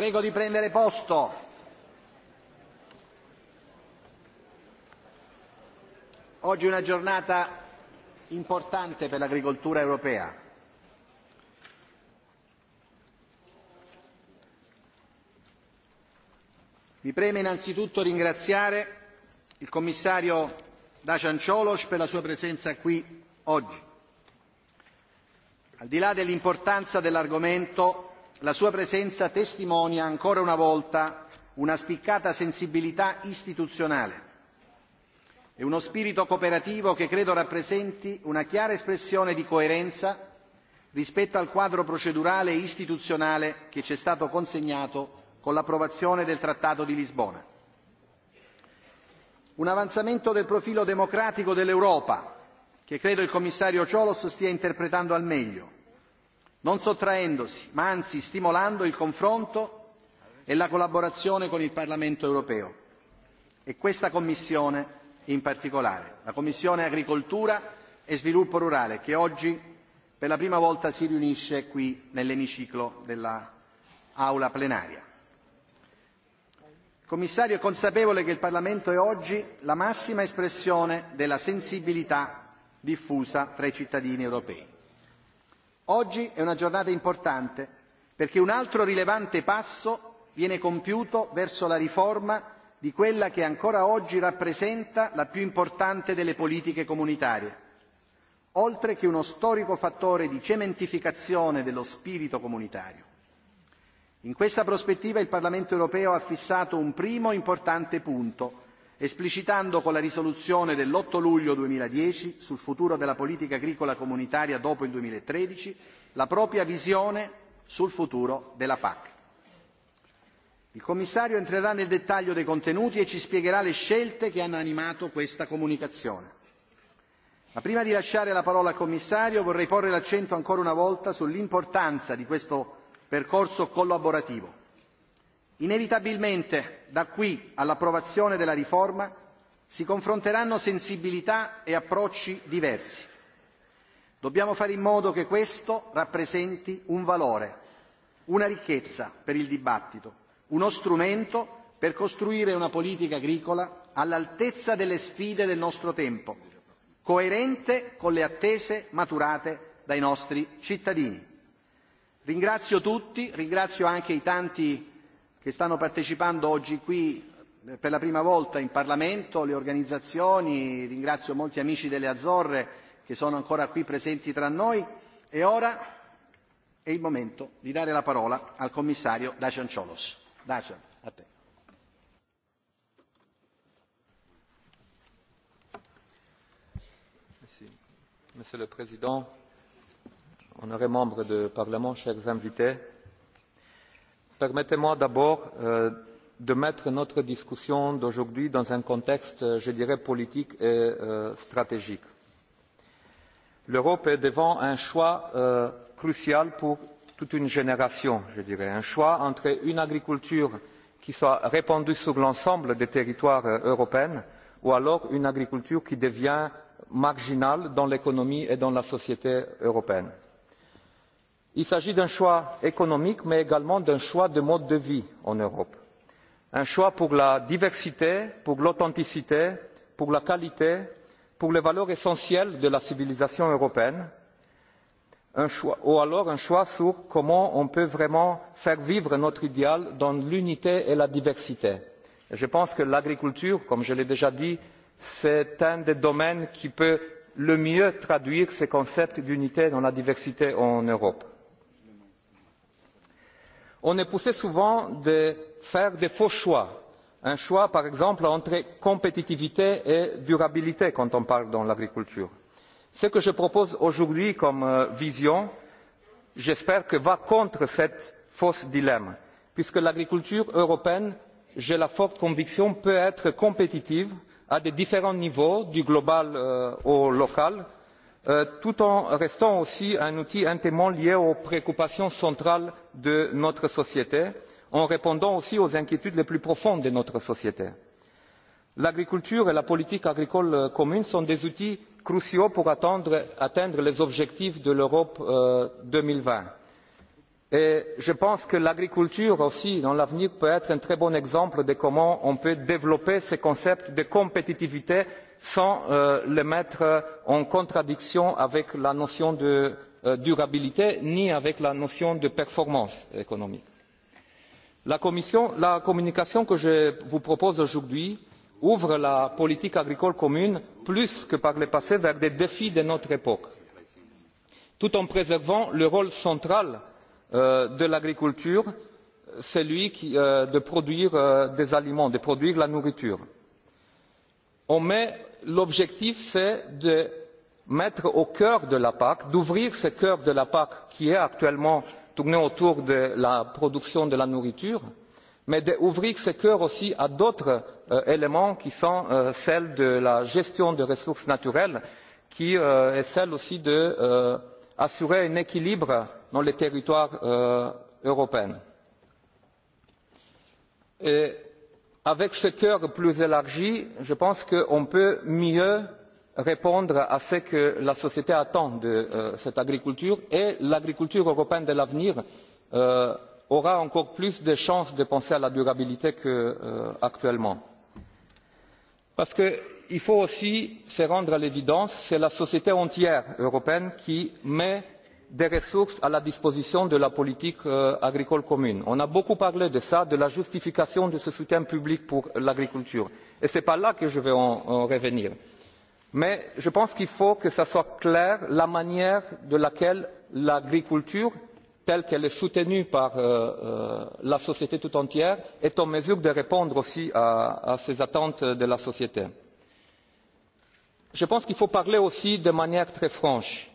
Prego di prendere posto. Oggi è una giornata importante per l'agricoltura europea. Mi preme innanzitutto ringraziare il commissario Dacian Cioloș per la sua presenza qui oggi. Al di là dell'importanza dell'argomento, la sua presenza testimonia ancora una volta una spiccata sensibilità istituzionale e uno spirito cooperativo che credo rappresenti una chiara espressione di coerenza rispetto al quadro procedurale e istituzionale che ci è stato consegnato con l'approvazione del Trattato di Lisbona. Un avanzamento del profilo democratico dell'Europa, che credo il commissario Ciolos stia interpretando al meglio, non sottraendosi ma anzi stimolando il confronto e la collaborazione con il parlamento europeo e questa commissione in particolare la commissione agricoltura e sviluppo rurale che oggi per la prima volta si riunisce qui nell'emiciclo dell'aula plenaria. il commissario è consapevole che il parlamento è oggi la massima espressione della sensibilità diffusa tra i cittadini europei oggi è una giornata importante perché un altro rilevante passo viene compiuto verso la riforma di quella che ancora oggi rappresenta la più importante delle politiche comunitarie oltre che uno storico fattore di cementificazione dello spirito comunitario. in questa prospettiva il parlamento europeo ha fissato un primo importante punto esplicitando con la risoluzione dell'8 luglio 2010 sul futuro della politica agricola comunitaria dopo il 2013 la propria visione sul futuro della PAC. Il commissario entrerà nel dettaglio dei contenuti e ci spiegherà le scelte che hanno animato questa comunicazione. Ma prima di lasciare la parola al commissario vorrei porre l'accento ancora una volta sull'importanza di questo percorso collaborativo inevitabilmente da qui all'approvazione della riforma si confronteranno sensibilità e approcci diversi. dobbiamo fare in modo che questo rappresenti un valore una ricchezza per il dibattito uno strumento per costruire una politica agricola all'altezza delle sfide del nostro tempo coerente con le attese maturate dai nostri cittadini. ringrazio tutti ringrazio anche i tanti che stanno partecipando oggi qui eh, per la prima volta in Parlamento, le organizzazioni, ringrazio molti amici delle Azzorre che sono ancora qui presenti tra noi e ora è il momento di dare la parola al commissario Dacian Ciolos. Dacian, a te. Monsieur le Président, honorés membres du Parlement, chers invités, permettez moi d'abord euh, de mettre notre discussion d'aujourd'hui dans un contexte euh, je dirais politique et euh, stratégique. l'europe est devant un choix crucial pour toute une génération un choix entre une agriculture qui soit répandue sur l'ensemble des territoires européens ou alors une agriculture qui devient marginale dans l'économie et dans la société européenne il s'agit d'un choix économique mais également d'un choix de mode de vie en europe un choix pour la diversité pour l'authenticité pour la qualité pour les valeurs essentielles de la civilisation européenne ou alors un choix sur comment on peut vraiment faire vivre notre idéal dans l'unité et la diversité. je pense que l'agriculture comme je l'ai déjà dit est un des domaines qui peut le mieux traduire ce concept d'unité dans la diversité en europe on est poussé souvent de faire de faux choix un choix par exemple entre compétitivité et durabilité quand on parle de l'agriculture. ce que je propose aujourd'hui comme euh, vision j'espère que va contre ce faux dilemme puisque l'agriculture européenne j'ai la forte conviction peut être compétitive à différents niveaux du global euh, au local Euh, tout en restant aussi un outil intimement lié aux préoccupations centrales de notre société en répondant aussi aux inquiétudes les plus profondes de notre société. l'agriculture et la politique agricole euh, commune sont des outils cruciaux pour atteindre les objectifs de l'europe euh, deux mille vingt et je pense que l'agriculture aussi à l'avenir peut être un très bon exemple de comment on peut développer ce concept de compétitivité sans euh, le mettre en contradiction avec la notion de euh, durabilité ni avec la notion de performance économique. la communication que je vous propose aujourd'hui ouvre la politique agricole commune plus que par le passé vers des défis de notre époque tout en préservant le rôle central euh, de l'agriculture celui de produire des aliments de produire la nourriture. on met l'objectif est de mettre au cœur de la pac d'ouvrir ce cœur de la pac qui est actuellement tourné autour de la production de la nourriture mais d'ouvrir ce cœur aussi à d'autres euh, éléments qui sont euh, ceux de la gestion des ressources naturelles qui euh, est celle aussi d'assurer un équilibre dans les territoires européens. Et avec ce cœur plus élargi je pense qu'on peut mieux répondre à ce que la société attend de euh, cette agriculture et l'agriculture européenne de l'avenir euh, aura encore plus de chances de penser à la durabilité qu'actuellement. Euh, parce qu'il faut aussi se rendre à l'évidence c'est la société entière européenne qui met des ressources à la disposition de la politique euh, agricole commune. on a beaucoup parlé de cela de la justification de ce soutien public pour l'agriculture et ce n'est pas là que je veux en revenir. mais je pense qu'il faut que soit clair la manière dont l'agriculture telle qu'elle est soutenue par euh, euh, la société tout entière est en mesure de répondre aussi à ces attentes de la société. je pense qu'il faut parler aussi de manière très franche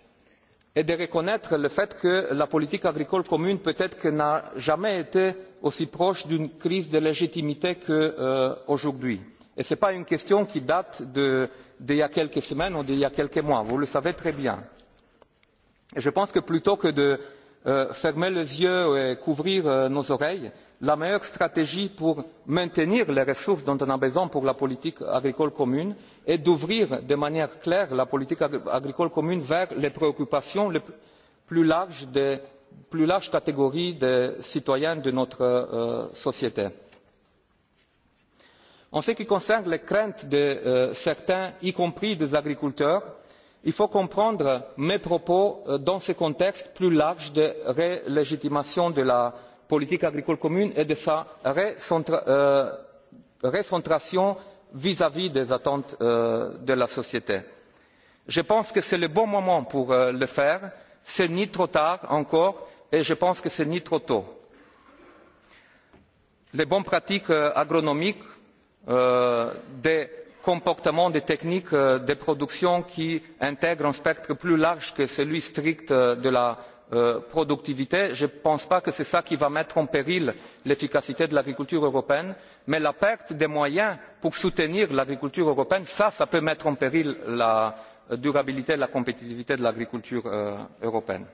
et de reconnaître le fait que la politique agricole commune n'a peut être jamais été aussi proche d'une crise de légitimité qu'aujourd'hui. Euh, ce n'est pas une question qui date d'il y a quelques semaines ou d'il y a quelques mois vous le savez très bien. je pense que plutôt que Euh, fermer les yeux et couvrir euh, nos oreilles la meilleure stratégie pour maintenir les ressources dont on a besoin pour la politique agricole commune est d'ouvrir de manière claire la politique agricole commune vers les préoccupations les plus larges des plus larges catégories de citoyens de notre euh, société. en ce qui concerne les craintes de certains y compris des agriculteurs il faut comprendre mes propos euh, dans ce contexte plus large de relégitimation de la politique agricole commune et de sa recentration euh, vis à vis des attentes euh, de la société. je pense que c'est le bon moment pour le faire ce n'est ni trop tard encore et je pense que ce n'est ni trop tôt. les bonnes pratiques agronomiques comportements des techniques euh, de production qui intègrent un spectre plus large que celui strict euh, de la euh, productivité je ne pense pas que c'est cela qui va mettre en péril l'efficacité de l'agriculture européenne mais la perte de moyens pour soutenir l'agriculture européenne cela peut mettre en péril la durabilité et la compétitivité de l'agriculture européenne.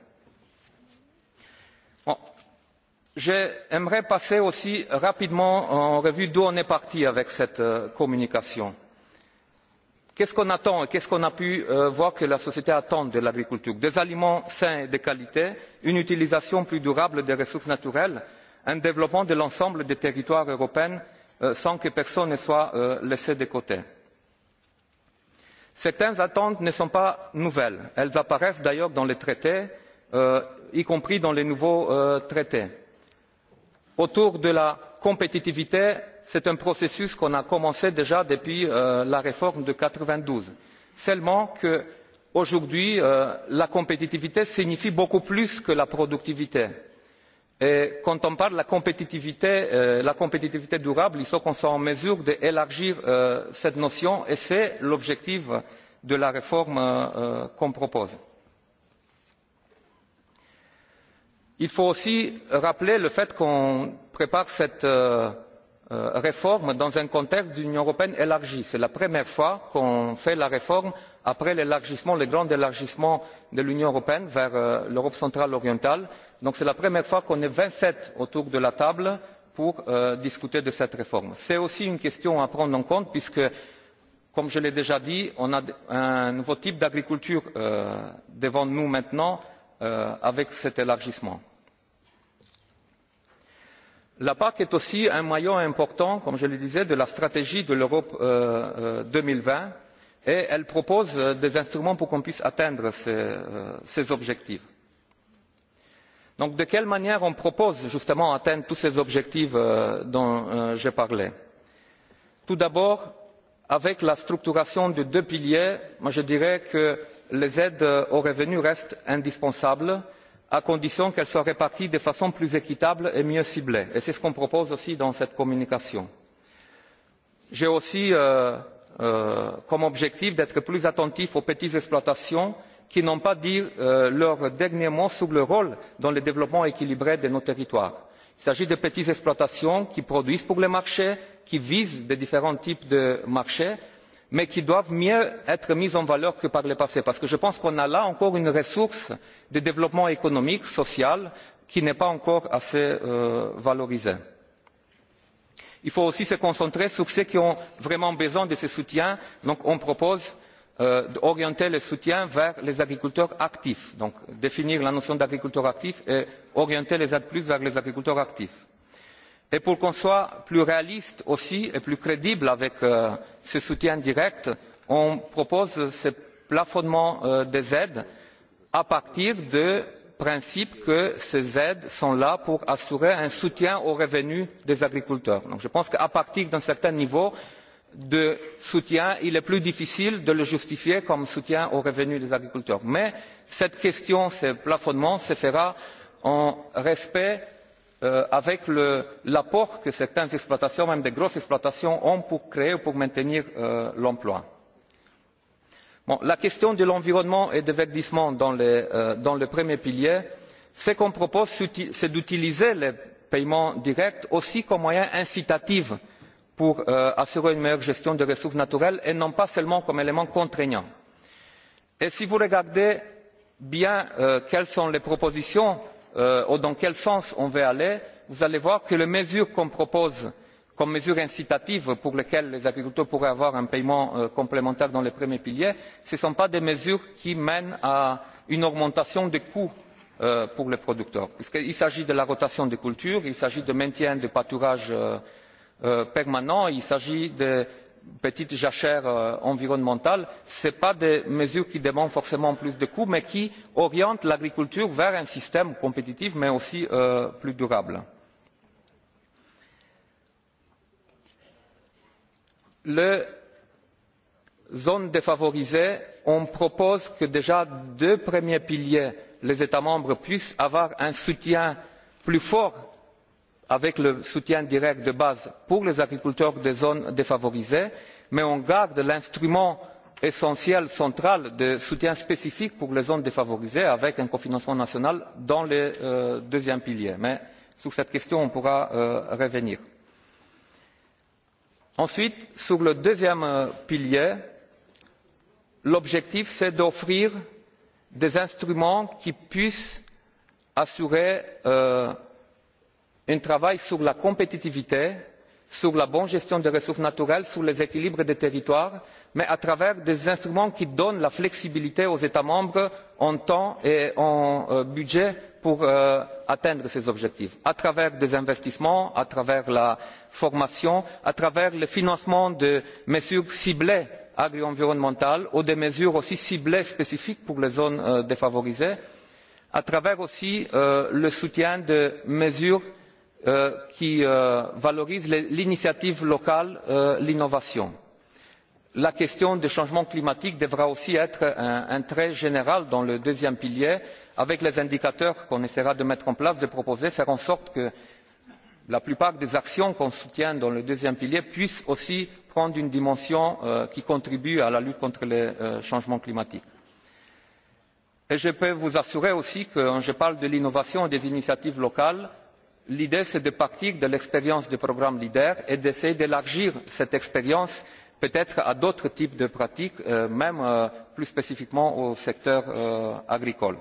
j'aimerais passer aussi rapidement en revue d'où nous sommes partis avec cette communication qu'est ce qu'on attend et qu'est ce qu'on a pu euh, voir que la société attend de l'agriculture? des aliments sains et de qualité une utilisation plus durable des ressources naturelles un développement de l'ensemble des territoires européens euh, sans que personne ne soit euh, laissé de côté. certaines attentes ne sont pas nouvelles elles apparaissent d'ailleurs dans les traités y compris dans les nouveaux traités. autour de la compétitivité c'est un processus qu'on a commencé déjà depuis euh, la réforme de mille neuf cent quatre vingt douze seulement aujourd'hui euh, la compétitivité signifie beaucoup plus que la productivité et quand on parle de la compétitivité euh, durable il faut qu'on soit en mesure d'élargir cette notion et c'est l'objectif de la réforme qu'on propose. il faut aussi rappeler le fait qu'on prépare cette Euh, réforme dans un contexte d'union européenne élargie. c'est la première fois qu'on fait la réforme après l'élargissement le grand élargissement de l'union européenne vers euh, l'europe centrale orientale. donc c'est la première fois qu'on est vingt sept autour de la table pour euh, discuter de cette réforme. c'est aussi une question à prendre en compte puisque comme je l'ai déjà dit on a un nouveau type d'agriculture devant nous maintenant avec cet élargissement la pac est aussi un maillon important comme je le disais de la stratégie europe euh, euh, deux mille vingt et elle propose euh, des instruments pour qu'on puisse atteindre ces objectifs. de quelle manière proposons nous justement d'atteindre tous ces objectifs dont j'ai parlé? tout d'abord avec la structuration de deux piliers je dirais que les aides au revenu restent indispensables à condition qu'elle soit répartie de façon plus équitable et mieux ciblée et c'est ce qu'on propose aussi dans cette communication. j'ai aussi euh, euh, comme objectif d'être plus attentif aux petites exploitations qui n'ont pas dit euh, leur dernier mot sur leur rôle dans le développement équilibré de nos territoires. il s'agit de petites exploitations qui produisent pour le marché qui visent différents types de marchés mais qui doivent mieux être mises en valeur que par le passé parce que je pense qu'on a là encore une ressource de développement économique et social qui n'est pas encore assez euh, valorisée. il faut aussi se concentrer sur ceux qui ont vraiment besoin de ce soutien donc on propose euh, d'orienter le soutien vers les agriculteurs actifs donc définir la notion d'agriculteur actif et orienter les aides plus vers les agriculteurs actifs et pour qu'on soit plus réaliste aussi et plus crédible avec euh, ce soutien direct on propose ce plafonnement euh, des aides à partir du principe que ces aides sont là pour assurer un soutien aux revenus des agriculteurs. je pense qu'à partir d'un certain niveau de soutien il est plus difficile de le justifier comme soutien aux revenus des agriculteurs. mais cette question ce plafonnement se fera dans le respect Euh, avec l'apport que certaines exploitations même de grosses exploitations ont pour créer ou pour maintenir euh, l'emploi. la question de l'environnement et du verdissement euh, dans le premier pilier ce qu'on propose c'est d'utiliser les paiements directs aussi comme moyen incitatif pour assurer une meilleure gestion des ressources naturelles et non pas seulement comme élément contraignant. si vous regardez bien quelles sont les propositions Euh, oh, dans quel sens on veut aller vous allez voir que les mesures qu'on propose comme mesures incitatives pour lesquelles les agriculteurs pourraient avoir un paiement euh, complémentaire dans le premier pilier ne sont pas des mesures qui mènent à une augmentation des coûts euh, pour les producteurs puisqu'il s'agit de la rotation des cultures il s'agit du maintien des pâturage permanent il s'agit petites jachères euh, environnementales ce ne sont pas des mesures qui demandent forcément plus de coûts mais qui orientent l'agriculture vers un système compétitif mais aussi euh, plus durable. les zones défavorisées on propose que déjà dans les deux premiers piliers les états membres puissent avoir un soutien plus fort avec le soutien direct de base pour les agriculteurs des zones défavorisées mais on garde l'instrument essentiel central de soutien spécifique pour les zones défavorisées avec un cofinancement national dans le euh, deuxième pilier. mais sur cette question on pourra euh, revenir. ensuite sur le deuxième euh, pilier l'objectif est d'offrir des instruments qui puissent assurer un travail sur la compétitivité sur la bonne gestion des ressources naturelles sur les équilibres des territoires mais à travers des instruments qui donnent de la flexibilité aux états membres en temps et en euh, budget pour euh, atteindre ces objectifs à travers des investissements à travers la formation à travers le financement de mesures ciblées agri environnementales ou de mesures aussi ciblées spécifiques pour les zones euh, défavorisées à travers aussi le soutien de mesures Euh, qui euh, valorise l'initiative locale euh, l'innovation. la question du changement climatique devra aussi être un, trait général dans le deuxième pilier avec les indicateurs qu'on essaiera de mettre en place de proposer de faire en sorte que la plupart des actions qu'on soutient dans le deuxième pilier puissent aussi prendre une dimension qui contribue à la lutte contre le changement climatique. je peux vous assurer aussi que quand je parle de l'innovation et des initiatives locales l'idée est de partir de l'expérience du programme leader et d'essayer d'élargir cette expérience peut être à d'autres types de pratiques euh, même euh, plus spécifiquement au secteur euh, agricole.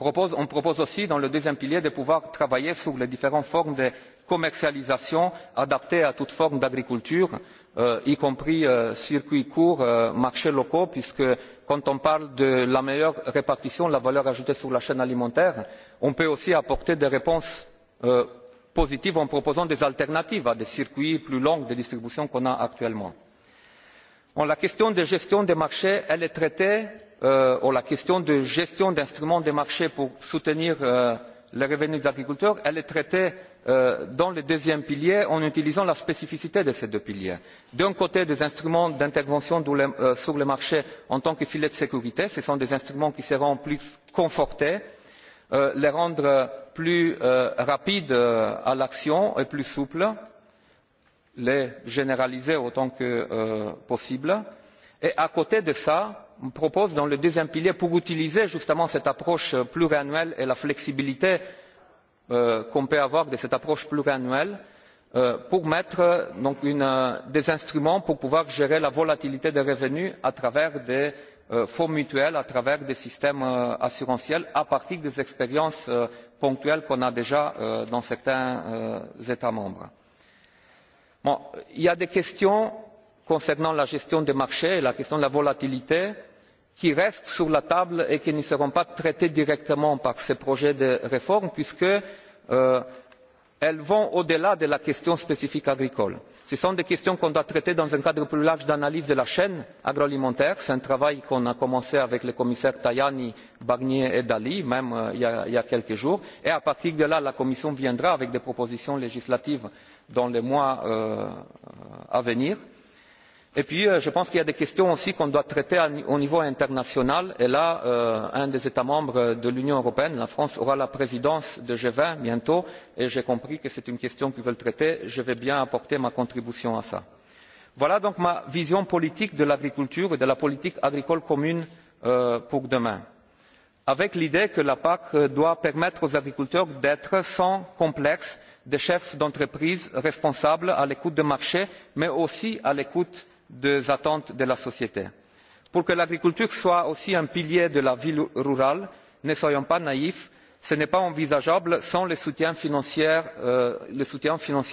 on propose aussi dans le deuxième pilier de pouvoir travailler sur les différentes formes de commercialisation adaptées à toute forme d'agriculture Euh, y compris euh, circuits courts euh, marchés locaux puisque quand on parle de la meilleure répartition de la valeur ajoutée sur la chaîne alimentaire on peut aussi apporter des réponses positives en proposant des alternatives à des circuits plus longs de distribution que nous avons actuellement. la question de la gestion des marchés est traitée ou la question de la gestion d'instruments de marché pour soutenir les revenus des agriculteurs est traitée Euh, dans le deuxième pilier en utilisant la spécificité de ces deux piliers d'un côté des instruments d'intervention euh, sur le marché en tant que filet de sécurité ce sont des instruments qui seront plus confortés euh, les rendre plus rapides à l'action et plus souples les généraliser autant que possible et à côté de cela on propose dans le deuxième pilier pour utiliser justement cette approche pluriannuelle et la flexibilité Euh, qu'on peut avoir de cette approche pluriannuelle euh, pour mettre euh, donc une, des instruments pour pouvoir gérer la volatilité des revenus à travers des fonds mutuels à travers des systèmes assurantiels à partir des expériences ponctuelles qu'on a déjà dans certains états membres. il y a des questions concernant la gestion des marchés et la question de la volatilité qui restent sur la table et qui ne seront pas traités directement par ce projet de réforme puisqu'elles euh, vont au delà de la question spécifique agricole. ce sont des questions que nous devons traiter dans un cadre plus large d'analyse de la chaîne agroalimentaire. c'est un travail que nous avons commencé avec les commissaires tajani barnier et dalli même euh, il y a quelques jours et à partir de là la commission viendra avec des propositions législatives dans les mois euh, à venir et puis euh, je pense qu'il y a des questions aussi que nous devons traiter au niveau international et là euh, un des états membres de l'union européenne la france aura la présidence du g vingt bientôt et j'ai compris que c'est une question qu'ils veulent traiter je veux bien apporter ma contribution à cela. voilà donc ma vision politique de l'agriculture et de la politique agricole commune euh, pour demain avec l'idée que la pac doit permettre aux agriculteurs d'être sans complexe des chefs d'entreprise responsables à l'écoute des marchés mais aussi à l'écoute des attentes de la société. pour que l'agriculture soit aussi un pilier de la vie rurale ne soyons pas naïfs ce n'est pas envisageable sans le soutien financier euh,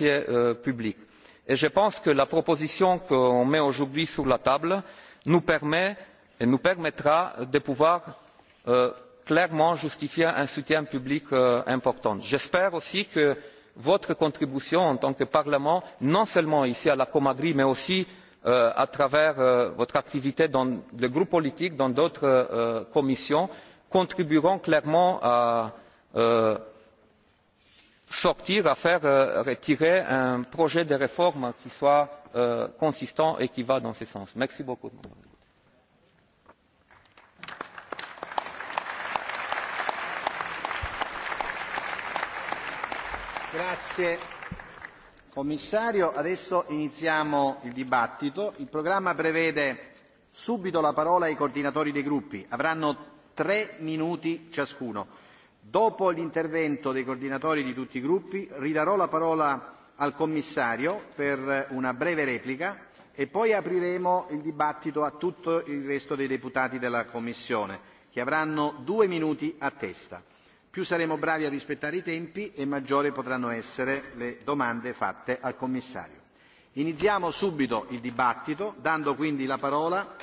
euh, public et je pense que la proposition que nous mettons aujourd'hui sur la table nous permet et nous permettra de pouvoir euh, clairement justifier un soutien public important. j'espère aussi que votre contribution en tant que parlement non seulement ici à la commission agri mais aussi Euh, à travers euh, votre activité dans le groupe politique dans d'autres euh, commissions contribueront clairement à sortir à faire retirer un projet de réforme qui soit consistant et qui va dans ce sens. merci beaucoup commissario. Adesso iniziamo il dibattito. Il programma prevede subito la parola ai coordinatori dei gruppi. Avranno tre minuti ciascuno. Dopo l'intervento dei coordinatori di tutti i gruppi ridarò la parola al commissario per una breve replica e poi apriremo il dibattito a tutto il resto dei deputati della Commissione, che avranno due minuti a testa più saremo bravi a rispettare i tempi e maggiori potranno essere le domande fatte al commissario. iniziamo subito il dibattito dando quindi la parola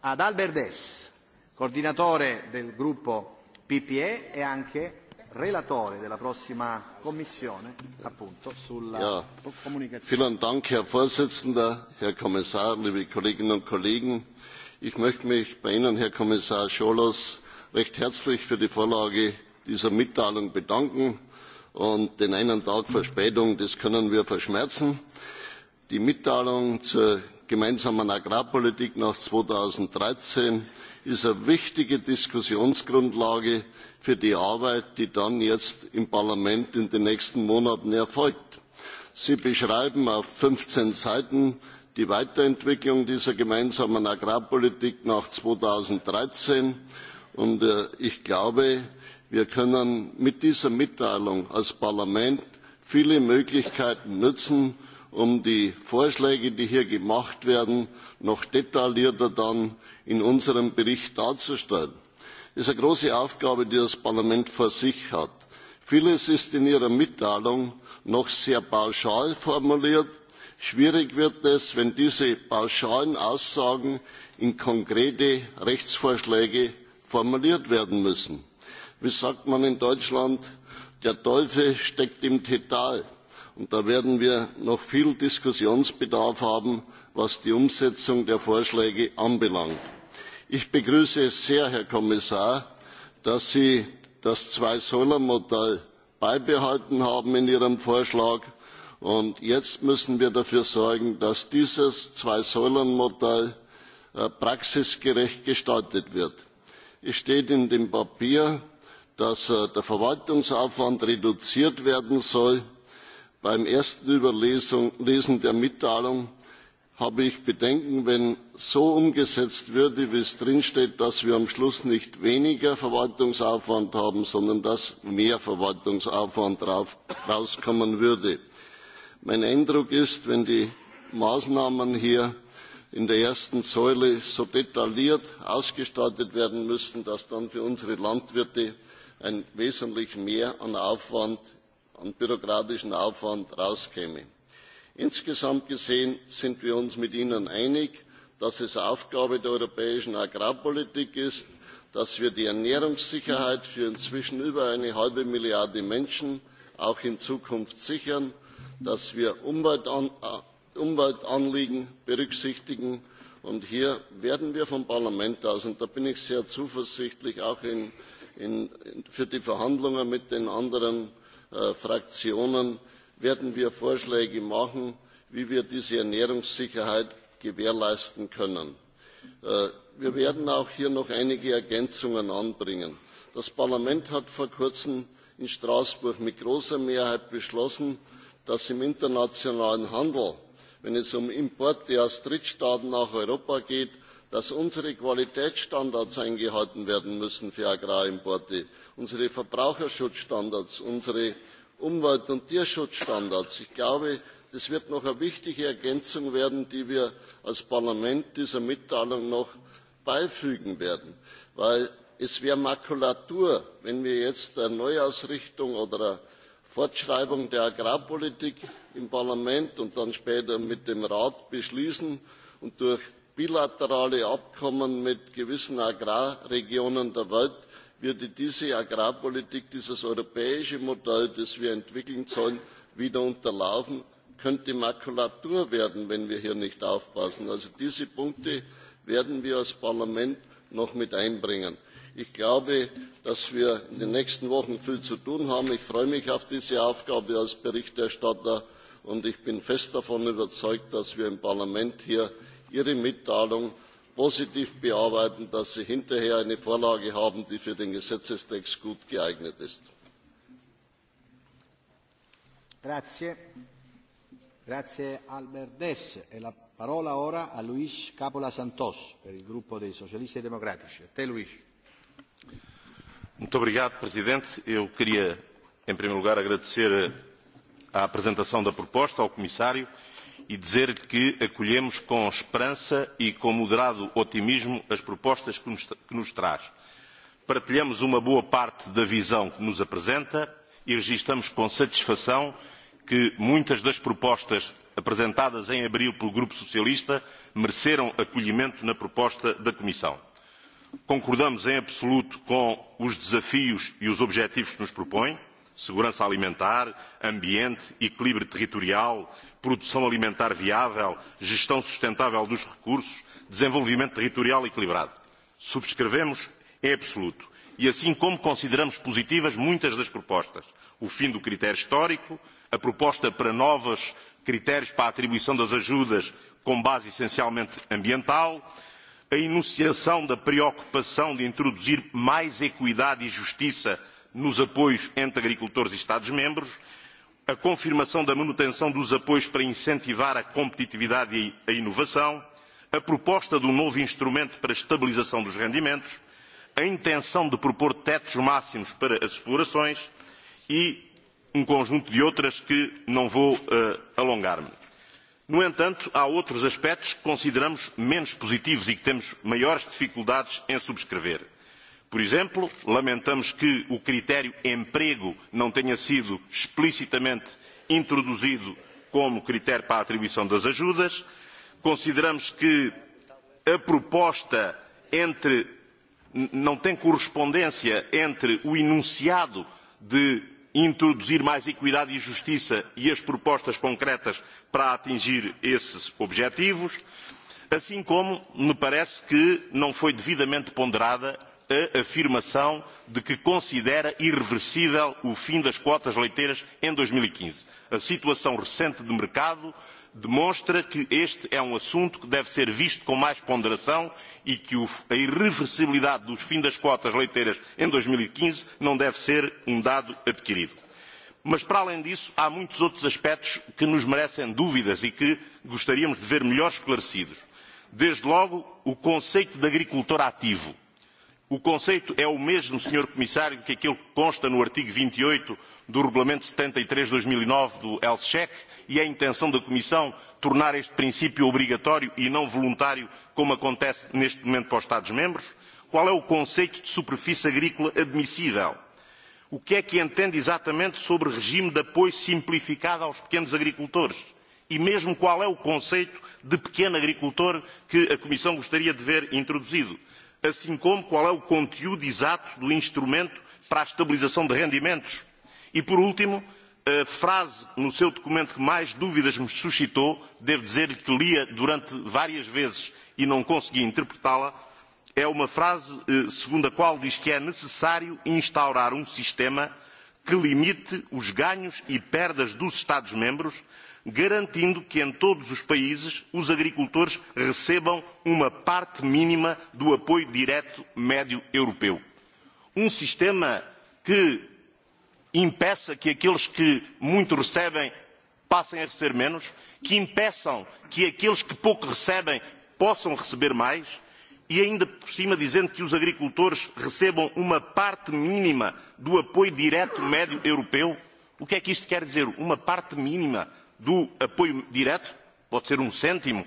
ad albert Dess, coordinatore del gruppo ppe e anche relatore della prossima commissione appunto sulla comunicazione. herr herr kommissar liebe kolleginnen und kollegen! ich möchte mich bei ihnen herr kommissar recht herzlich für die vorlage dieser mitteilung bedanken und den einen tag verspätung das können wir verschmerzen. die mitteilung zur gemeinsamen agrarpolitik nach zweitausenddreizehn ist eine wichtige diskussionsgrundlage für die arbeit die dann jetzt im parlament in den nächsten monaten erfolgt. sie beschreiben auf fünfzehn seiten die weiterentwicklung dieser gemeinsamen agrarpolitik nach zweitausenddreizehn und äh, ich glaube wir können mit dieser mitteilung als parlament viele möglichkeiten nutzen um die vorschläge die hier gemacht werden noch detaillierter dann in unserem bericht darzustellen. es ist eine große aufgabe die das parlament vor sich hat. vieles ist in ihrer mitteilung noch sehr pauschal formuliert. schwierig wird es wenn diese pauschalen aussagen in konkrete rechtsvorschläge formuliert werden müssen wie sagt man in deutschland der teufel steckt im detail und da werden wir noch viel diskussionsbedarf haben was die umsetzung der vorschläge anbelangt. ich begrüße es sehr herr kommissar dass sie das zwei säulen modell beibehalten haben in ihrem vorschlag und jetzt müssen wir dafür sorgen dass dieses zwei säulen modell äh, praxisgerecht gestaltet wird. es steht in dem papier dass äh, der verwaltungsaufwand reduziert werden soll. beim ersten lesen der mitteilung habe ich bedenken wenn so umgesetzt würde wie es steht dass wir am schluss nicht weniger verwaltungsaufwand haben sondern dass mehr verwaltungsaufwand herauskommen würde. mein eindruck ist wenn die maßnahmen hier in der ersten säule so detailliert ausgestaltet werden müssen dass dann für unsere landwirte ein wesentlich mehr an bürokratischem aufwand herauskäme. insgesamt gesehen sind wir uns mit ihnen einig dass es aufgabe der europäischen agrarpolitik ist dass wir die ernährungssicherheit für inzwischen über eine halbe milliarde menschen auch in zukunft sichern dass wir umweltanliegen berücksichtigen und hier werden wir vom parlament aus und da bin ich sehr zuversichtlich auch für die Verhandlungen mit den anderen äh, Fraktionen werden wir Vorschläge machen, wie wir diese Ernährungssicherheit gewährleisten können. Äh, wir werden hier auch noch einige Ergänzungen anbringen. Das Parlament hat vor kurzem in Straßburg mit großer Mehrheit beschlossen, dass im internationalen Handel, wenn es um Importe aus Drittstaaten nach Europa geht, dass unsere qualitätsstandards eingehalten werden müssen für agrarimporte unsere verbraucherschutzstandards unsere umwelt und tierschutzstandards. ich glaube das wird noch eine wichtige ergänzung werden die wir als parlament dieser mitteilung noch beifügen werden denn es wäre makulatur wenn wir jetzt eine neuausrichtung oder eine fortschreibung der agrarpolitik im parlament und dann später mit dem rat beschließen und durch bilaterale abkommen mit gewissen agrarregionen der welt würde diese agrarpolitik dieses europäische modell das wir entwickeln sollen wieder unterlaufen könnte makulatur werden wenn wir hier nicht aufpassen. also diese punkte werden wir als parlament noch mit einbringen. ich glaube dass wir in den nächsten wochen viel zu tun haben. ich freue mich auf diese aufgabe als berichterstatter und ich bin fest davon überzeugt dass wir im parlament hier ihre mitteilung positiv bearbeiten damit sie hinterher eine vorlage haben die für den gesetzestext gut geeignet ist. Grazie. Grazie senhor e presidente eu queria em primeiro lugar agradecer a apresentação da proposta ao comissário e dizer que acolhemos com esperança e com moderado otimismo as propostas que nos, traz. Partilhamos uma boa parte da visão que nos apresenta e registramos com satisfação que muitas das propostas apresentadas em abril pelo Grupo Socialista mereceram acolhimento na proposta da Comissão. Concordamos em absoluto com os desafios e os objetivos que nos propõe segurança alimentar, ambiente, equilíbrio territorial, produção alimentar viável, gestão sustentável dos recursos, desenvolvimento territorial equilibrado. Subscrevemos em absoluto. E assim como consideramos positivas muitas das propostas, o fim do critério histórico, a proposta para novos critérios para a atribuição das ajudas com base essencialmente ambiental, a enunciação da preocupação de introduzir mais equidade e justiça nos apoios entre agricultores e Estados membros, a confirmação da manutenção dos apoios para incentivar a competitividade e a inovação, a proposta de um novo instrumento para a estabilização dos rendimentos, a intenção de propor tetos máximos para as explorações e um conjunto de outras que não vou uh, alongar-me. No entanto, há outros aspectos que consideramos menos positivos e que temos maiores dificuldades em subscrever. Por exemplo, lamentamos que o critério emprego não tenha sido explicitamente introduzido como critério para a atribuição das ajudas. Consideramos que a proposta entre, não tem correspondência entre o enunciado de introduzir mais equidade e justiça e as propostas concretas para atingir esses objetivos, assim como me parece que não foi devidamente ponderada a afirmação de que considera irreversível o fim das quotas leiteiras em 2015. E a situação recente de mercado demonstra que este é um assunto que deve ser visto com mais ponderação e que a irreversibilidade do fim das quotas leiteiras em 2015 e não deve ser um dado adquirido. Mas, para além disso, há muitos outros aspectos que nos merecem dúvidas e que gostaríamos de ver melhor esclarecidos. Desde logo, o conceito de agricultor ativo o conceito é o mesmo senhor comissário que aquilo que consta no artigo vinte e oito do regulamento setenta e três dois mil e nove do elschec e a intenção da comissão tornar este princípio obrigatório e não voluntário como acontece neste momento para os estados membros? qual é o conceito de superfície agrícola admissível? o que é que entende exatamente sobre regime de apoio simplificado aos pequenos agricultores? e mesmo qual é o conceito de pequeno agricultor que a comissão gostaria de ver introduzido? assim como qual é o conteúdo exato do instrumento para a estabilização de rendimentos. E, por último, a frase no seu documento que mais dúvidas me suscitou, devo dizer-lhe que lia durante várias vezes e não consegui interpretá-la, é uma frase eh, segundo a qual diz que é necessário instaurar um sistema que limite os ganhos e perdas dos Estados-membros garantindo que em todos os países os agricultores recebam uma parte mínima do apoio direto médio europeu. Um sistema que impeça que aqueles que muito recebem passem a receber menos, que impeçam que aqueles que pouco recebem possam receber mais e ainda por cima dizendo que os agricultores recebam uma parte mínima do apoio direto médio europeu? O que é que isto quer dizer? Uma parte mínima do apoio direto, pode ser um cêntimo,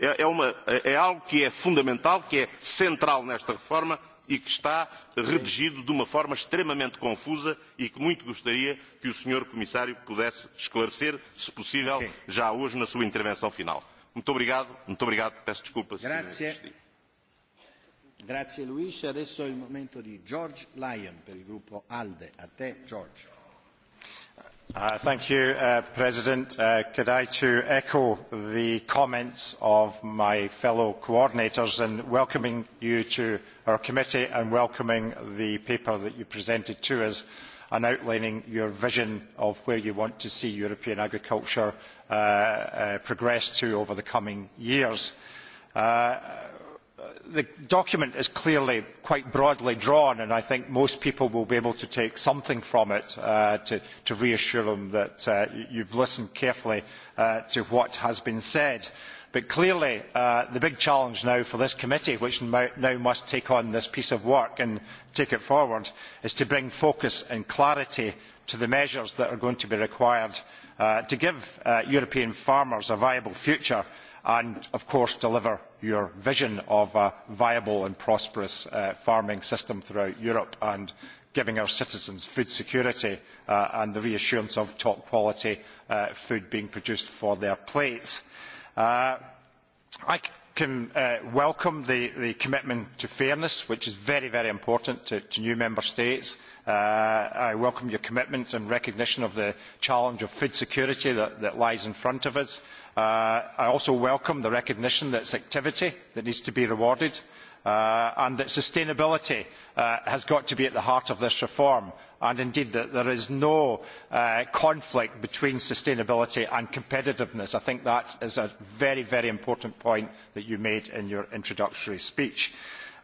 eh, é, uma, é algo que é fundamental, que é central nesta reforma e que está redigido de uma forma extremamente confusa e que muito gostaria que o Sr. Comissário pudesse esclarecer, se possível, okay. já hoje na sua intervenção final. Muito obrigado, muito obrigado, peço desculpa Grazie. se Grazie. Grazie adesso è il momento di George Lyon per il ALDE. A George mr uh, thank you, uh, President. Uh, could I too echo the comments of my fellow coordinators in welcoming you to our committee and welcoming the paper that you presented to us and outlining your vision of where you want to see European agriculture progress to over the coming years the document is clearly quite broadly drawn, and I think most people will be able to take something from it uh, to, to reassure them that uh, you've listened carefully uh, to what has been said. But clearly, uh, the big challenge now for this committee, which now must take on this piece of work and take it forward, is to bring focus and clarity to the measures that are going to be required uh, to give uh, European farmers a viable future and of course deliver your vision of a viable and prosperous uh, farming system throughout Europe and giving our citizens food security uh, and the reassurance of top quality uh, food being produced for their plates. Uh, I can uh, welcome the, the commitment to fairness, which is very, very important to, to new member states. Uh, I welcome your commitment and recognition of the challenge of food security that, that lies in front of us. Uh, I also welcome the recognition that it's activity that needs to be rewarded uh, and that sustainability uh, has got to be at the heart of this reform and indeed that there is no uh, conflict between sustainability and competitiveness. I think that is a very, very important point that you made in your introductory speech.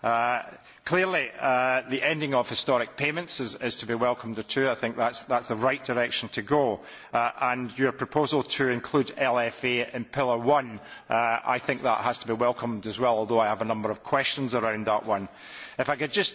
Uh, clearly, uh, the ending of historic payments is, is to be welcomed too. I think that's, that's the right direction to go. Uh, and your proposal to include LFA in Pillar 1, uh, I think that has to be welcomed as well, although I have a number of questions around that one. If I could just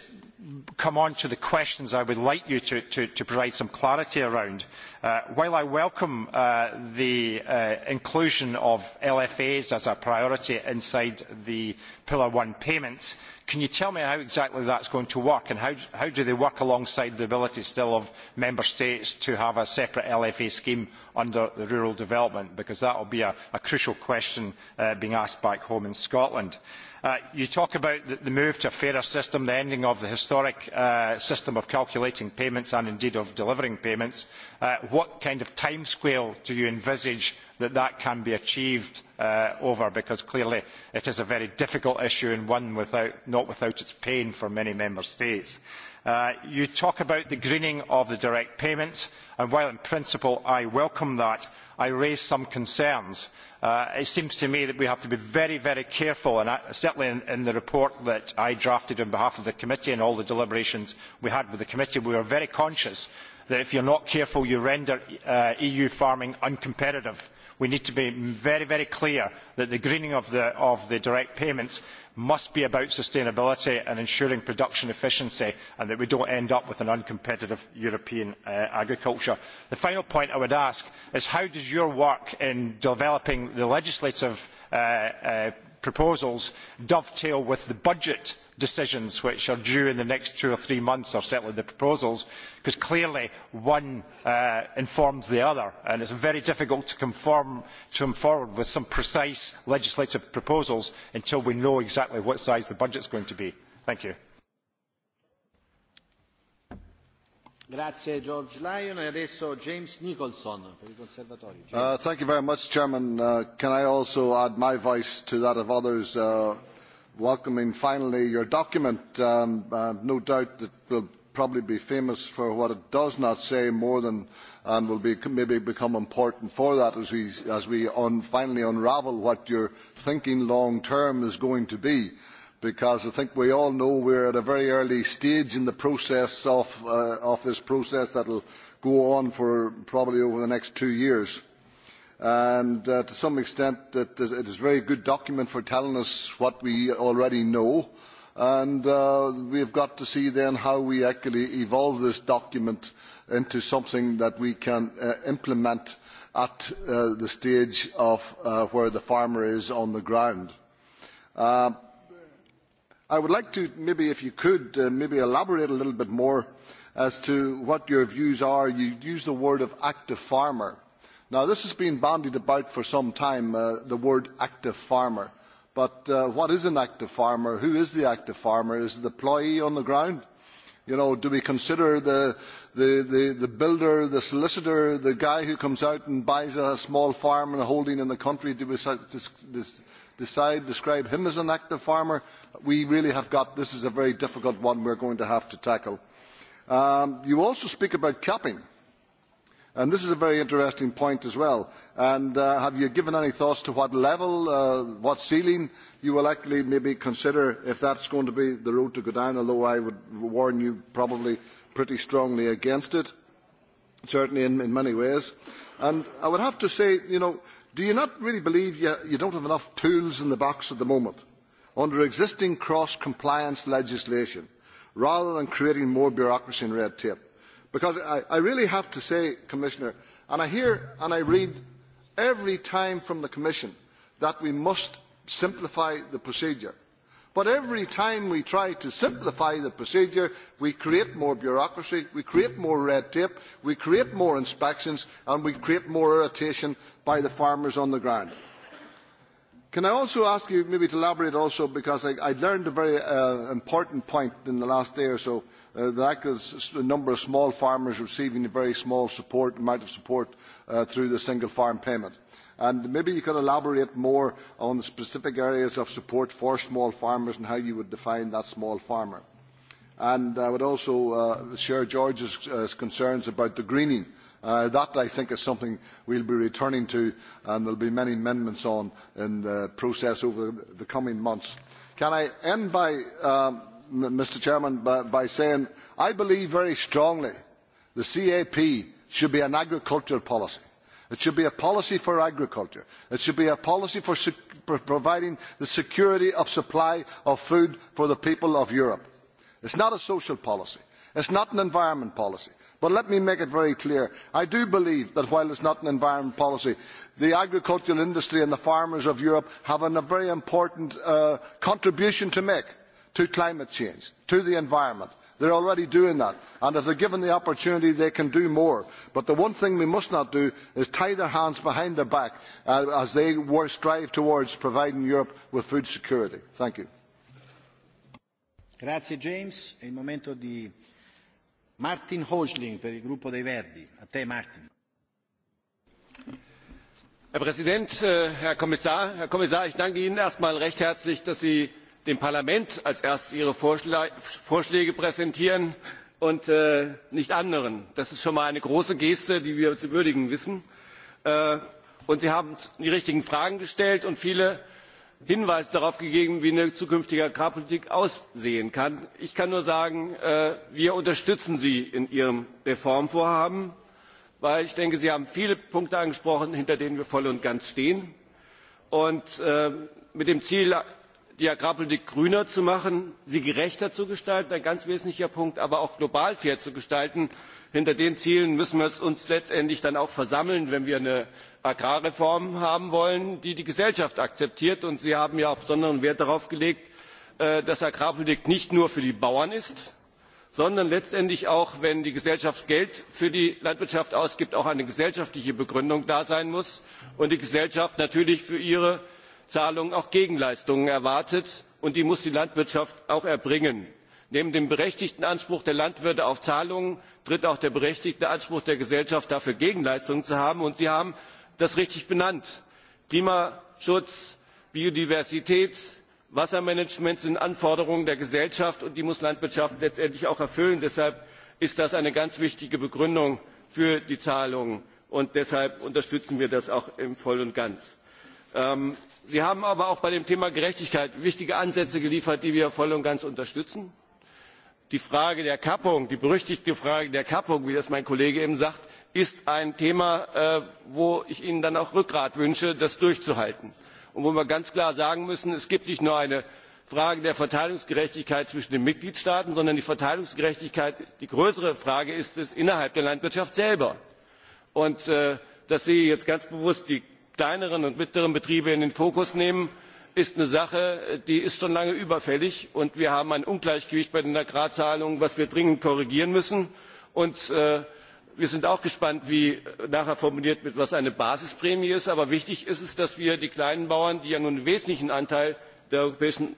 come on to the questions I would like you to, to, to provide some clarity around. Uh, while I welcome uh, the uh, inclusion of LFAs as a priority inside the Pillar 1 payments. Can you tell me how exactly that's going to work and how, how do they work alongside the ability still of Member States to have a separate LFA scheme under the rural development? Because that will be a, a crucial question uh, being asked back home in Scotland. Uh, you talk about the, the move to a fairer system, the ending of the historic uh, system of calculating payments and indeed of delivering payments. Uh, what kind of timescale do you envisage that that can be achieved uh, over because clearly it is a very difficult issue and one without, not without its pain for many member states. Uh, you talk about the greening of the direct payments, and while in principle I welcome that, I raise some concerns. Uh, it seems to me that we have to be very, very careful, and I, certainly in, in the report that I drafted on behalf of the committee and all the deliberations we had with the committee, we were very conscious that if you're not careful, you render uh, EU farming uncompetitive we need to be very, very clear that the greening of the, of the direct payments must be about sustainability and ensuring production efficiency and that we do not end up with an uncompetitive European uh, agriculture. The final point I would ask is how does your work in developing the legislative uh, uh, proposals dovetail with the budget decisions which are due in the next two or three months, or certainly the proposals, because clearly one uh, informs the other, and it's very difficult to, conform, to come forward with some precise legislative proposals until we know exactly what size the budget is going to be. Thank you. Grazie George Lyon e adesso James Nicholson per i conservatori. Uh, thank you very much Chairman. Uh, can I also add my voice to that of others uh, welcoming finally your document. Um, uh, no doubt it will probably be famous for what it does not say more than and um, will maybe become important for that as we, finally unravel what your thinking long term is going to be because I think we all know we are at a very early stage in the process uh, of this process that will go on for probably over the next two years and uh, to some extent it is, a very good document for telling us what we already know and uh, we have got to see then how we actually evolve this document into something that we can uh, implement at the stage of where the farmer is on the ground. I would like to maybe if you could maybe elaborate a little bit more as to what your views are. You use the word of active farmer Now, this has been bandied about for some time, uh, the word active farmer. But uh, what is an active farmer? Who is the active farmer? Is it the employee on the ground? You know, do we consider the, the, the, the builder, the solicitor, the guy who comes out and buys a small farm and a holding in the country? Do we decide, describe him as an active farmer? We really have got this is a very difficult one we're going to have to tackle. Um, you also speak about capping. And this is a very interesting point as well. And, uh, have you given any thoughts to what level, uh, what ceiling you will actually maybe consider if that's going to be the road to go down, although I would warn you probably pretty strongly against it, certainly in, in many ways. And I would have to say, you know, do you not really believe you, you don't have enough tools in the box at the moment under existing cross-compliance legislation rather than creating more bureaucracy and red tape? because I, I really have to say, Commissioner, and I hear and I read every time from the Commission that we must simplify the procedure. But every time we try to simplify the procedure, we create more bureaucracy, we create more red tape, we create more inspections, and we create more irritation by the farmers on the ground. Can I also ask you maybe to elaborate also, because I, I learned a very uh, important point in the last day or so, uh, that the number of small farmers receiving a very small support, amount of support uh, through the single farm payment. And maybe you could elaborate more on the specific areas of support for small farmers and how you would define that small farmer. And I would also uh, share George's uh, concerns about the greening Uh, that, I think, is something we will be returning to, and there will be many amendments on in the process over the coming months. Can I end by, Mr um, Chairman, by, by saying I believe very strongly the CAP should be an agricultural policy. It should be a policy for agriculture. It should be a policy for, for providing the security of supply of food for the people of Europe. It's not a social policy. It's not an environment policy but let me make it very clear i do believe that while it is not an environment policy the agricultural industry and the farmers of europe have a very important uh, contribution to make to climate change to the environment. they are already doing that and if they are given the opportunity they can do more but the one thing we must not do is tie their hands behind their back uh, as they strive towards providing europe with food security. Martin Hosling per il gruppo dei Verdi. A te Martin. Herr Präsident, äh, Herr Kommissar! Herr Kommissar, ich danke Ihnen erst einmal recht herzlich, dass Sie dem Parlament als erstes Ihre Vorschläge präsentieren und äh, nicht anderen. Das ist schon mal eine große Geste, die wir zu würdigen wissen. Äh, und Sie haben die richtigen Fragen gestellt und viele hinweis darauf gegeben wie eine zukünftige agrarpolitik aussehen kann. ich kann nur sagen äh, wir unterstützen sie in ihrem reformvorhaben weil ich denke sie haben viele punkte angesprochen hinter denen wir voll und ganz stehen und äh, mit dem ziel die agrarpolitik grüner zu machen sie gerechter zu gestalten ein ganz wesentlicher punkt aber auch global fair zu gestalten. hinter den zielen müssen wir uns letztendlich dann auch versammeln wenn wir eine agrarreform haben wollen die die gesellschaft akzeptiert. sie haben ja auch besonderen wert darauf gelegt äh, dass agrarpolitik nicht nur für die bauern ist sondern letztendlich auch wenn die gesellschaft geld für die landwirtschaft ausgibt auch eine gesellschaftliche begründung da sein muss und die gesellschaft natürlich für ihre zahlungen auch gegenleistungen erwartet und die muss die landwirtschaft auch erbringen. neben dem berechtigten anspruch der landwirte auf zahlungen tritt auch der berechtigte anspruch der gesellschaft dafür gegenleistungen zu haben und sie haben das richtig benannt klimaschutz biodiversität wassermanagement sind anforderungen der gesellschaft und die muss landwirtschaft letztendlich auch erfüllen. deshalb ist das eine ganz wichtige begründung für die zahlungen und deshalb unterstützen wir das auch voll und ganz. Ähm, sie haben aber auch bei dem thema gerechtigkeit wichtige ansätze geliefert die wir voll und ganz unterstützen. die frage der kappung die berüchtigte frage der kappung wie das mein kollege eben sagt ist ein thema äh, wo ich ihnen dann auch rückgrat wünsche das durchzuhalten und wo wir ganz klar sagen müssen es gibt nicht nur eine frage der verteilungsgerechtigkeit zwischen den mitgliedstaaten sondern die verteilungsgerechtigkeit die größere frage ist es innerhalb der landwirtschaft selber. Und, äh, das sehe ich jetzt ganz bewusst kleineren und mittleren betriebe in den fokus nehmen ist eine sache die ist schon lange überfällig und wir haben ein ungleichgewicht bei den agrarzahlungen das wir dringend korrigieren müssen. Äh, wir sind auch gespannt wie nachher formuliert wird was eine basisprämie ist. aber wichtig ist es dass wir die kleinen bauern die ja nun einen wesentlichen anteil der europäischen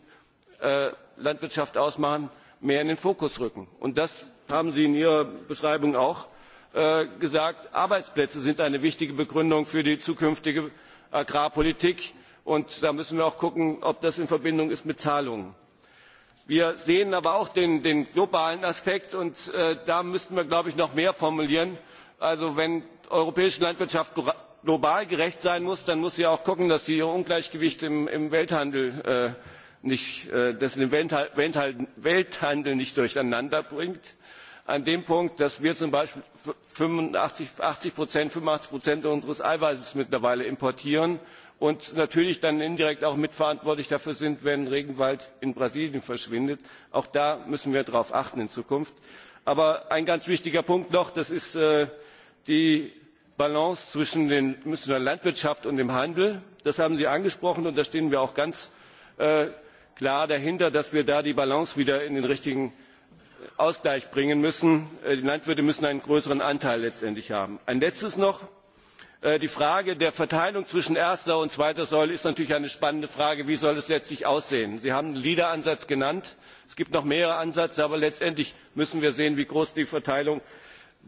äh, landwirtschaft ausmachen mehr in den fokus rücken. Und das haben sie in ihrer beschreibung auch Äh, gesagt arbeitsplätze sind eine wichtige begründung für die zukünftige agrarpolitik und da müssen wir auch schauen ob das in verbindung ist mit zahlungen. wir sehen aber auch den, globalen aspekt und äh, da müssten wir glaube ich noch mehr formulieren. also wenn die europäische landwirtschaft global gerecht sein muss dann muss sie auch schauen dass sie ihr ungleichgewicht im, äh, welthandel nicht, durcheinanderbringt an dem punkt dass wir zum beispiel achtzig unseres eiweißes mittlerweile importieren und natürlich dann indirekt auch mitverantwortlich dafür sind wenn regenwald in brasilien verschwindet. auch da müssen wir darauf achten in zukunft. aber ein ganz wichtiger punkt noch das ist äh, die balance zwischen der landwirtschaft und dem handel. das haben sie angesprochen und da stehen wir auch ganz äh, klar dahinter dass wir da die balance wieder in den richtigen ausgleich bringen müssen. Äh, die landwirte müssen einen größeren anteil letztendlich haben. ein letztes noch äh, die frage der verteilung zwischen erster und zweiter säule ist natürlich eine spannende frage wie soll es letztlich aussehen? sie haben den leader ansatz genannt es gibt noch mehrere ansätze aber letztendlich müssen wir sehen wie groß die verteilung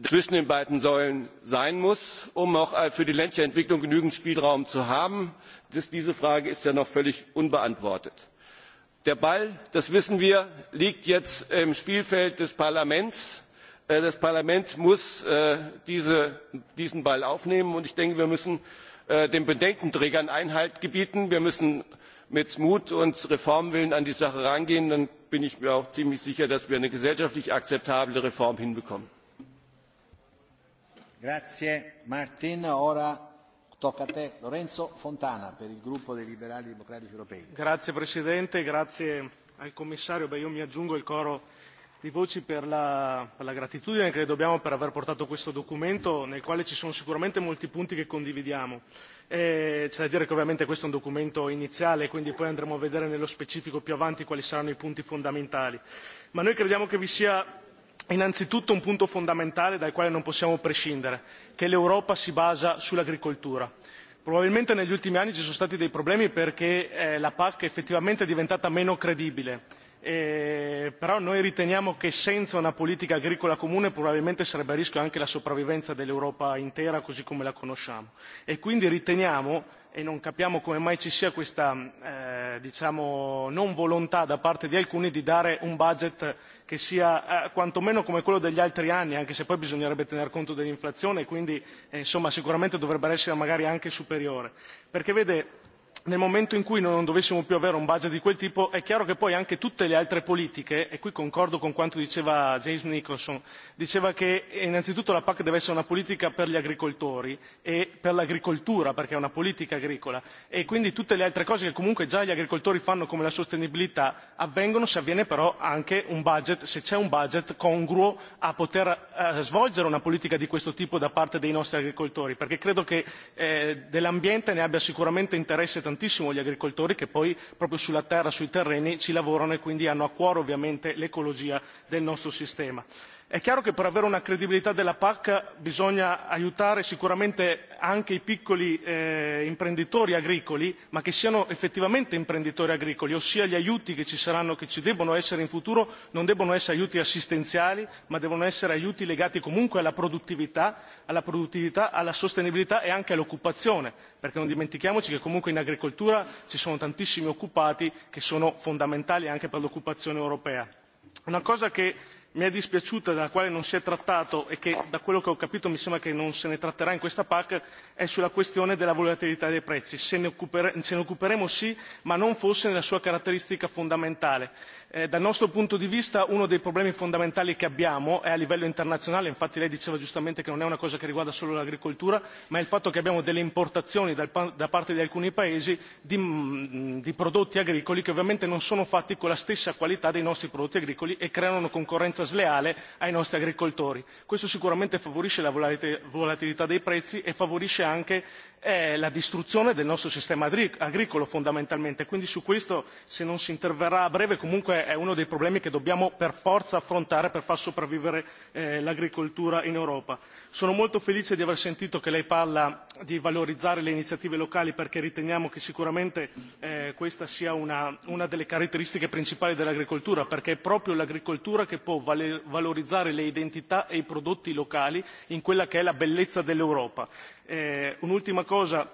zwischen den beiden säulen sein muss um auch äh, für die ländliche entwicklung genügend spielraum zu haben. diese frage ist ja noch völlig unbeantwortet der ball das wissen wir liegt jetzt im spielfeld des parlaments. Äh, das parlament muss äh, diesen ball aufnehmen und ich denke wir müssen äh, den bedenkenträgern einhalt gebieten wir müssen mit mut und reformwillen an die sache herangehen dann bin ich mir auch ziemlich sicher dass wir eine gesellschaftlich akzeptable reform hinbekommen. Grazie, signor presidente grazie al commissario io mi aggiungo al coro di voci per la gratitudine che le dobbiamo per aver portato questo documento nel quale ci sono sicuramente molti punti che condividiamo. Eh, c'è da dire che ovviamente questo è un documento iniziale quindi poi andremo a vedere nello specifico più avanti quali saranno i punti fondamentali ma noi crediamo che vi sia innanzitutto un punto fondamentale dal quale non possiamo prescindere che l'europa si basa sull'agricoltura. probabilmente negli ultimi anni ci sono stati dei problemi perché eh, la pac effettivamente è diventata meno credibile eh, però noi riteniamo che senza una politica agricola comune probabilmente sarebbe a rischio anche la sopravvivenza dell'europa intera così come la conosciamo e quindi riteniamo e non capiamo come mai ci sia questa mm, eh, diciamo, non volontà da parte di alcuni di dare un budget che sia eh, quantomeno come quello degli altri anni, anche se poi bisognerebbe tener conto dell'inflazione e quindi eh, insomma, sicuramente dovrebbe essere magari anche superiore. Perché vede, nel momento in cui non dovessimo più avere un budget di quel tipo è chiaro che poi anche tutte le altre politiche e qui concordo con quanto diceva james nicholson diceva che eh, innanzitutto la pac deve essere una politica per gli agricoltori e per l'agricoltura perché è una politica agricola e quindi tutte le altre cose che comunque già gli agricoltori fanno come la sostenibilità avvengono se avviene però anche un budget se c'è un budget congruo a poter eh, svolgere una politica di questo tipo da parte dei nostri agricoltori perché credo che eh, dell'ambiente ne abbia sicuramente interesse tantissimo gli agricoltori che poi proprio sulla terra sui terreni ci lavorano e quindi hanno a cuore ovviamente l'ecologia del nostro sistema è chiaro che per avere una credibilità della pac bisogna aiutare sicuramente anche i piccoli eh, imprenditori agricoli ma che siano effettivamente imprenditori agricoli ossia gli aiuti che ci saranno che ci debbono essere in futuro non devono essere aiuti assistenziali ma devono essere aiuti legati comunque alla produttività, alla produttività alla sostenibilità e anche all'occupazione perché non dimentichiamoci che comunque in agricoltura ci sono tantissimi occupati che sono fondamentali anche per l'occupazione europea. una cosa che mi è dispiaciuta della quale non si è trattato e che da quello che ho capito mi sembra che non se ne tratterà in questa pac è sulla questione della volatilità dei prezzi se ne, occuperemo sì ma non forse nella sua caratteristica fondamentale. Eh, dal nostro punto di vista uno dei problemi fondamentali che abbiamo è a livello internazionale infatti lei diceva giustamente che non è una cosa che riguarda solo l'agricoltura ma è il fatto che abbiamo delle importazioni dal, da parte di alcuni paesi di, mm, mm, di prodotti agricoli che ovviamente non sono fatti con la stessa qualità dei nostri prodotti agricoli e creano una concorrenza concorrenza sleale ai nostri agricoltori. questo sicuramente favorisce la volatilità dei prezzi e favorisce anche è la distruzione del nostro sistema agricolo fondamentalmente quindi su questo se non si interverrà a breve comunque è uno dei problemi che dobbiamo per forza affrontare per far sopravvivere eh, l'agricoltura in europa. sono molto felice di aver sentito che lei parla di valorizzare le iniziative locali perché riteniamo che sicuramente eh, questa sia una delle caratteristiche principali dell'agricoltura perché è proprio l'agricoltura che può valorizzare le identità e i prodotti locali in quella che è la bellezza dell'europa. Eh, un'ultima cosa.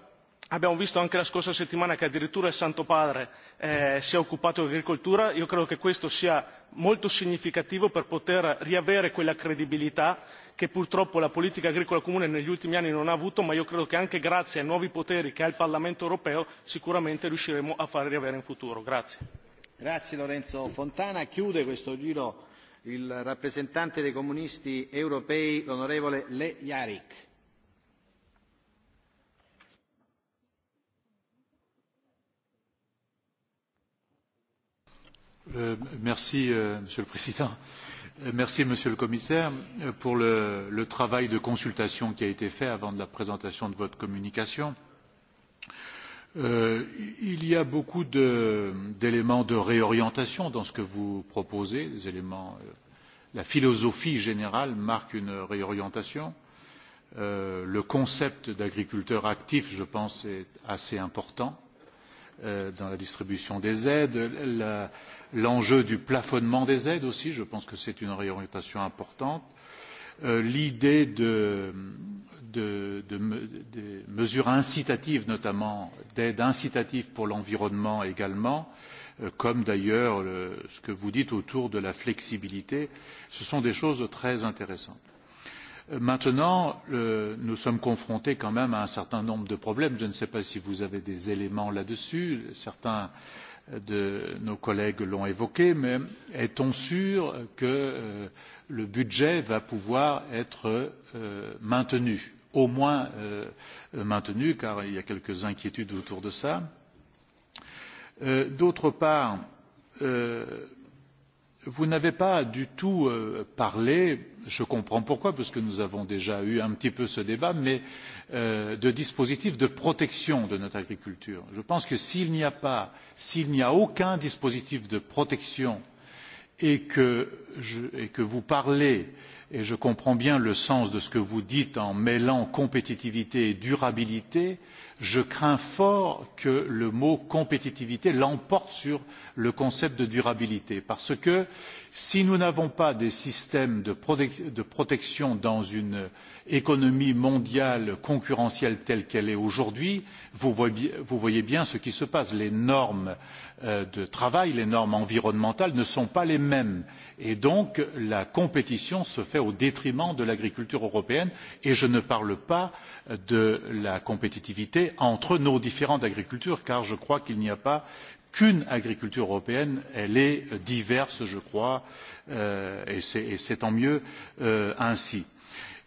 Abbiamo visto anche la scorsa settimana che addirittura il Santo Padre eh, si è occupato di agricoltura. Io credo che questo sia molto significativo per poter riavere quella credibilità che purtroppo la politica agricola comune negli ultimi anni non ha avuto, ma io credo che anche grazie ai nuovi poteri che ha il Parlamento europeo sicuramente riusciremo a far riavere in futuro. Grazie. Grazie Lorenzo Fontana. Chiude questo giro il rappresentante dei comunisti europei, l'onorevole Le Jaric. Euh, euh, Monsieur le Président. Euh, merci, Monsieur le Commissaire, pour le, travail de consultation qui a été fait avant la présentation de votre communication. il y a beaucoup d'éléments de, réorientation dans ce que vous proposez. Des éléments, la philosophie générale marque une réorientation. le concept d'agriculteur actif, je pense, est assez important dans la distribution des aides. La, l'enjeu du plafonnement des aides aussi je pense que c'est une réorientation importante euh, l'idée de, de, de, de mesures incitatives notamment d'aides incitatives pour l'environnement également euh, comme d'ailleurs euh, ce que vous dites autour de la flexibilité ce sont des choses très intéressantes. maintenant nous sommes confrontés quand même à un certain nombre de problèmes je ne sais pas si vous avez des éléments là dessus certains de nos collègues l'ont évoqué, mais est-on sûr que euh, le budget va pouvoir être euh, maintenu, au moins euh, maintenu, car il y a quelques inquiétudes autour de cela? D'autre part, vous n'avez pas du tout euh, parlé je comprends pourquoi parce que nous avons déjà eu un petit peu ce débat mais euh, de dispositifs de protection de notre agriculture. je pense que s'il n'y a pas s'il n'y a aucun dispositif de protection et que, je, et que vous parlez et je comprends bien le sens de ce que vous dites en mêlant compétitivité et durabilité, je crains fort que le mot compétitivité l'emporte sur le concept de durabilité. Parce que si nous n'avons pas des systèmes de, protec de protection dans une économie mondiale concurrentielle telle qu'elle est aujourd'hui, vous, vous voyez bien ce qui se passe. Les normes Euh, de travail, les normes environnementales ne sont pas les mêmes. Et donc, la compétition se fait au détriment de l'agriculture européenne. Et je ne parle pas de la compétitivité entre nos différentes agricultures, car je crois qu'il n'y a pas qu'une agriculture européenne, elle est diverse, je crois, euh, et c'est tant mieux euh, ainsi.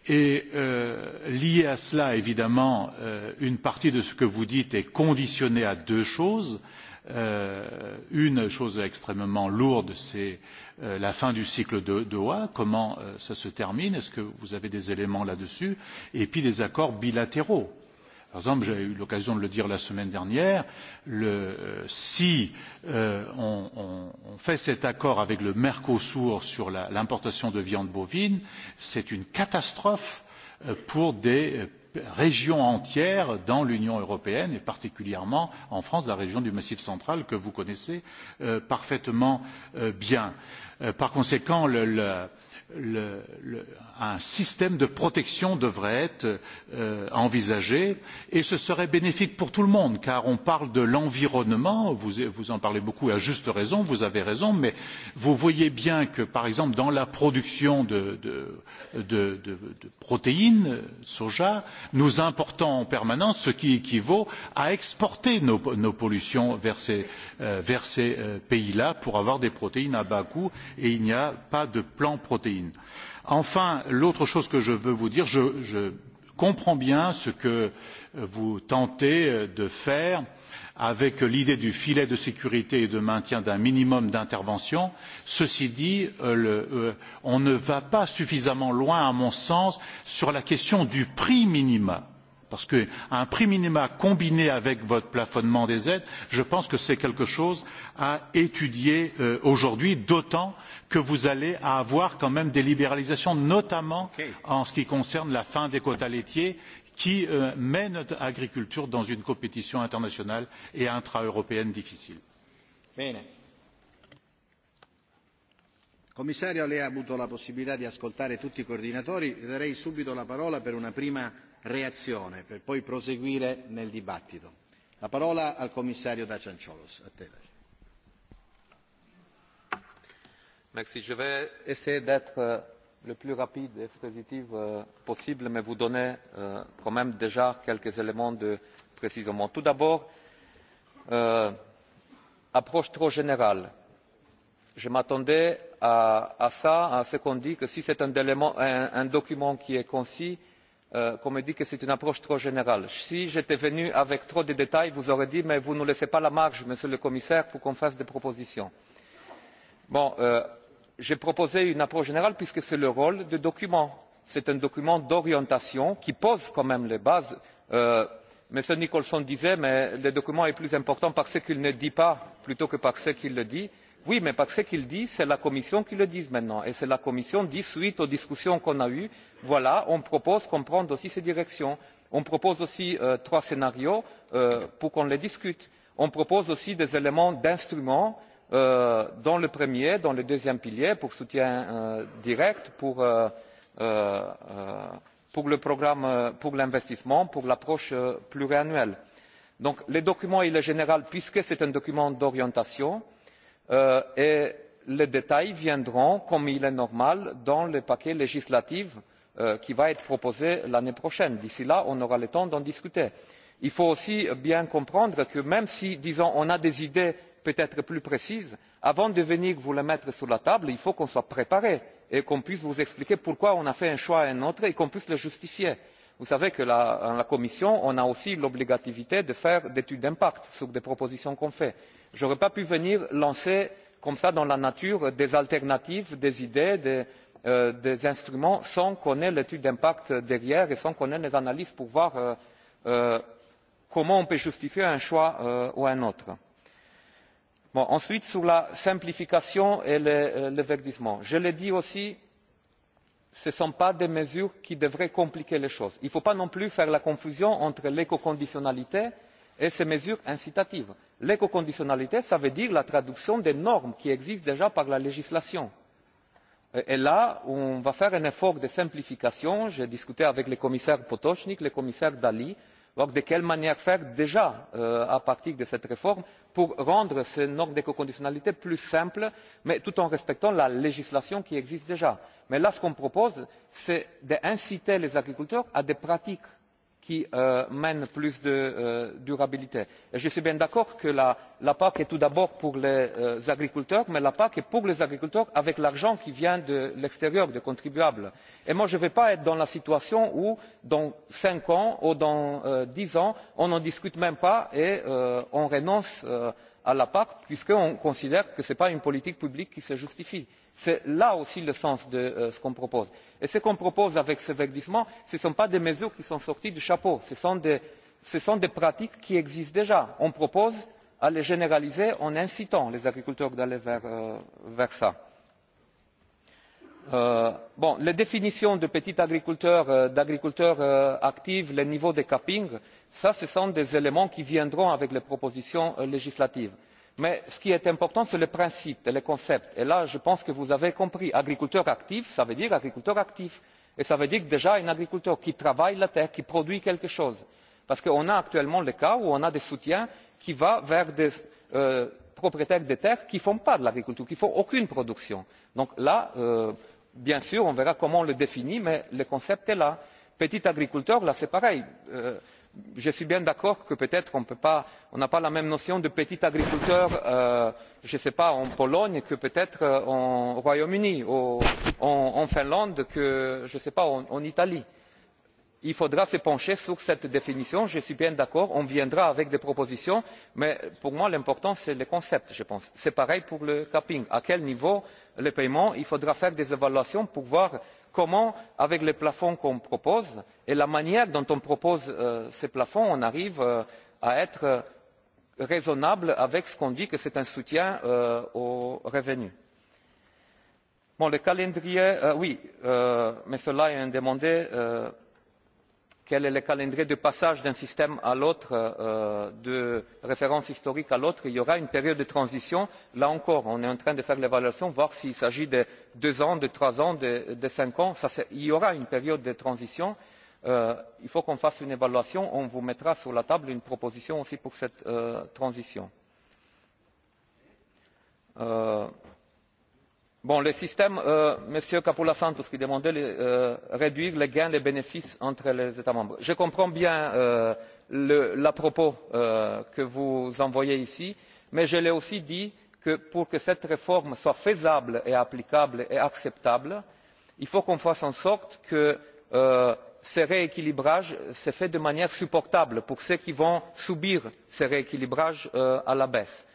Et euh, lié à cela, évidemment, euh, une partie de ce que vous dites est conditionnée à deux choses. Euh, une chose extrêmement lourde, c'est euh, la fin du cycle de Doha. Comment euh, ça se termine Est-ce que vous avez des éléments là-dessus Et puis des accords bilatéraux. Par exemple, j'ai eu l'occasion de le dire la semaine dernière, le, euh, si euh, on, on, on fait cet accord avec le Mercosur sur l'importation de viande bovine, c'est une catastrophe euh, pour des euh, régions entières dans l'union européenne et particulièrement en france la région du massif central que vous connaissez euh, parfaitement euh, bien. Euh, par conséquent le, le, le, le, un système de protection devrait être euh, envisagé et ce serait bénéfique pour tout le monde car on parle de l'environnement, vous, vous en parlez beaucoup à juste raison, vous avez raison, mais vous voyez bien que par exemple dans la production de, de, de, de, de protéines, soja, nous importons en permanence ce qui équivaut à exporter nos, nos pollutions vers ces, euh, vers ces euh, pays-là pour avoir des protéines à bas coût et il n'y a pas de plan protéines ligne. enfin l'autre chose que je veux vous dire je, je comprends bien ce que vous tentez de faire avec l'idée du filet de sécurité et de maintien d'un minimum d'intervention. Ceci dit, euh, euh, on ne va pas suffisamment loin, à mon sens, sur la question du prix minimum parce qu'un prix minima combiné avec votre plafonnement des aides je pense que c'est quelque chose à étudier euh, aujourd'hui d'autant que vous allez avoir quand même des libéralisations notamment okay. en ce qui concerne la fin des quotas laitiers qui euh, met notre agriculture dans une compétition internationale et intra européenne difficile. Bene. Commissario, lei ha avuto la possibilità di ascoltare tutti i coordinatori. Darei subito la parola per una prima reazione per poi proseguire nel dibattito. la parola al commissario dacian ciolo je vais essayer d'être euh, le plus rapide et expéditif euh, possible mais vous donner euh, quand même déjà quelques éléments de précision. tout d'abord approche trop générale. je m'attendais à ce qu'on dise que si c'est un document qui est concis Euh, qu'on me dit que c'est une approche trop générale. si j'étais venu avec trop de détails vous auriez dit mais vous ne nous laissez pas la marge monsieur le commissaire pour qu'on fasse des propositions. Euh, j'ai proposé une approche générale puisque c'est le rôle du document. c'est un document d'orientation qui pose quand même les bases. Euh, m. nicholson disait que le document est plus important par ce qu'il ne dit pas plutôt que par ce qu'il dit oui mais ce qu'il dit c'est la commission qui le dit maintenant et c'est la commission dit suite aux discussions qu'on a eues voilà on propose qu'on prenne aussi ces directions on propose aussi euh, trois scénarios euh, pour qu'on les discute on propose aussi des éléments d'instruments euh, dans le premier dans le deuxième pilier pour soutien direct pour le programme pour l'investissement pour l'approche pluriannuelle. donc le document est général puisque c'est un document d'orientation. Euh, et les détails viendront comme il est normal dans le paquet législatif euh, qui va être proposé l'année prochaine. d'ici là on aura le temps d'en discuter. il faut aussi bien comprendre que même si disons on a des idées peut être plus précises avant de venir vous les mettre sur la table il faut qu'on soit préparé et qu'on puisse vous expliquer pourquoi on a fait un choix ou un autre et qu'on puisse le justifier. vous savez que dans la commission on a aussi l'obligation de faire des études d'impact sur les propositions qu'on fait je n'aurais pas pu venir lancer comme cela dans la nature des alternatives des idées des euh, instruments sans connaître l'étude d'impact derrière et sans connaître les analyses pour voir euh, euh, comment on peut justifier un choix ou un autre. ensuite sur la simplification et le verdissement je l'ai dit aussi ce ne sont pas des mesures qui devraient compliquer les choses. il ne faut pas non plus faire la confusion entre l'écoconditionnalité et ces mesures incitatives. l'écoconditionnalité cela veut dire la traduction des normes qui existent déjà par la législation. et là on va faire un effort de simplification j'ai discuté avec le commissaire potonik le commissaire dalli voir de quelle manière faire déjà euh, à partir de cette réforme pour rendre ces normes d'écoconditionnalité plus simples tout en respectant la législation qui existe déjà. mais là ce qu'on propose c'est d'inciter les agriculteurs à des pratiques qui euh, mène plus de euh, durabilité. je suis bien d'accord que la, pac est tout d'abord pour les euh, agriculteurs mais la pac est pour les agriculteurs avec l'argent qui vient de l'extérieur des contribuables. et moi je ne veux pas être dans la situation où dans cinq ans ou dans euh, dix ans on n'en discute même pas et on renonce à la pac puisqu'on considère que ce n'est pas une politique publique qui se justifie. c'est là aussi le sens de ce qu'on propose et ce qu'on propose avec ce verdissement ce ne sont pas des mesures qui sont sorties du chapeau ce sont des pratiques qui existent déjà. on propose de les généraliser en incitant les agriculteurs à aller vers cela. Euh, euh, les définitions de petit agriculteur euh, d'agriculteur actif les niveaux de capping ce sont des éléments qui viendront avec les propositions législatives mais ce qui est important c'est le principe et le concept et là je pense que vous avez compris agriculteur actif cela veut dire agriculteur actif et cela veut dire déjà un agriculteur qui travaille la terre qui produit quelque chose parce qu'on a actuellement le cas où on a des soutiens qui vont vers des euh, propriétaires de terres qui ne font pas d'agriculture qui ne font aucune production. donc là euh, bien sûr on verra comment on le définit mais le concept est là. petit agriculteur là c'est pareil euh, je suis bien d'accord que peut être on n'a pas la même notion de petit agriculteur euh, je ne sais pas en pologne que peut être euh, au royaume uni en finlande que je ne sais pas en italie. il faudra se pencher sur cette définition je suis bien d'accord on viendra avec des propositions mais pour moi l'important c'est le concept je pense. c'est pareil pour le capping à quel niveau les paiements? il faudra faire des évaluations pour comment avec les plafonds qu'on propose et la manière dont on propose euh, ces plafonds on arrive euh, à être euh, raisonnable avec ce qu'on dit que c'est un soutien aux revenus. le calendrier oui mais cela est demandé quel est le calendrier de passage d'un système à l'autre, euh, de référence historique à l'autre. Il y aura une période de transition. Là encore, on est en train de faire l'évaluation, pour voir s'il s'agit de deux ans, de trois ans, de, cinq ans. il y aura une période de transition. Euh, il faut qu'on fasse une évaluation. On vous mettra sur la table une proposition aussi pour cette euh, transition le système euh, m. capoulas qui demandait de euh, réduire les gains et les bénéfices entre les états membres je comprends bien euh, le propos que vous envoyez ici mais je l'ai aussi dit que pour que cette réforme soit faisable et applicable et acceptable il faut qu'on fasse en sorte que ce rééquilibrage se fasse de manière supportable pour ceux qui vont subir ce rééquilibrage à la baisse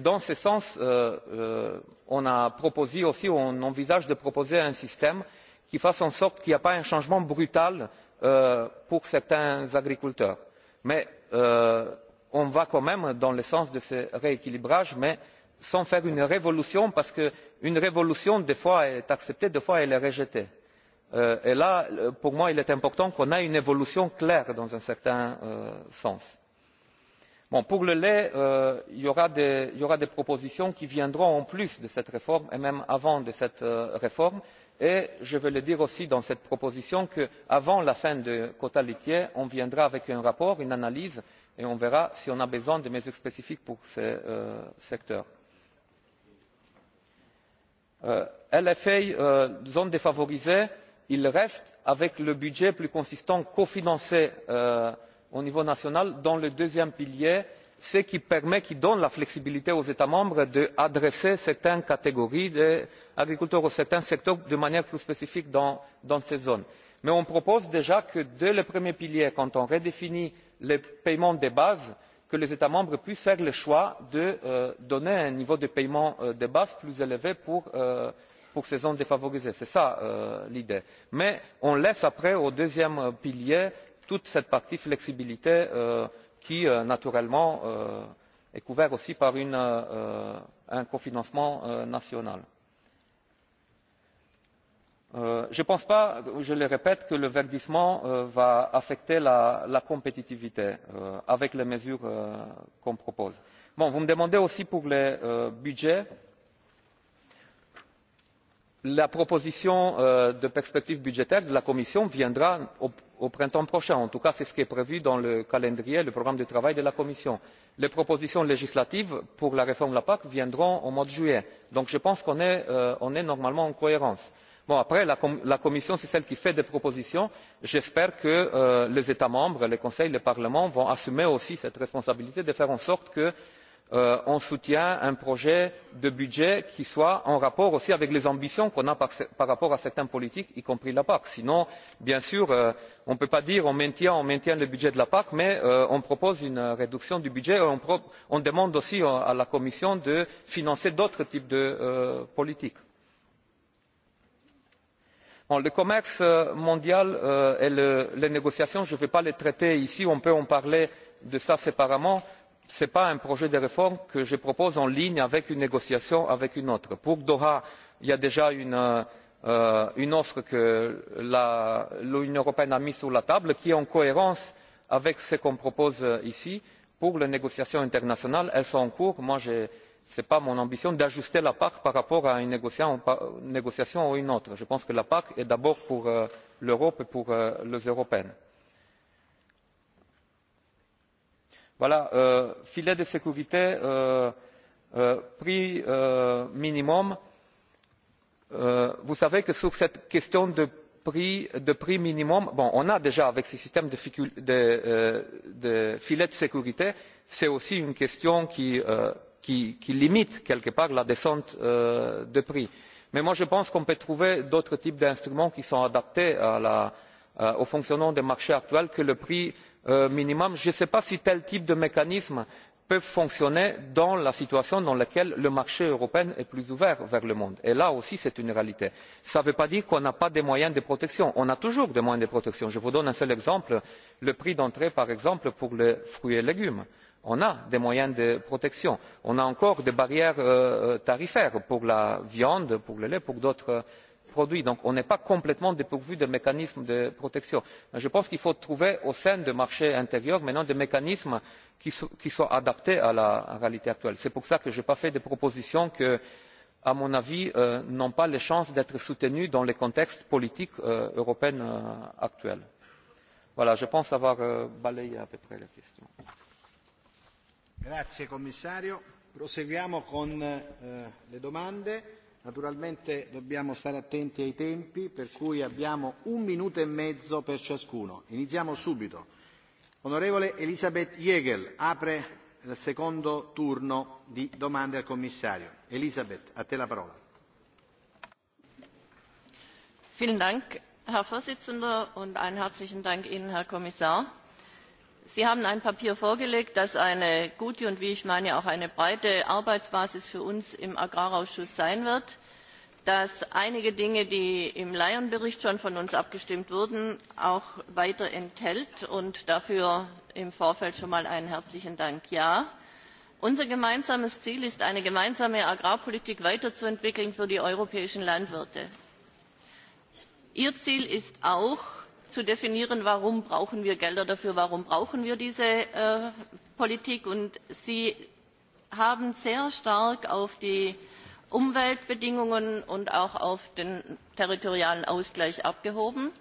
dans ce sens euh, euh, on a proposé aussi on envisage de proposer un système qui fasse en sorte qu'il n'y ait pas un changement brutal euh, pour certains agriculteurs. mais on va quand même dans le sens de ce rééquilibrage mais sans faire une révolution parce qu'une révolution des fois est acceptée des fois elle est rejetée. et là pour moi il est important qu'on ait une évolution claire dans un certain sens pour le lait il euh, y aura des propositions qui viendront en plus de cette réforme et même avant cette euh, réforme et je veux le dire aussi dans cette proposition avant la fin des quotas laitiers on viendra avec un rapport une analyse et on verra si on a besoin de mesures spécifiques pour ce euh, secteur. lfa zones défavorisées il reste avec le budget plus consistant cofinancé au niveau national dans le deuxième pilier ce qui permet qui donne la flexibilité aux états membres d'adresser certaines catégories d'agriculteurs ou certains secteurs de manière plus spécifique dans ces zones. mais on propose déjà que dès le premier pilier quand on redéfinit les paiements de base les états membres puissent faire le choix de euh, donner un niveau de paiement euh, de base plus élevé pour euh, ces zones défavorisées. c'est cela l'idée. mais on laisse après au deuxième pilier toute cette partie flexibilité euh, qui euh, naturellement euh, est couverte aussi par un cofinancement national. je ne pense pas je le répète que le verdissement va affecter la compétitivité avec les mesures qu'on propose. vous me demandez aussi pour les budgets la proposition euh, de perspective budgétaire de la commission viendra au printemps prochain en tout cas c'est ce qui est prévu dans le calendrier le programme de travail de la commission. les propositions législatives pour la réforme de la pac viendront au mois de juillet donc je pense que nous sommes normalement en cohérence. après la commission c'est celle qui fait des propositions j'espère que euh, les états membres le conseil et le parlement vont assumer aussi cette responsabilité de faire en sorte on euh, soutient un projet de budget qui soit en rapport aussi avec les ambitions qu'on a par, rapport à certaines politiques y compris la pac. sinon bien sûr euh, on ne peut pas dire on maintient on maintient le budget de la pac mais euh, on propose une réduction du budget et on, demande aussi à la commission de financer d'autres types de politiques. le commerce mondial et les négociations je ne vais pas les traiter ici on peut en parler de ça séparément ce n'est pas un projet de réforme que je propose en ligne avec une négociation avec une autre. pour doha il y a déjà une euh, offre que l'union européenne a mise sur la table qui est en cohérence avec ce qu'on propose euh, ici. pour les négociations internationales elles sont en cours. ce n'est pas mon ambition d'ajuster la pac par rapport à une négociation ou à une autre. je pense que la pac est d'abord pour euh, l'europe et pour les européens. voilà euh, filet de sécurité euh, euh, prix euh, minimum euh, vous savez que sur cette question de prix, de prix minimum bon, on a déjà avec ce système de, de, euh, de filet de sécurité c'est aussi une question qui, qui, qui limite quelque part la descente de prix. mais moi je pense qu'on peut trouver d'autres types d'instruments qui sont adaptés à la, au fonctionnement des marchés actuels que le prix Euh, minimum je ne sais pas si tel type de mécanisme peut fonctionner dans la situation dans laquelle le marché européen est plus ouvert vers le monde et là aussi c'est une réalité. cela ne veut pas dire qu'on n'a pas des moyens de protection on a toujours des moyens de protection. je vous donne un seul exemple le prix d'entrée par exemple pour les fruits et légumes on a des moyens de protection. on a encore des barrières euh, euh, tarifaires pour la viande pour le lait pour d'autres produits. donc on n'est pas complètement dépourvu de mécanismes de protection. mais je pense qu'il faut trouver au sein du marché intérieur maintenant des mécanismes qui soient adaptés à la réalité actuelle. c'est pour cela que je n'ai pas fait de propositions qui à mon avis euh, n'ont pas de chance d'être soutenues dans le contexte politique euh, européen euh, actuel. voilà je pense avoir balayé à peu près la question naturalmente dobbiamo stare attenti ai tempi per cui abbiamo un minuto e mezzo per ciascuno. iniziamo subito. onorevole elisabeth jeggle apre il secondo turno di domande al commissario. elisabeth a te la parola. vielen dank herr präsident und einen herzlichen dank ihnen herr kommissar! sie haben ein papier vorgelegt das eine gute und wie ich meine auch eine breite arbeitsbasis für uns im agrarausschuss sein wird das einige dinge die im bericht lyon schon von uns abgestimmt wurden auch weiter enthält und dafür im vorfeld schon mal einen herzlichen dank ja unser gemeinsames ziel ist eine gemeinsame agrarpolitik weiterzuentwickeln für die europäischen landwirte. ihr ziel ist auch zu definieren, warum brauchen wir Gelder dafür, warum brauchen wir diese äh, Politik. Und Sie haben sehr stark auf die Umweltbedingungen und auch auf den territorialen Ausgleich abgehoben.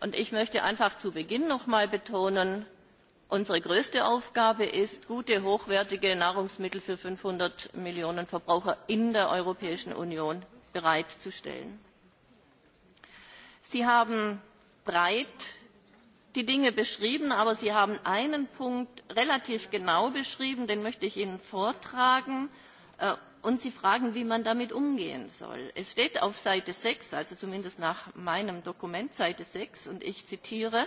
Und ich möchte einfach zu Beginn noch mal betonen, unsere größte Aufgabe ist, gute, hochwertige Nahrungsmittel für 500 Millionen Verbraucher in der Europäischen Union bereitzustellen. Sie haben breit die dinge beschrieben aber sie haben einen punkt relativ genau beschrieben den möchte ich ihnen vortragen äh, und sie fragen wie man damit umgehen soll. es steht auf seite sechs also zumindest nach meinem dokument seite sechs und ich zitiere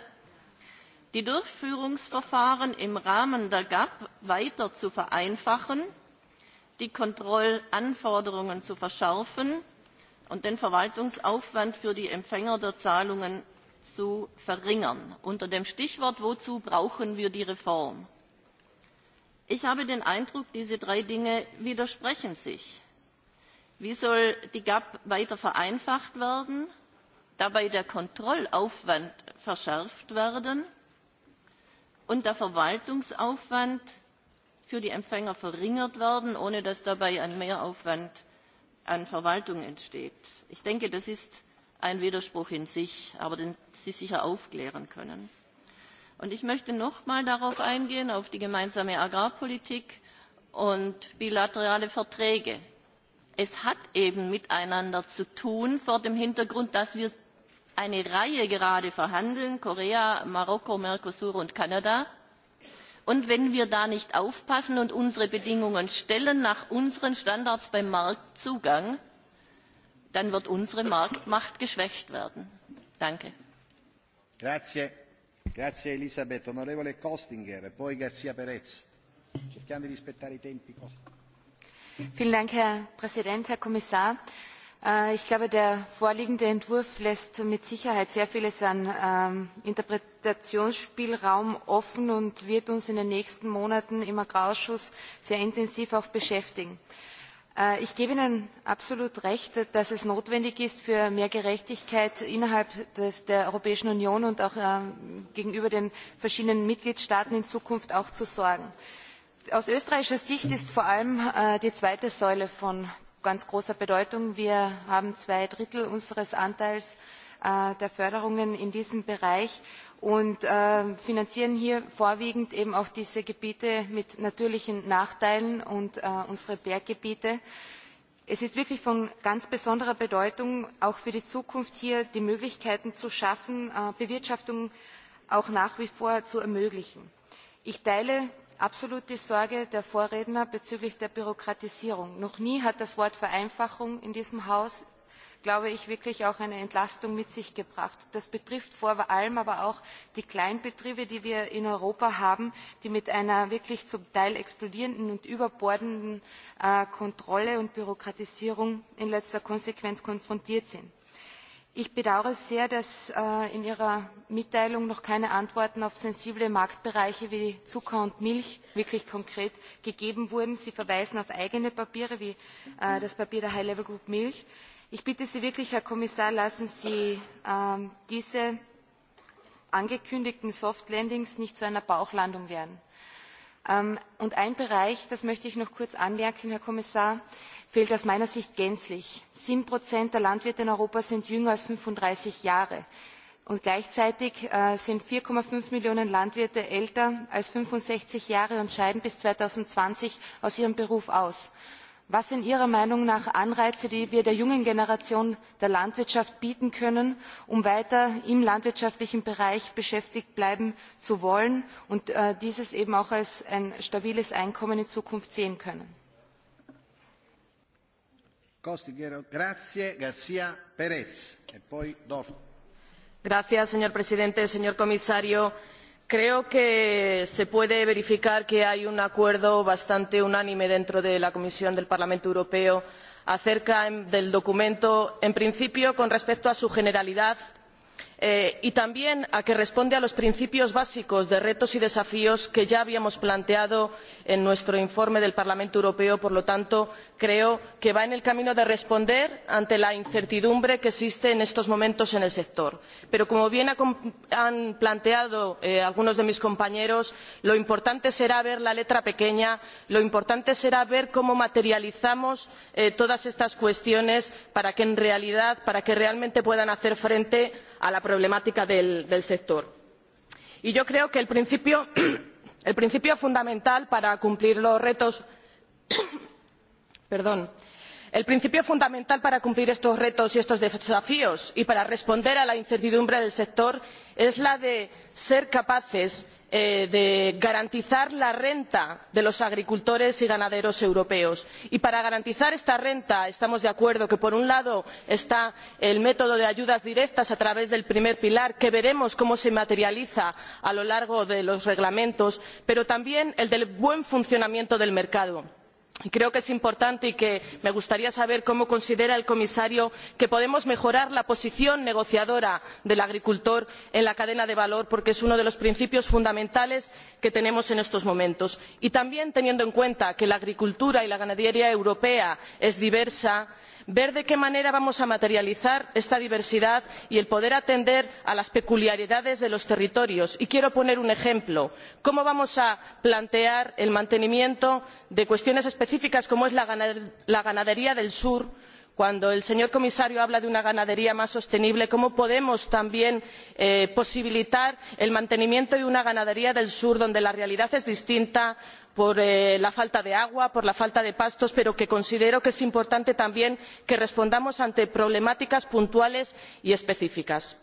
die durchführungsverfahren im rahmen der gap weiter zu vereinfachen die kontrollanforderungen zu verschärfen und den verwaltungsaufwand für die empfänger der zahlungen zu verringern unter dem stichwort wozu brauchen wir die reform? ich habe den eindruck diese drei dinge widersprechen sich. wie soll die gap weiter vereinfacht werden dabei der kontrollaufwand verschärft werden und der verwaltungsaufwand für die empfänger verringert werden ohne dass dabei ein mehraufwand an verwaltung entsteht? ich denke das ein widerspruch in sich aber den sie sicher aufklären können. Und ich möchte noch einmal darauf eingehen auf die gemeinsame agrarpolitik und bilaterale verträge. es hat eben miteinander zu tun vor dem hintergrund dass wir gerade eine reihe verhandeln korea marokko mercosur und kanada und wenn wir da nicht aufpassen und unsere bedingungen nach unseren standards beim marktzugang dann wird unsere Marktmacht geschwächt werden. Herr Präsident, Herr Kommissar. Äh, ich glaube, der vorliegende Entwurf lässt mit Sicherheit sehr vieles an ähm, Interpretationsspielraum offen und wird uns in den nächsten Monaten im Agrarausschuss sehr intensiv beschäftigen Äh, ich gebe ihnen absolut recht dass es notwendig ist für mehr gerechtigkeit innerhalb der europäischen union und auch ähm, gegenüber den verschiedenen mitgliedstaaten in zukunft zu sorgen. aus österreichischer sicht ist vor allem äh, die zweite säule von ganz großer bedeutung. wir haben zwei drittel unseres anteils äh, der förderungen in diesem bereich und äh, finanzieren hier vorwiegend eben auch diese Gebiete mit natürlichen Nachteilen und äh, unsere Berggebiete. Es ist wirklich von ganz besonderer Bedeutung, auch für die Zukunft hier die Möglichkeiten zu schaffen, äh, Bewirtschaftung auch nach wie vor zu ermöglichen. Ich teile absolut die Sorge der Vorredner bezüglich der Bürokratisierung. Noch nie hat das Wort Vereinfachung in diesem Haus glaube ich wirklich auch eine entlastung mit sich gebracht. das betrifft vor allem aber auch die kleinbetriebe die wir in europa haben die mit einer wirklich zum teil explodierenden und überbordenden äh, kontrolle und bürokratisierung in letzter konsequenz konfrontiert sind. ich bedaure sehr dass äh, in ihrer mitteilung noch keine antworten auf sensible marktbereiche wie zucker und milch wirklich konkret gegeben wurden. sie verweisen auf eigene papiere wie äh, das papier der high level group milch ich bitte sie wirklich herr kommissar lassen sie ähm, diese angekündigten soft landings nicht zu einer bauchlandung werden. Ähm, und ein bereich das möchte ich noch kurz anmerken herr kommissar fehlt aus meiner sicht gänzlich sieben der landwirte in europa sind jünger als fünfunddreißig jahre und gleichzeitig äh, sind vier fünf millionen landwirte älter als fünfundsechzig jahre und scheiden bis zweitausendzwanzig aus ihrem beruf aus was sind ihrer meinung nach anreize die wir der jungen generation der landwirtschaft bieten können um weiter im landwirtschaftlichen bereich beschäftigt bleiben zu wollen und äh, dies eben auch als ein stabiles einkommen in zukunft sehen können? E señor presidente señor comisario creo que se puede verificar que hay un acuerdo bastante unánime dentro de la comisión del parlamento europeo acerca del documento en principio con respecto a su generalidad y Eh, y también a que responde a los principios básicos de retos y desafíos que ya habíamos planteado en nuestro informe del parlamento europeo. por lo tanto creo que va en el camino de responder ante la incertidumbre que existe en estos momentos en el sector. pero como bien han planteado eh, algunos de mis compañeros lo importante será ver la letra pequeña lo importante será ver cómo materializamos eh, todas estas cuestiones para que para que realmente puedan hacer frente a la problemática del, del sector. y yo creo que el principio, fundamental para cumplir los retos el principio fundamental para cumplir estos retos y estos desafíos y para responder a la incertidumbre del sector es la de ser capaces Eh, de garantizar la renta de los agricultores y ganaderos europeos y para garantizar esta renta estamos de acuerdo en que por un lado está el método de ayudas directas a través del primer pilar que veremos cómo se materializa a lo largo de los reglamentos pero también el del buen funcionamiento del mercado creo que es importante y me gustaría saber cómo considera el comisario que podemos mejorar la posición negociadora del agricultor en la cadena de valor porque es uno de los principios fundamentales que tenemos en estos momentos. y también teniendo en cuenta que la agricultura y la ganadería europea son diversas ver de qué manera vamos a materializar esta diversidad y el poder atender a las peculiaridades de los territorios y quiero poner un ejemplo cómo vamos a plantear el mantenimiento de cuestiones específicas como es la ganadería del sur cuando el señor comisario habla de una ganadería más sostenible cómo podemos también eh, posibilitar el mantenimiento de una ganadería del sur donde la realidad es distinta por eh, la falta de agua por la falta de pastos pero que considero que es importante también que respondamos ante problemáticas puntuales y específicas?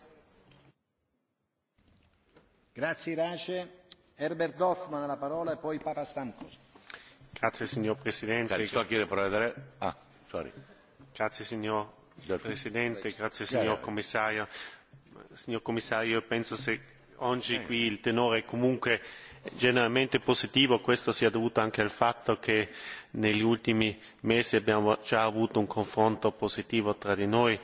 Grazie signor Presidente, grazie signor Commissario. Signor Commissario, io penso se oggi qui il tenore è comunque generalmente positivo, questo sia dovuto anche al fatto che negli ultimi mesi abbiamo già avuto un confronto positivo tra di noi.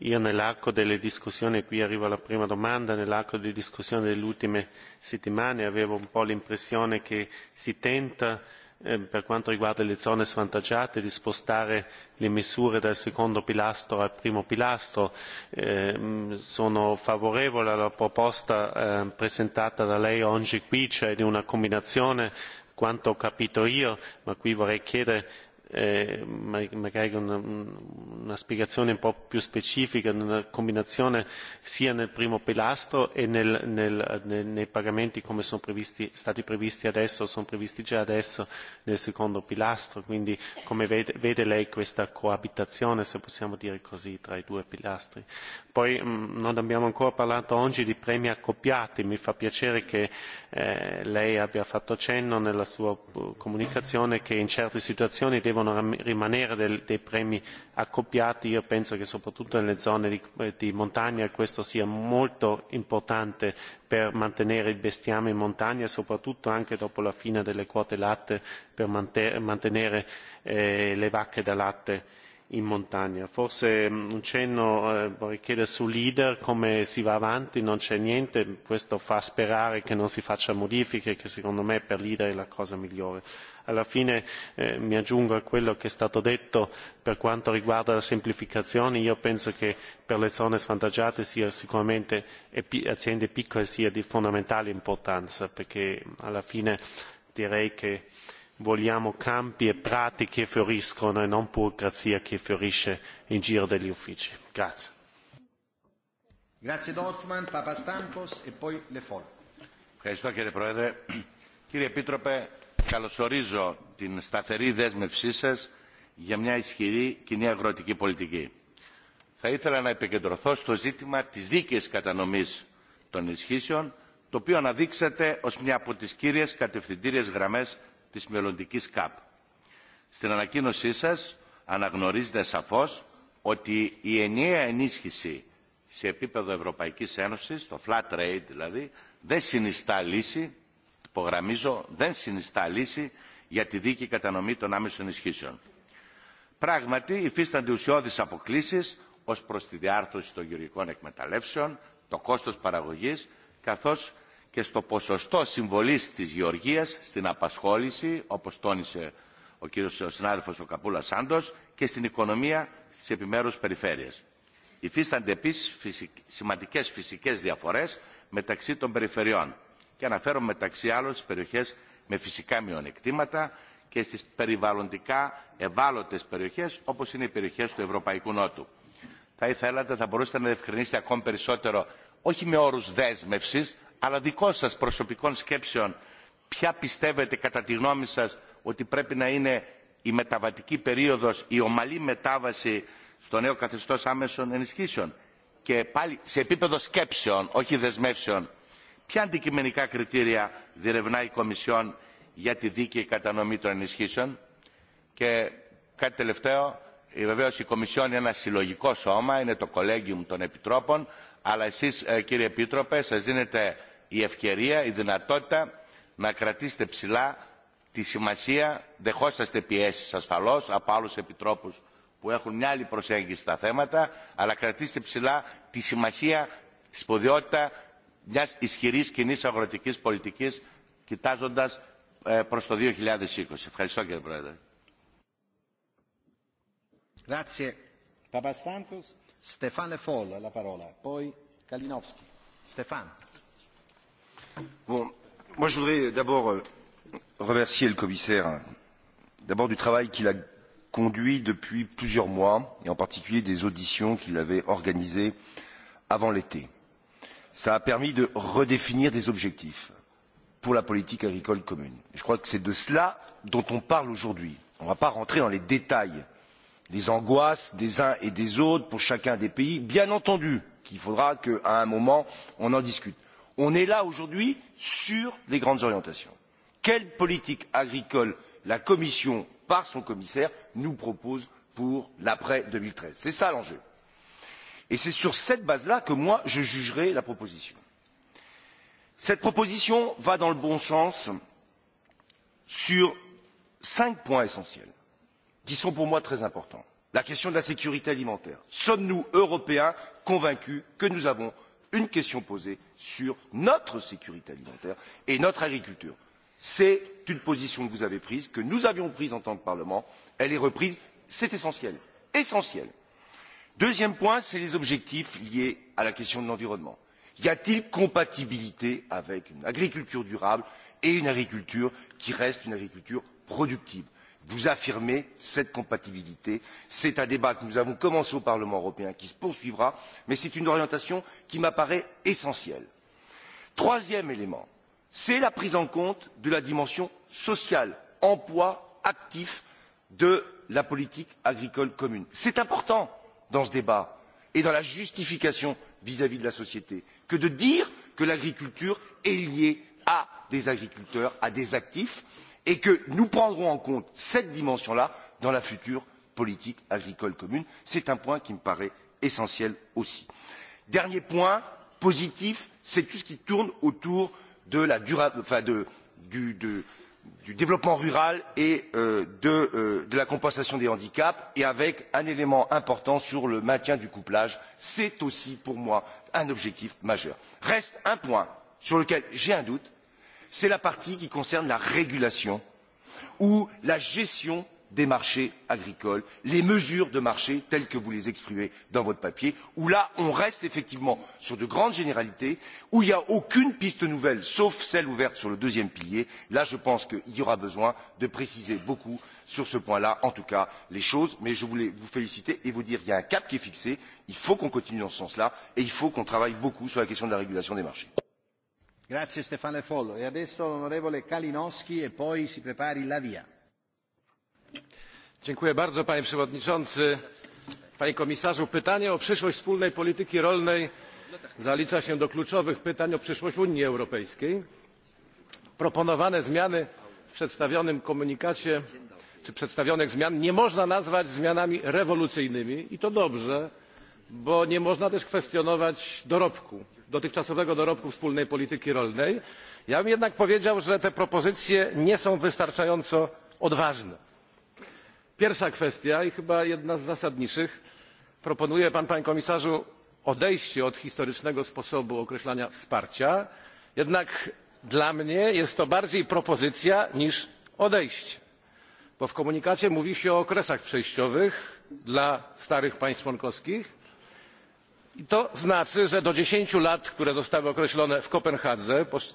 Io nell'arco delle discussioni, qui arrivo alla prima domanda, nell'arco delle discussioni delle ultime settimane avevo un po' l'impressione che si tenta Eh, per quanto riguarda le zone svantaggiate di spostare le misure dal secondo pilastro al primo pilastro. Eh, mm, sono favorevole alla proposta eh, presentata da lei oggi qui cioè di una combinazione quanto ho capito io ma qui vorrei chiedere Eh, magari con una, spiegazione un po' più specifica, una combinazione sia nel primo pilastro e nel, nel, nel, nei pagamenti come sono previsti, stati previsti adesso, o sono previsti già adesso nel secondo pilastro, quindi come vede, vede lei questa coabitazione, se possiamo dire così, tra i due pilastri. Poi mh, mm, non abbiamo ancora parlato oggi di premi accoppiati, mi fa piacere che eh, lei abbia fatto cenno nella sua uh, comunicazione che in certe situazioni devono devono rimanere del, dei premi accoppiati io penso che soprattutto nelle zone di, eh, di montagna questo sia molto importante per mantenere il bestiame in montagna soprattutto anche dopo la fine delle quote latte per mantenere eh, le vacche da latte in montagna. Forse mm, un cenno eh, vorrei chiedere su leader come si va avanti, non c'è niente, questo fa sperare che non si faccia modifiche che secondo me per leader è la cosa migliore. Alla fine eh, mi aggiungo a quello che è stato detto per quanto riguarda la semplificazione, io penso che per le zone svantaggiate sia sicuramente e aziende piccole sia di fondamentale importanza perché alla fine direi che vogliamo campi e prati che fioriscono e non burocrazia che fiorisce in giro degli uffici. Grazie. Grazie Dorfman, Papa Stampos, e poi Le Foll. Ευχαριστώ κύριε Πρόεδρε. Κύριε Επίτροπε, καλωσορίζω την σταθερή δέσμευσή σας για μια ισχυρή κοινή αγροτική πολιτική. Θα ήθελα να επικεντρωθώ στο ζήτημα της δίκαιης κατανομής των ισχύσεων, το οποίο αναδείξατε ως μια από τις κύριες κατευθυντήριες γραμμές της μελλοντικής ΚΑΠ. Στην ανακοίνωσή σας αναγνωρίζετε σαφώς ότι η ενιαία ενίσχυση σε επίπεδο Ευρωπαϊκής Ένωσης, το flat rate δηλαδή, δεν συνιστά λύση, υπογραμμίζω, δεν συνιστά λύση για τη δίκη κατανομή των άμεσων ισχύσεων. Πράγματι, υφίστανται ουσιώδεις αποκλήσεις ως προς τη διάρθρωση των γεωργικών εκμεταλλεύσεων, το κόστος παραγωγής, καθώς και στο ποσοστό συμβολής της γεωργίας στην απασχόληση, όπως τόνισε ο κύριος ο συνάδελφος ο Καπούλα Σάντος, και στην οικονομία στις επιμέρους περιφέρειες. Υφίστανται επίσης φυσικ... σημαντικές φυσικές διαφορές μεταξύ των περιφερειών και αναφέρω μεταξύ άλλων στις περιοχές με φυσικά μειονεκτήματα και στις περιβαλλοντικά ευάλωτες περιοχές όπως είναι οι περιοχές του Ευρωπαϊκού Νότου. Θα ήθελατε, θα μπορούσατε να διευκρινίσετε ακόμη περισσότερο όχι με όρους δέσμευσης, αλλά δικών σας προσωπικών σκέψεων ποια πιστεύετε κατά τη γνώμη σας ότι πρέπει να είναι η μεταβατική περίοδος, η ομαλή μετάβαση στο νέο καθεστώς άμεσων ενισχύσεων και πάλι σε επίπεδο σκέψεων, όχι δεσμεύσεων. Ποια αντικειμενικά κριτήρια διερευνά η Κομισιόν για τη δίκαιη κατανομή των ενισχύσεων. Και κάτι τελευταίο, βεβαίω η Κομισιόν είναι ένα συλλογικό σώμα, είναι το κολέγιουμ των Επιτρόπων, αλλά εσείς κύριε Επίτροπε σας δίνετε η ευκαιρία, η δυνατότητα να κρατήσετε ψηλά τη σημασία, δεχόσαστε πιέσεις ασφαλώς από άλλους επιτρόπους που έχουν μια άλλη προσέγγιση στα θέματα, αλλά κρατήστε ψηλά τη σημασία, τη σποδιότητα μιας ισχυρής κοινή αγροτικής πολιτικής, κοιτάζοντας προς το 2020. Ευχαριστώ κύριε Πρόεδρε. Grazie. Papastamkos, Stefane Foll la parola, poi Kalinowski. Stefano. Bon, moi je voudrais d'abord euh, remercier le commissaire euh, d'abord du travail qu'il a conduit depuis plusieurs mois et en particulier des auditions qu'il avait organisées avant l'été. Cela a permis de redéfinir des objectifs pour la politique agricole commune. je crois que c'est de cela dont on parle aujourd'hui. On ne va pas rentrer dans les détails, les angoisses des uns et des autres pour chacun des pays. Bien entendu qu'il faudra qu'à un moment on en discute on est là aujourd'hui sur les grandes orientations. quelle politique agricole la commission par son commissaire nous propose pour l'après deux mille treize c'est ça l'enjeu et c'est sur cette base là que moi je jugerai la proposition. cette proposition va dans le bon sens sur cinq points essentiels qui sont pour moi très importants la question de la sécurité alimentaire sommes nous européens convaincus que nous avons une question posée sur notre sécurité alimentaire et notre agriculture. C'est une position que vous avez prise, que nous avions prise en tant que Parlement. Elle est reprise. C'est essentiel. Essentiel. Deuxième point, c'est les objectifs liés à la question de l'environnement. Y a-t-il compatibilité avec une agriculture durable et une agriculture qui reste une agriculture productive vous affirmez cette compatibilité. c'est un débat que nous avons commencé au parlement européen qui se poursuivra mais c'est une orientation qui m'apparaît essentielle. troisième élément c'est la prise en compte de la dimension sociale emploi actif de la politique agricole commune. c'est important dans ce débat et dans la justification vis à vis de la société que de dire que l'agriculture est liée à des agriculteurs à des actifs et que nous prendrons en compte cette dimension là dans la future politique agricole commune. c'est un point qui me paraît essentiel aussi. dernier point positif c'est tout ce qui tourne autour de la durable, enfin de, du, de, du développement rural et euh, de, euh, de la compensation des handicaps et avec un élément important sur le maintien du couplage. C'est aussi pour moi un objectif majeur. Reste un point sur lequel j'ai un doute, c'est la partie qui concerne la régulation ou la gestion des marchés agricoles, les mesures de marché telles que vous les exprimez dans votre papier, où là on reste effectivement sur de grandes généralités, où il n'y a aucune piste nouvelle sauf celle ouverte sur le deuxième pilier. Là je pense qu'il y aura besoin de préciser beaucoup sur ce point-là, en tout cas les choses, mais je voulais vous féliciter et vous dire qu'il y a un cap qui est fixé, il faut qu'on continue dans ce sens-là et il faut qu'on travaille beaucoup sur la question de la régulation des marchés grazie Stefano Follo. E adesso l'onorevole Kalinowski e poi si prepari la via. panie przewodniczący. Panie komisarzu, pytanie o przyszłość wspólnej polityki rolnej zalicza się do kluczowych pytań o przyszłość Unii Europejskiej. Proponowane zmiany w przedstawionym komunikacie czy przedstawionych zmian nie można nazwać zmianami rewolucyjnymi i to dobrze bo nie można też kwestionować dorobku dotychczasowego dorobku wspólnej polityki rolnej ja bym jednak powiedział że te propozycje nie są wystarczająco odważne. pierwsza kwestia i chyba jedna z zasadniczych proponuje pan panie komisarzu odejście od historycznego sposobu określania wsparcia jednak dla mnie jest to bardziej propozycja niż odejście bo w komunikacie mówi się o okresach przejściowych dla starych państw członkowskich to znaczy że do dziesięć lat które zostały określone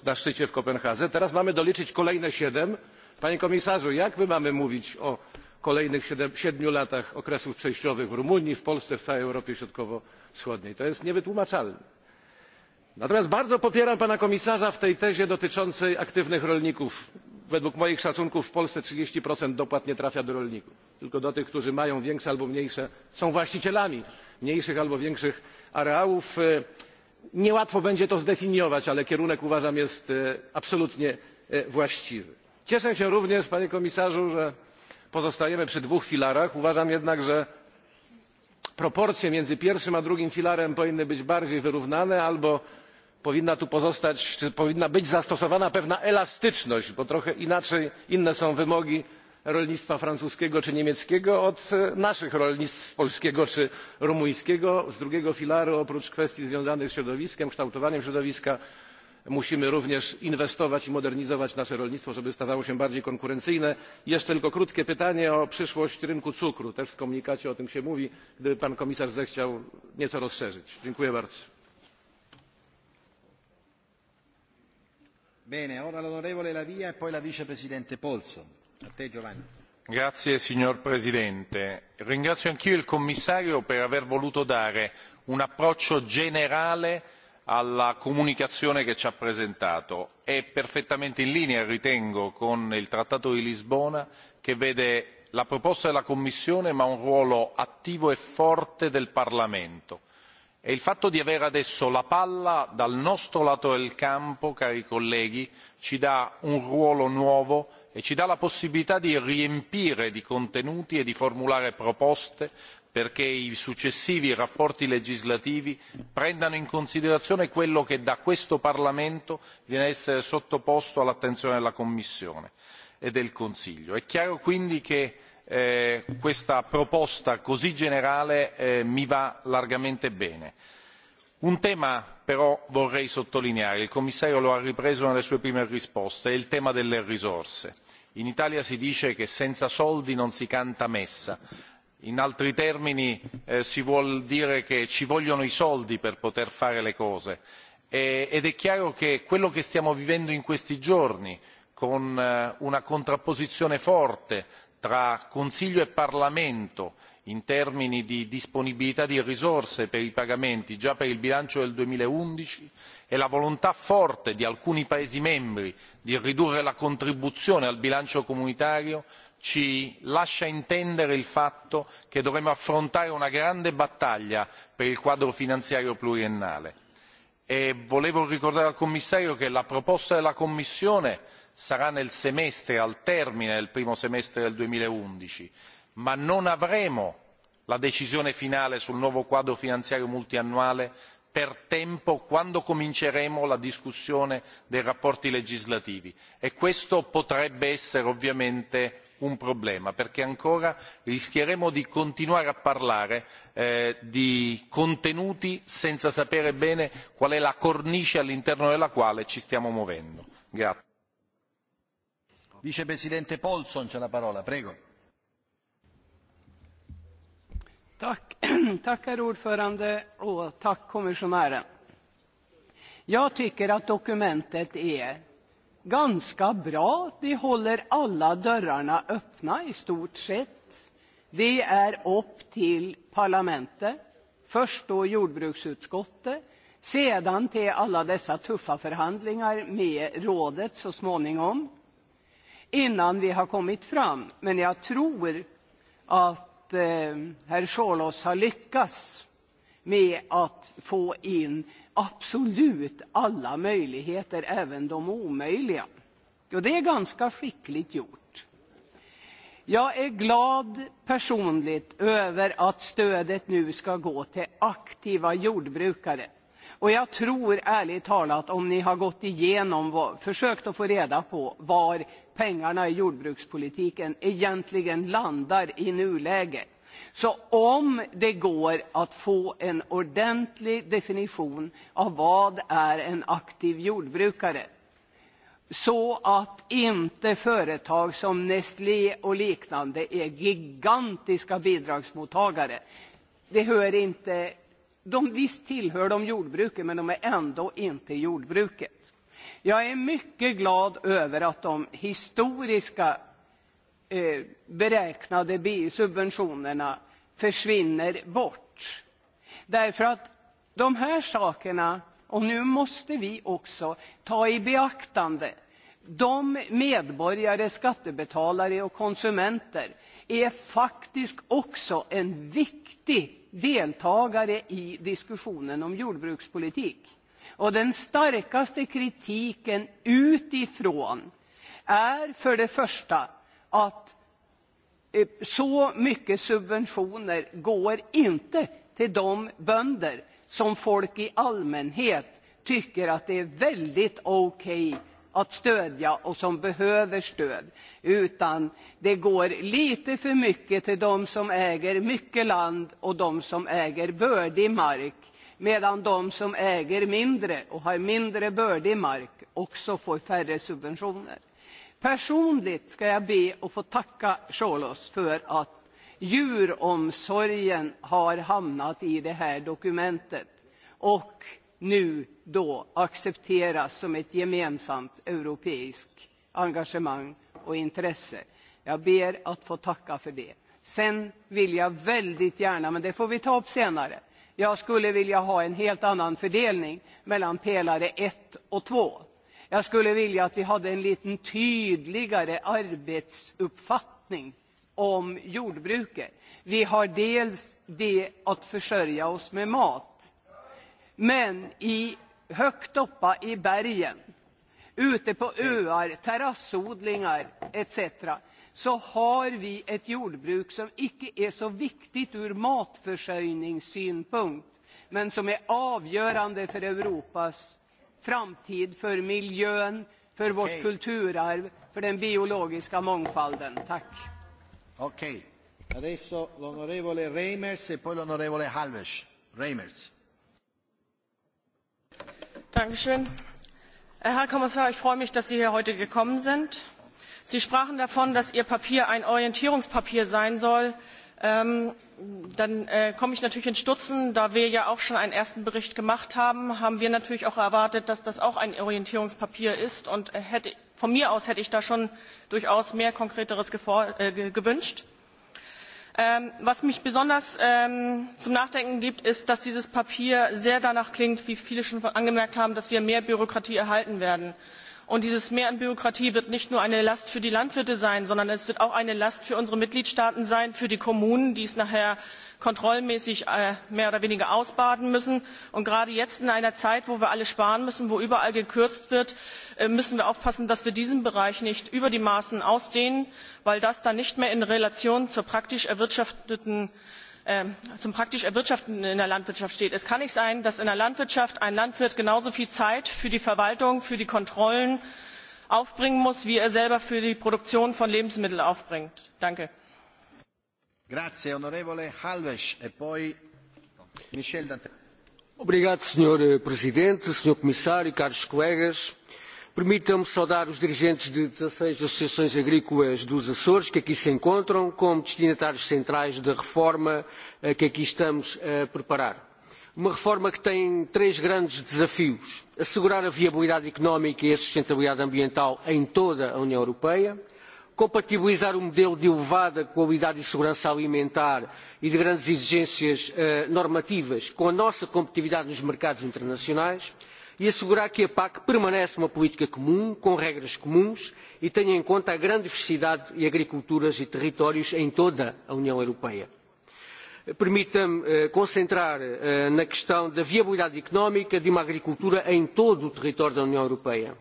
na szczycie w kopenhadze teraz mamy doliczyć kolejne siedem. panie komisarzu jak my mamy mówić o kolejnych siedmiu latach okresów przejściowych w rumunii w polsce w całej europie środkowo wschodniej? to jest niewytłumaczalne. natomiast bardzo popieram pana komisarza w tej tezie dotyczącej aktywnych rolników. według moich szacunków w polsce trzydzieści dopłat nie trafia do rolników tylko do tych którzy mają większe albo mniejsze są właścicielami mniejszych albo większych areałów. E, niełatwo będzie to zdefiniować ale kierunek uważam jest e, absolutnie e, właściwy. cieszę się również panie komisarzu że pozostajemy przy dwóch filarach. uważam jednak że proporcje między pierwszym a drugim filarem powinny być bardziej wyrównane albo powinna tu pozostać czy powinna być zastosowana pewna elastyczność bo trochę inaczej inne są wymogi rolnictwa francuskiego czy niemieckiego od e, naszych rolnictw polskiego czy rumuńskiego. z drugiego filaru oprócz kwestii związanych z środowiskiem kształtowaniem środowiska musimy również inwestować i modernizować nasze rolnictwo żeby stawało się bardziej konkurencyjne. jeszcze tylko krótkie pytanie o przyszłość rynku cukru też w komunikacie o tym się mówi gdyby pan komisarz zechciał nieco rozszerzyć. dziękuję bardzo. E signor presidente onorevoli colleghi ringrazio anch'io il commissario per aver voluto dare un approccio generale alla comunicazione che ci ha presentato. è perfettamente in linea ritengo con il trattato di lisbona che vede la proposta della commissione ma un ruolo attivo e forte del parlamento e il fatto di avere adesso la palla dal nostro lato del campo cari colleghi ci dà un ruolo nuovo e ci dà la possibilità di riempire di contenuti e di formulare proposte perché i successivi rapporti legislativi prendano in considerazione quello che da questo parlamento viene ad essere sottoposto all'attenzione della commissione e del consiglio. è chiaro quindi che eh, questa proposta così generale eh, mi va largamente bene un tema però vorrei sottolineare il commissario lo ha ripreso nelle sue prime risposte è il tema delle risorse. in italia si dice che senza soldi non si canta messa in altri termini eh, si vuol dire che ci vogliono i soldi per poter fare le cose e, ed è chiaro che quello che stiamo vivendo in questi giorni con eh, una contrapposizione forte tra consiglio e parlamento in termini di disponibilità di risorse per i pagamenti già per il bilancio del duemilaundici e la volontà forte di alcuni paesi membri di ridurre la contribuzione al bilancio comunitario ci lascia intendere il fatto che dovremo affrontare una grande battaglia per il quadro finanziario pluriennale e volevo ricordare al commissario che la proposta della commissione sarà nel semestre al termine del primo semestre del duemilaundici ma non avremo la decisione finale sul nuovo quadro finanziario multiannuale per tempo quando cominceremo la discussione dei rapporti legislativi e questo potrebbe essere ovviamente un problema perché ancora rischieremo di continuare a parlare eh, di contenuti senza sapere bene qual è la cornice all'interno della quale ci stiamo muovendo. herr talman! Tack, kommissionären! Jag tycker att dokumentet är ganska bra. Det håller alla dörrar öppna i stort sett. Det är upp till parlamentet, först jordbruksutskottet, sedan till alla dessa tuffa förhandlingar med rådet så småningom innan vi har kommit fram eh, herr Soros har lyckats med att få in absolut alla möjligheter, även de omöjliga. Och det är ganska skickligt gjort. Jag är glad personligt över att stödet nu ska gå till aktiva jordbrukare. Och jag tror ärligt talat om ni har gått igenom och försökt att få reda på var pengarna i jordbrukspolitiken egentligen landar i nuläget. Så om det går att få en ordentlig definition av vad är en aktiv jordbrukare så att inte företag som Nestlé och liknande är gigantiska bidragsmottagare. Det hör inte de, visst tillhör de jordbruket, men de är ändå inte jordbruket. Jag är mycket glad över att de historiska eh, beräknade subventionerna försvinner bort. Därför att de här sakerna, och nu måste vi också ta i beaktande de medborgare, skattebetalare och konsumenter är faktiskt också en viktig deltagare i diskussionen om jordbrukspolitik. Och den starkaste kritiken utifrån är för det första att eh, så mycket subventioner går inte till de bönder som folk i allmänhet tycker att det är väldigt okej okay att stödja och som behöver stöd. Utan det går lite för mycket till de som äger mycket land och de som äger bördig mark. Medan de som äger mindre och har mindre bördig mark också får färre subventioner. Personligt ska jag be att få tacka Cholos för att djuromsorgen har hamnat i det här dokumentet. Och nu då accepteras som ett gemensamt europeiskt engagemang och intresse. Jag ber att få tacka för det. Sen vill jag väldigt gärna, men det får vi ta upp senare, jag skulle vilja ha en helt annan fördelning mellan pelare 1 och 2. Jag skulle vilja att vi hade en lite tydligare arbetsuppfattning om jordbruket. Vi har dels det att försörja oss med mat. Men i, högt uppe i bergen, ute på öar, terrassodlingar etc. så har vi ett jordbruk som icke är så viktigt ur matförsörjningssynpunkt men som är avgörande för Europas framtid, för miljön, för vårt kulturarv, för den biologiska mångfalden. Tack! Okej. Okay. Adesso l'onorevole Reimers e poi l'onorevole Halvers. Reimers. Äh, Herr Kommissar, ich freue mich, dass Sie hier heute gekommen sind. Sie sprachen davon, dass Ihr Papier ein Orientierungspapier sein soll. Ähm, dann äh, komme ich natürlich ins Stutzen. Da wir ja auch schon einen ersten Bericht gemacht haben, haben wir natürlich auch erwartet, dass das auch ein Orientierungspapier ist. Und äh, von mir aus hätte ich da schon durchaus mehr Konkreteres gewünscht Ähm, was mich besonders ähm, zum Nachdenken gibt, ist, dass dieses Papier sehr danach klingt, wie viele schon angemerkt haben, dass wir mehr Bürokratie erhalten werden und dieses mehr an bürokratie wird nicht nur eine last für die landwirte sein sondern es wird auch eine last für unsere mitgliedstaaten sein für die kommunen die es nachher kontrollmäßig äh, mehr oder weniger ausbaden müssen. und gerade jetzt in einer zeit wo wir alle sparen müssen wo überall gekürzt wird äh, müssen wir aufpassen dass wir diesen bereich nicht über die maßen ausdehnen weil das dann nicht mehr in relation zur praktisch erwirtschafteten Ähm, zum praktisch Erwirtschaften in der Landwirtschaft steht. Es kann nicht sein, dass in der Landwirtschaft ein Landwirt genauso viel Zeit für die Verwaltung, für die Kontrollen aufbringen muss, wie er selber für die Produktion von Lebensmitteln aufbringt. Danke. Grazie, onorevole Halves, e poi Michel Obrigado, eh, Presidente, Comissário, caros colegas. Permitam-me saudar os dirigentes de 16 associações agrícolas dos Açores que aqui se encontram como destinatários centrais da reforma eh, que aqui estamos a preparar. Uma reforma que tem três grandes desafios. Assegurar a viabilidade económica e a sustentabilidade ambiental em toda a União Europeia, compatibilizar o um modelo de elevada qualidade e segurança alimentar e de grandes exigências eh, normativas com a nossa competitividade nos mercados internacionais, e assegurar que a PAC permanece uma política comum, com regras comuns e tenha em conta a grande diversidade de agriculturas e territórios em toda a União Europeia. Permita-me eh, concentrar eh, na questão da viabilidade económica de uma agricultura em todo o território da União Europeia.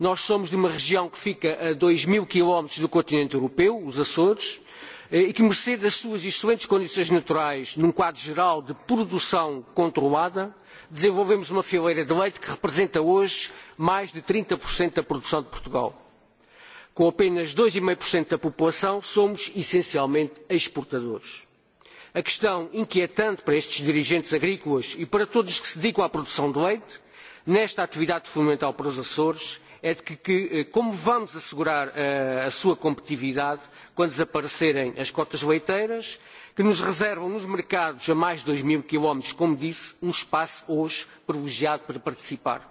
Nós somos de uma região que fica a dois mil quilómetros do continente europeu, os Açores, e Eh, e que, mercê das suas excelentes condições naturais, num quadro geral de produção controlada, desenvolvemos uma fileira de leite que representa hoje mais de 30% da produção de Portugal. Com apenas 2,5% da população, somos essencialmente exportadores. A questão inquietante para estes dirigentes agrícolas e para todos que se dedicam à produção de leite, nesta atividade fundamental para os Açores, é de que, que eh, como vamos assegurar a, eh, a sua competitividade quando desaparecerem as cotas leiteiras, que nos reservam nos mercados a mais de 2 mil quilómetros, como disse, um espaço hoje privilegiado para participar.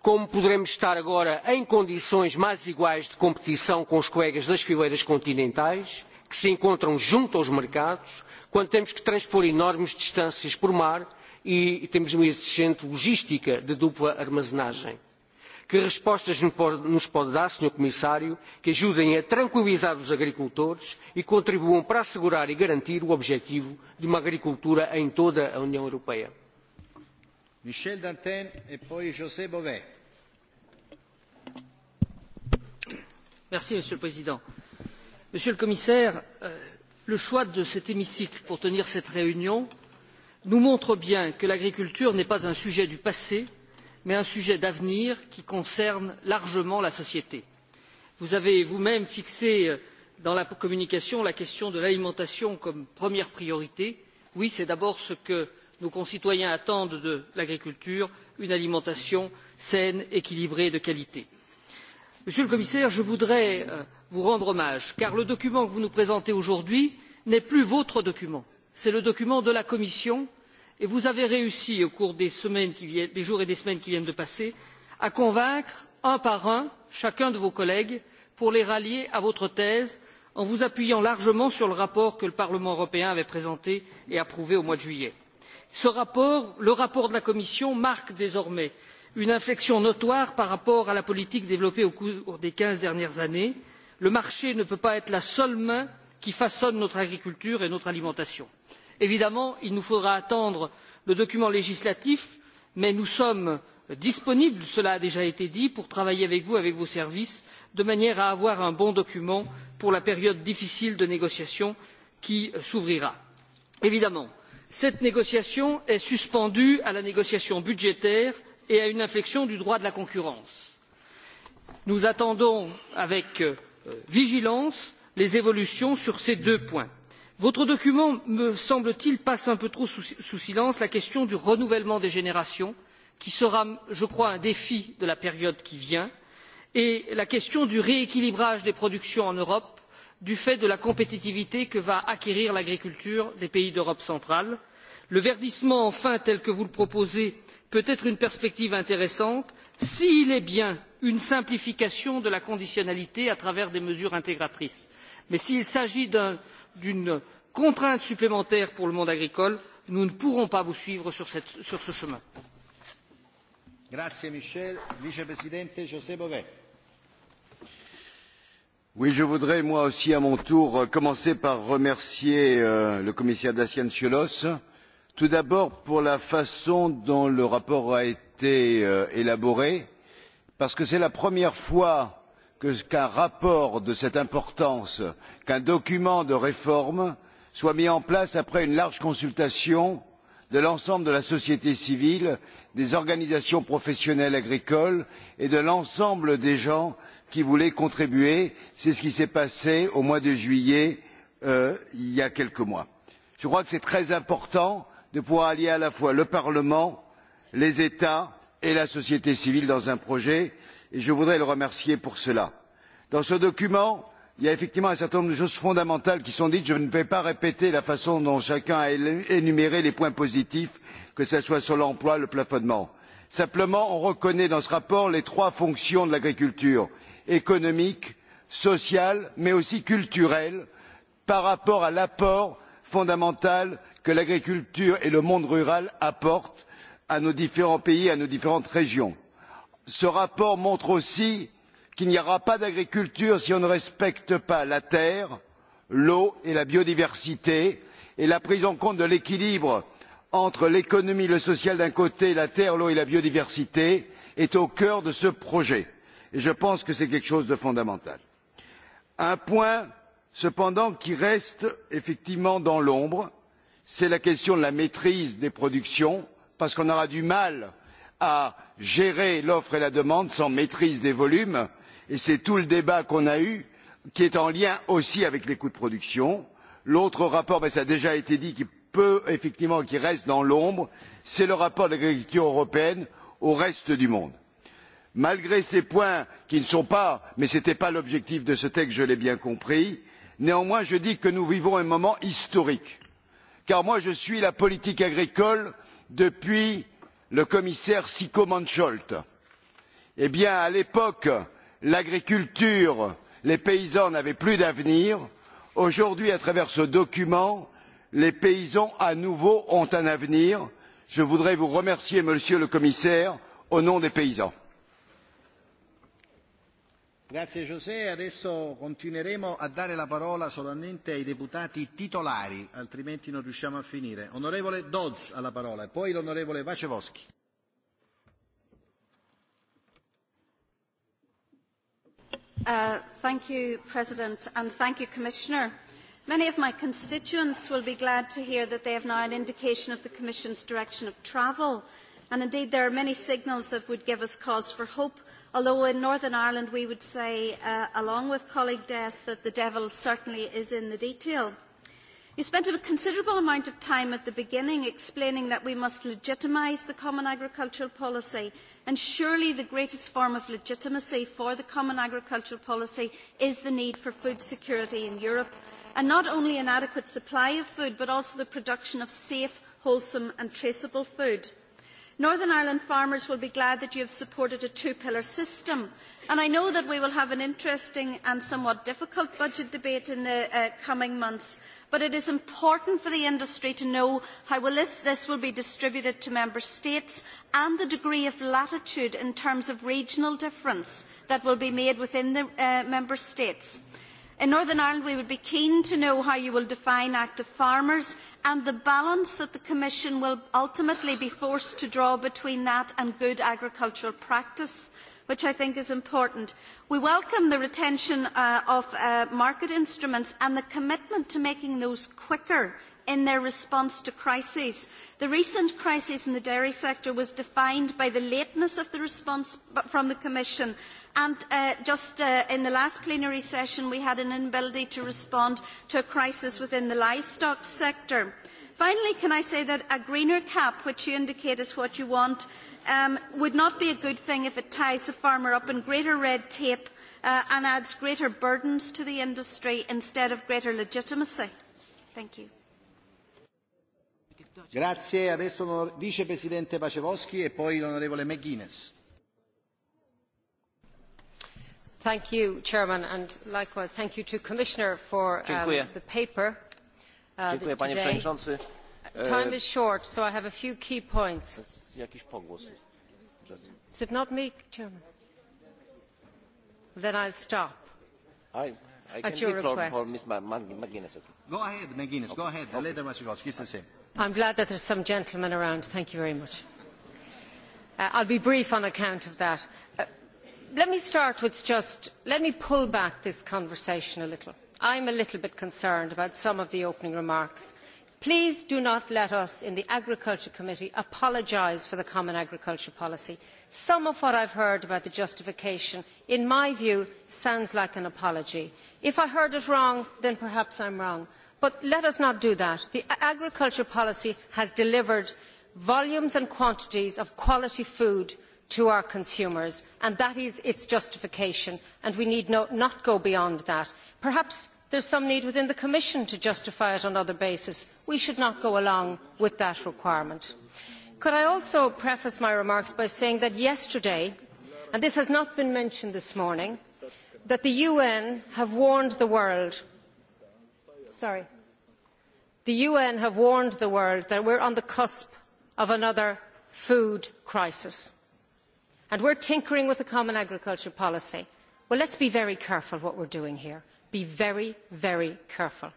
Como poderemos estar agora em condições mais iguais de competição com os colegas das fileiras continentais, que se encontram junto aos mercados, quando temos que transpor enormes distâncias por mar e, e temos uma exigente logística de dupla armazenagem? Que respostas nos pode dar, senhor Comissário, que ajudem a tranquilizar os agricultores e contribuam para assegurar e garantir o objetivo de uma agricultura em toda a União Europeia? Michel Dantin e poi José Bové. Merci, Monsieur le Président. Monsieur le Commissaire, euh, le choix de cet hémicycle pour tenir cette réunion nous montre bien que l'agriculture n'est pas un sujet du passé mais un sujet d'avenir qui concerne largement la société. vous avez vous même fixé euh, dans la communication la question de l'alimentation comme première priorité. oui c'est d'abord ce que nos concitoyens attendent de l'agriculture une alimentation saine équilibrée et de qualité. monsieur le commissaire je voudrais euh, vous rendre hommage car le document que vous nous présentez aujourd'hui n'est plus votre document c'est le document de la commission et vous avez réussi au cours des, jours et des semaines qui viennent de passer à convaincre un par un chacun de vos collègues pour les rallier à votre thèse en vous appuyant largement sur le rapport que le parlement européen avait présenté et approuvé au mois de juillet. Ce rapport, le rapport de la commission marque désormais une inflexion notoire par rapport à la politique développée au cours des quinze dernières années. le marché ne peut pas être la seule main qui façonne notre agriculture et notre alimentation évidemment il nous faudra attendre le document législatif mais nous sommes disponibles cela a déjà été dit pour travailler avec vous et avec vos services de manière à avoir un bon document pour la période difficile de négociation qui s'ouvrira. évidemment cette négociation est suspendue à la négociation budgétaire et à une inflexion du droit de la concurrence. nous attendons avec euh, vigilance les évolutions sur ces deux points votre document me semble t il passe un peu trop sous silence la question du renouvellement des générations qui sera je crois un défi de la période qui vient et la question du rééquilibrage des productions en europe du fait de la compétitivité que va acquérir l'agriculture des pays d'europe centrale. le verdissement enfin tel que vous le proposez peut être une perspective intéressante s'il est bien une simplification de la conditionnalité à travers des mesures intégratrices mais s'il s'agit d'un d'une contrainte supplémentaire pour le monde agricole nous ne pourrons pas vous suivre sur, ce chemin. je voudrais moi aussi à mon tour euh, commencer par remercier euh, le commissaire Dacian ciolo tout d'abord pour la façon dont le rapport a été euh, élaboré, parce que c'est la première fois qu'un rapport de cette importance qu'un document de réforme soit mis en place après une large consultation de l'ensemble de la société civile des organisations professionnelles agricoles et de l'ensemble des gens qui voulaient contribuer. c'est ce qui s'est passé au mois de juillet euh, il y a quelques mois. je crois que c'est très important de pouvoir allier à la fois le parlement les états et la société civile dans un projet et je voudrais le remercier pour cela. dans ce document il y a effectivement un certain nombre de choses fondamentales qui sont dites je ne vais pas répéter la façon dont chacun a énuméré les points positifs que ce soit sur l'emploi ou le plafonnement. simplement on reconnaît dans ce rapport les trois fonctions de l'agriculture économique sociale mais aussi culturelle par rapport à l'apport fondamental que l'agriculture et le monde rural apportent à nos différents pays à nos différentes régions ce rapport montre aussi qu'il n'y aura pas d'agriculture si on ne respecte pas la terre l'eau et la biodiversité et la prise en compte de l'équilibre entre l'économie et le social d'un côté la terre l'eau et la biodiversité de l'autre est au cœur de ce projet et je pense que c'est quelque chose de fondamental. un point cependant qui reste effectivement dans l'ombre c'est la question de la maîtrise des productions parce qu'on aura du mal à gérer l'offre et la demande sans maîtrise des volumes et c'est tout le débat qu'on a eu qui est en lien aussi avec les coûts de production. l'autre rapport cela a déjà été dit qui peut effectivement qui reste dans l'ombre c'est le rapport de l'agriculture européenne au reste du monde. malgré ces points qui ne sont pas mais ce n'était pas l'objectif de ce texte je l'ai bien compris néanmoins je dis que nous vivons un moment historique car moi je suis la politique agricole depuis le commissaire sico mansholt eh bien à l'époque l'agriculture les paysans n'avaient plus d'avenir aujourd'hui à travers ce document les paysans à nouveau ont un avenir. je voudrais vous remercier monsieur le commissaire au nom des paysans. Grazie José, adesso continueremo a dare la parola solamente ai deputati titolari, altrimenti non riusciamo a finire. Onorevole Dodds ha la parola e poi l'onorevole Vacevoschi. Uh, thank you, President, and thank you, Commissioner. Many of my constituents will be glad to hear that they have now an indication of the Commission's direction of travel And indeed, there are many signals that would give us cause for hope, although in Northern Ireland we would say, uh, along with colleague Des, that the devil certainly is in the detail. You spent a considerable amount of time at the beginning explaining that we must legitimise the common agricultural policy, and surely the greatest form of legitimacy for the common agricultural policy is the need for food security in Europe, and not only an adequate supply of food, but also the production of safe, wholesome and traceable food. Northern Ireland farmers will be glad that you have supported a two-pillar system, and I know that we will have an interesting and somewhat difficult budget debate in the uh, coming months, but it is important for the industry to know how this, this will be distributed to Member States and the degree of latitude in terms of regional difference that will be made within the uh, Member States. In Northern Ireland, we would be keen to know how you will define active farmers and the balance that the Commission will ultimately be forced to draw between that and good agricultural practice which I think is important. We welcome the retention uh, of uh, market instruments and the commitment to making those quicker in their response to crises. The recent crisis in the dairy sector was defined by the lateness of the response from the Commission And uh, just uh, in the last plenary session, we had an inability to respond to a crisis within the livestock sector. Finally, can I say that a greener cap, which you indicate is what you want, um, would not be a good thing if it ties the farmer up in greater red tape uh, and adds greater burdens to the industry instead of greater legitimacy. Thank you. Grazie. Adesso vicepresidente Pacevoschi e poi l'onorevole McGuinness thank you chairman and likewise thank you to commissioner for um, the paper uh, today. Uh, time is short so i have a few key points. is it not me chairman? then i'll stop at your request. go go ahead ahead McGuinness. the same. i'm glad that there's some gentlemen around. thank you very much. Uh, i'll be brief on account of that let me start with just let me pull back this conversation a little. i am a little bit concerned about some of the opening remarks. please do not let us in the agriculture committee apologise for the common agricultural policy. some of what i have heard about the justification in my view sounds like an apology. if i heard it wrong then perhaps i am wrong but let us not do that. the agriculture policy has delivered volumes and quantities of quality food to our consumers and that is its justification and we need no, not go beyond that. perhaps there is some need within the commission to justify it on other bases. we should not go along with that requirement. could i also preface my remarks by saying that yesterday and this has not been mentioned this morning that the un have warned the world sorry the un have warned the world that we are on the cusp of another food crisis and we are tinkering with the common agricultural policy. well let us be very careful what we are doing here be very very careful.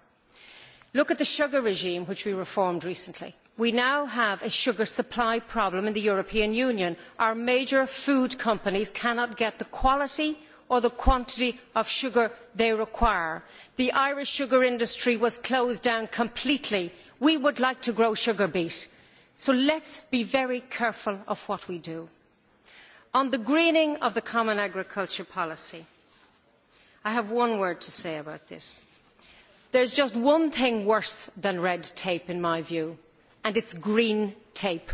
look at the sugar regime which we reformed recently. we now have a sugar supply problem in the european union. our major food companies cannot get the quality or the quantity of sugar they require. the irish sugar industry was closed down completely. we would like to grow sugar beet so let us be very careful of what we do on the greening of the common agriculture policy i have one word to say about this there is just one thing worse than red tape in my view and it is green tape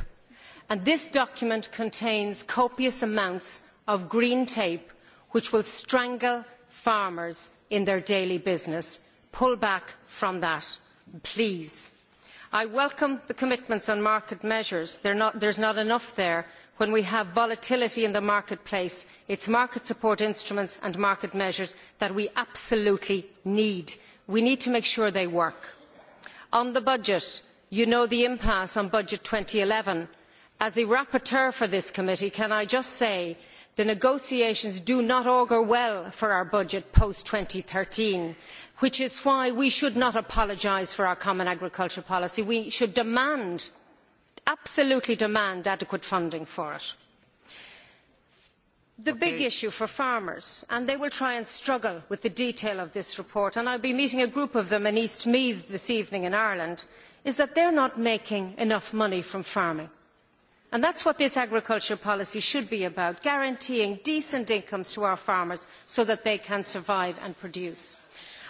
and this document contains copious amounts of green tape which will strangle farmers in their daily business. pull back from that please i welcome the commitments on market measures there is not enough there when we have volatility in the marketplace. it is market support instruments and market measures that we absolutely need. we need to make sure they work. on the budget you know the impasse on budget two thousand and eleven as the rapporteur for this committee can i just say that the negotiations do not augur well for our budget post two thousand and thirteen which is why we should not apologise for our common agricultural policy we should demand absolutely demand adequate funding for it. the big issue for farmers and they will try and struggle with the detail of this report and i will be meeting a group of them in East Meath this evening in ireland is that they are not making enough money from farming. And that is what this agriculture policy should be about, guaranteeing decent incomes to our farmers so that they can survive and produce.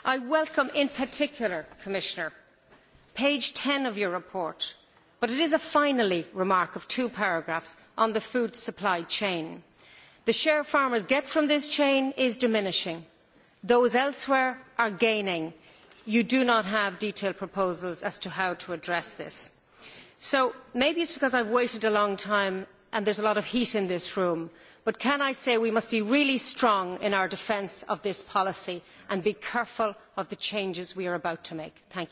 I welcome in particular, Commissioner, page 10 of your report, but it is a finally remark of two paragraphs on the food supply chain. The share farmers get from this chain is diminishing. Those elsewhere are gaining. You do not have detailed proposals as to how to address this So maybe it is because i have waited a long time and there is a lot of heat in this room, but can I say we must be really strong in our defence of this policy and be careful of the changes we are about to make. E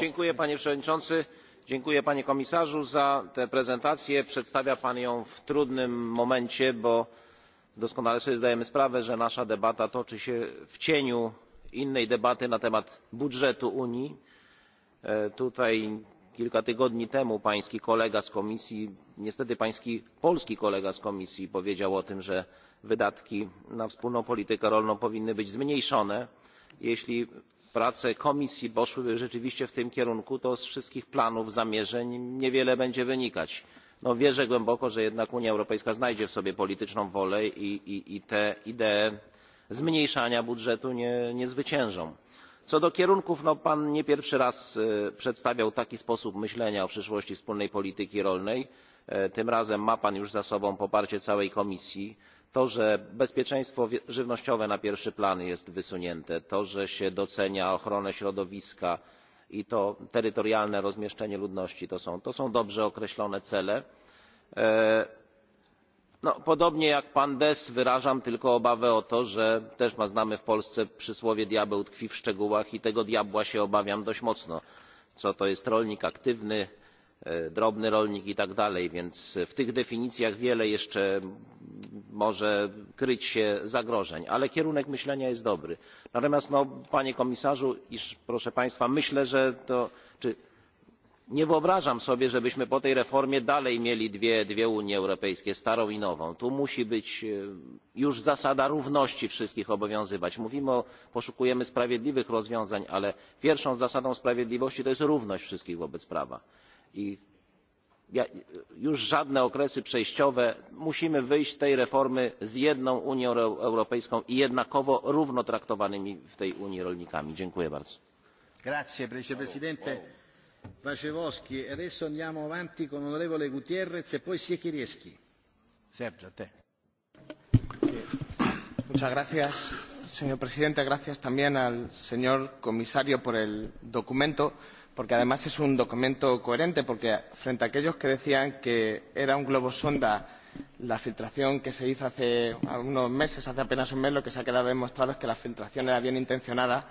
dziękuję panie przewodniczący, dziękuję panie komisarzu za tę prezentację. Przedstawia pan ją w trudnym momencie, bo doskonale sobie zdajemy sprawę, że nasza debata toczy się w cieniu innej debaty na temat budżetu unii e, tutaj kilka tygodni temu pański kolega z komisji niestety pański polski kolega z komisji powiedział o tym że wydatki na wspólną politykę rolną powinny być zmniejszone. jeśli prace komisji poszłyby rzeczywiście w tym kierunku to z wszystkich planów zamierzeń niewiele będzie wynikać. No, wierzę głęboko że jednak unia europejska znajdzie w sobie polityczną wolę i te idee zmniejszania budżetu nie, zwyciężą. co do kierunków no pan nie pierwszy raz przedstawiał taki sposób myślenia o przyszłości wspólnej polityki rolnej e, tym razem ma pan już za sobą poparcie całej komisji to że bezpieczeństwo żywnościowe na pierwszy plan jest wysunięte to że się docenia ochronę środowiska i to terytorialne rozmieszczenie ludności to są dobrze określone cele. E, No, podobnie jak pan Des wyrażam tylko obawę o to, że też znamy w Polsce przysłowie diabeł tkwi w szczegółach i tego diabła się obawiam dość mocno. Co to jest rolnik aktywny, e, drobny rolnik i tak dalej, więc w tych definicjach wiele jeszcze może kryć się zagrożeń, ale kierunek myślenia jest dobry. Natomiast, no, panie komisarzu, proszę państwa, myślę, że to, czy nie wyobrażam sobie żebyśmy po tej reformie dalej mieli dwie, unie europejskie starą i nową. tu musi być e, już zasada równości wszystkich obowiązywać. mówimy o, poszukujemy sprawiedliwych rozwiązań ale pierwszą zasadą sprawiedliwości jest równość wszystkich wobec prawa i już żadne okresy przejściowe musimy wyjść z tej reformy z jedną unią europejską i jednakowo równo traktowanymi w tej unii rolnikami. dziękuję bardzo. Grazie, Vacevoschi e adesso andiamo avanti con l'onorevole Gutierrez e poi Siechirieschi. Sergio, a te. Muchas gracias, señor presidente. Gracias también al señor comisario por el documento, porque además es un documento coherente, porque frente a aquellos que decían que era un globo sonda la filtración que se hizo hace unos meses, hace apenas un mes, lo que se ha quedado demostrado es que la filtración era bien intencionada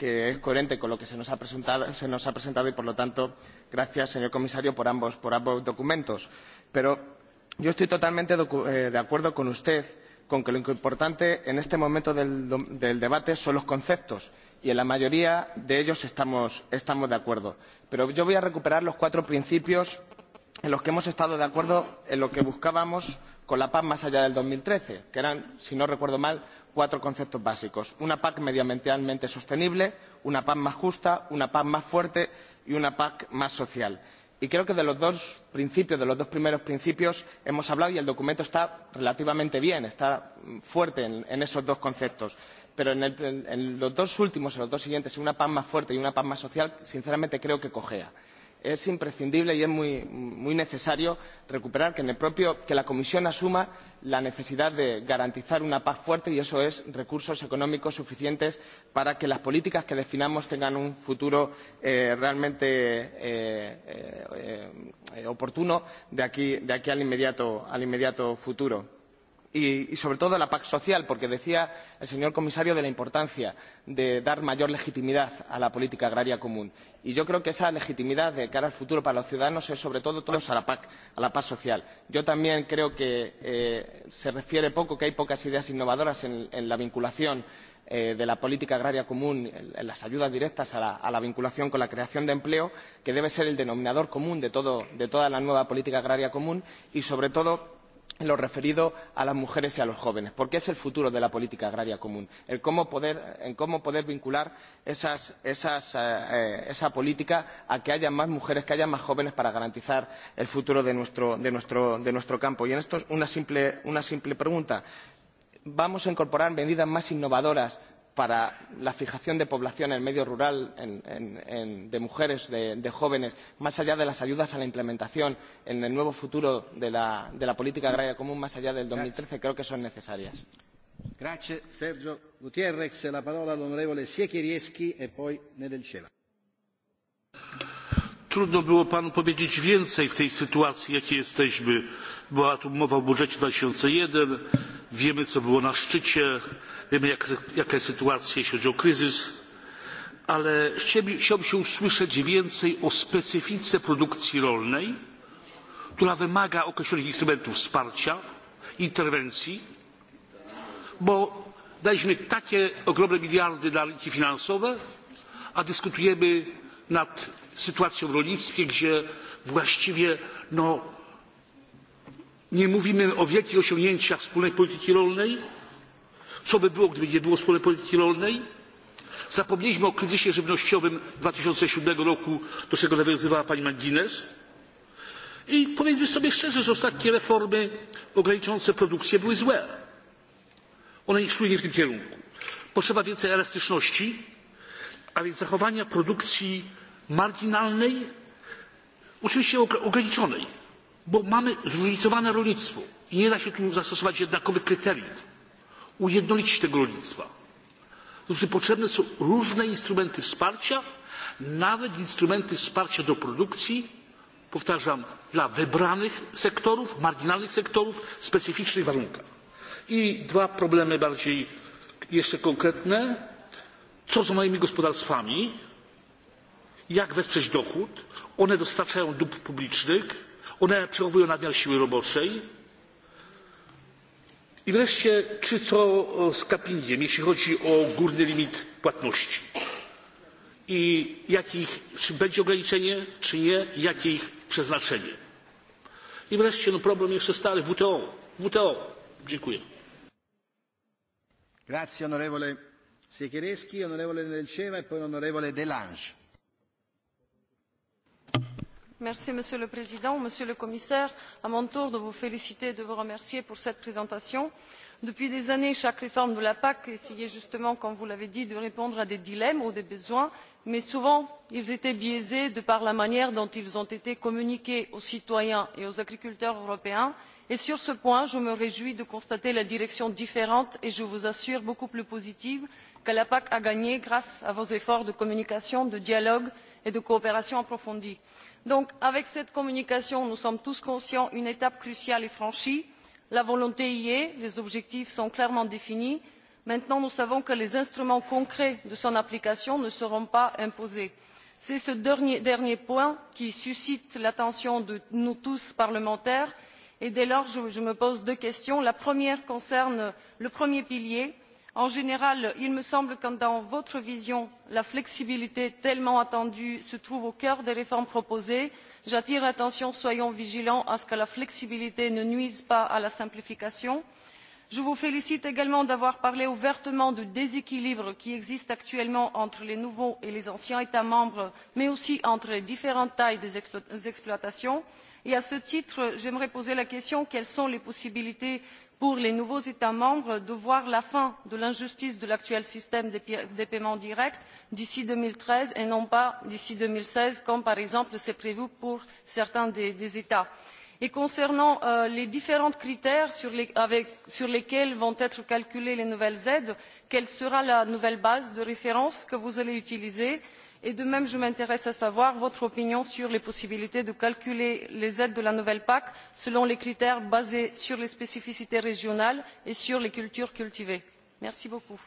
que es coherente con lo que se nos ha presentado, se nos ha presentado y, por lo tanto, gracias, señor comisario, por ambos, por ambos documentos. Pero yo estoy totalmente eh, de acuerdo con usted con que lo importante en este momento del, del debate son los conceptos y en la mayoría de ellos estamos, estamos de acuerdo. Pero yo voy a recuperar los cuatro principios en los que hemos estado de acuerdo en lo que buscábamos con la PAC más allá del 2013, que eran, si no recuerdo mal, cuatro conceptos básicos una pac medioambientalmente sostenible una pac más justa una pac más fuerte y una pac más social. y creo que de los dos principios, de los dos primeros principios hemos hablado y el documento está relativamente bien está mm, fuerte en esos dos conceptos pero en los dos últimos en los dos siguientes una pac más fuerte y una pac más social sinceramente creo que cojea es imprescindible y es muy, necesario recuperar que, la Comisión asuma la necesidad de garantizar una PAC fuerte y eso es recursos económicos suficientes para que las políticas que definamos tengan un futuro eh, realmente eh, eh, oportuno de aquí, al inmediato futuro y sobre todo la pac social porque decía el señor comisario la importancia de dar mayor legitimidad a la política agrícola común y yo creo que esa legitimidad de cara al futuro para los ciudadanos es sobre todo a la pac a la pac social. yo también creo que eh, se refiere poco que hay pocas ideas innovadoras en la vinculación eh, de la política agrícola común en las ayudas directas a la vinculación con la creación de empleo que debe ser el denominador común de toda la nueva política agrícola común y sobre todo en lo referido a las mujeres y a los jóvenes porque es el futuro de la política agrícola común cómo poder vincular eh, eh, esa política a que haya más mujeres que haya más jóvenes para garantizar el futuro de nuestro campo. y en esto una simple pregunta vamos a incorporar medidas más innovadoras para la fijación de población en el medio rural en, en, en, de mujeres, de, de jóvenes, más allá de las ayudas a la implementación en el nuevo futuro de la, de la política agraria común, más allá del 2013, Gracias. creo que son necesarias. Grazie Sergio Gutierrez, la parola all'onorevole Siekierski e poi Nedelceva. Trudno było panu powiedzieć więcej w tej sytuacji, w jakiej jesteśmy. Była tu mowa o budżecie 2001 wiemy co było na szczycie wiemy jaka jest sytuacja jeśli chodzi o kryzys ale chciałbym się usłyszeć więcej o specyfice produkcji rolnej która wymaga określonych instrumentów wsparcia interwencji bo daliśmy takie ogromne miliardy na rynki finansowe a dyskutujemy nad sytuacją w rolnictwie gdzie właściwie no nie mówimy o wielkich osiągnięciach wspólnej polityki rolnej co by było gdyby nie było wspólnej polityki rolnej zapomnieliśmy o kryzysie żywnościowym dwa tysiące siedem roku do czego nawiązywała pani mcguinness i powiedzmy sobie szczerze że ostatnie reformy ograniczające produkcję były złe one nie szły nie w tym kierunku potrzeba więcej elastyczności a więc zachowania produkcji marginalnej oczywiście ograniczonej bo mamy zróżnicowane rolnictwo i nie da się tu zastosować jednakowych kryteriów ujednolicić tego rolnictwa. potrzebne są różne instrumenty wsparcia nawet instrumenty wsparcia do produkcji powtarzam dla wybranych sektorów marginalnych sektorów w specyficznych warunkach. i dwa problemy bardziej jeszcze konkretne co z małymi gospodarstwami jak wesprzeć dochód one dostarczają dóbr publicznych one przechowują nadmiar siły roboczej. I wreszcie, czy co z cappingiem, jeśli chodzi o górny limit płatności? I jakich, czy będzie ograniczenie, czy nie, i jakie ich przeznaczenie? I wreszcie, no problem jeszcze stary, WTO. WTO. Dziękuję. Grazie onorevole Siekierski, onorevole Nelceva e poi onorevole Delange. Monsieur le Président, Monsieur le Commissaire. À mon tour de vous féliciter et de vous remercier pour cette présentation. Depuis des années, chaque réforme de la PAC essayait justement, comme vous l'avez dit, de répondre à des dilemmes ou à des besoins, mais souvent ils étaient biaisés de par la manière dont ils ont été communiqués aux citoyens et aux agriculteurs européens. Et sur ce point, je me réjouis de constater la direction différente et, je vous assure, beaucoup plus positive que la PAC a gagnée grâce à vos efforts de communication, de dialogue et de coopération approfondie donc avec cette communication nous sommes tous conscients qu'une étape cruciale est franchie la volonté y est les objectifs sont clairement définis. maintenant nous savons que les instruments concrets de son application ne seront pas imposés. c'est ce dernier point qui suscite l'attention de nous tous parlementaires et dès lors je me pose deux questions. la première concerne le premier pilier en général il me semble que dans votre vision la flexibilité tellement attendue se trouve au cœur des réformes proposées. j'attire l'attention soyons vigilants à ce que la flexibilité ne nuise pas à la simplification. je vous félicite également d'avoir parlé ouvertement du déséquilibre qui existe actuellement entre les nouveaux et les anciens états membres mais aussi entre les différentes tailles des exploitations et à ce titre j'aimerais poser la question quelles sont les possibilités pour les nouveaux états membres de voir la fin de l'injustice de l'actuel système des paiements directs d'ici deux mille treize et non pas d'ici deux mille seize comme par exemple c'est prévu pour certains des états. Et concernant euh, les différents critères sur lesquels vont être calculées les nouvelles aides quelle sera la nouvelle base de référence que vous allez utiliser? et de même je m'intéresse à savoir votre opinion sur les possibilités de calculer les aides de la nouvelle pac selon des critères basés sur les spécificités régionales et sur les cultures cultivées. merci beaucoup.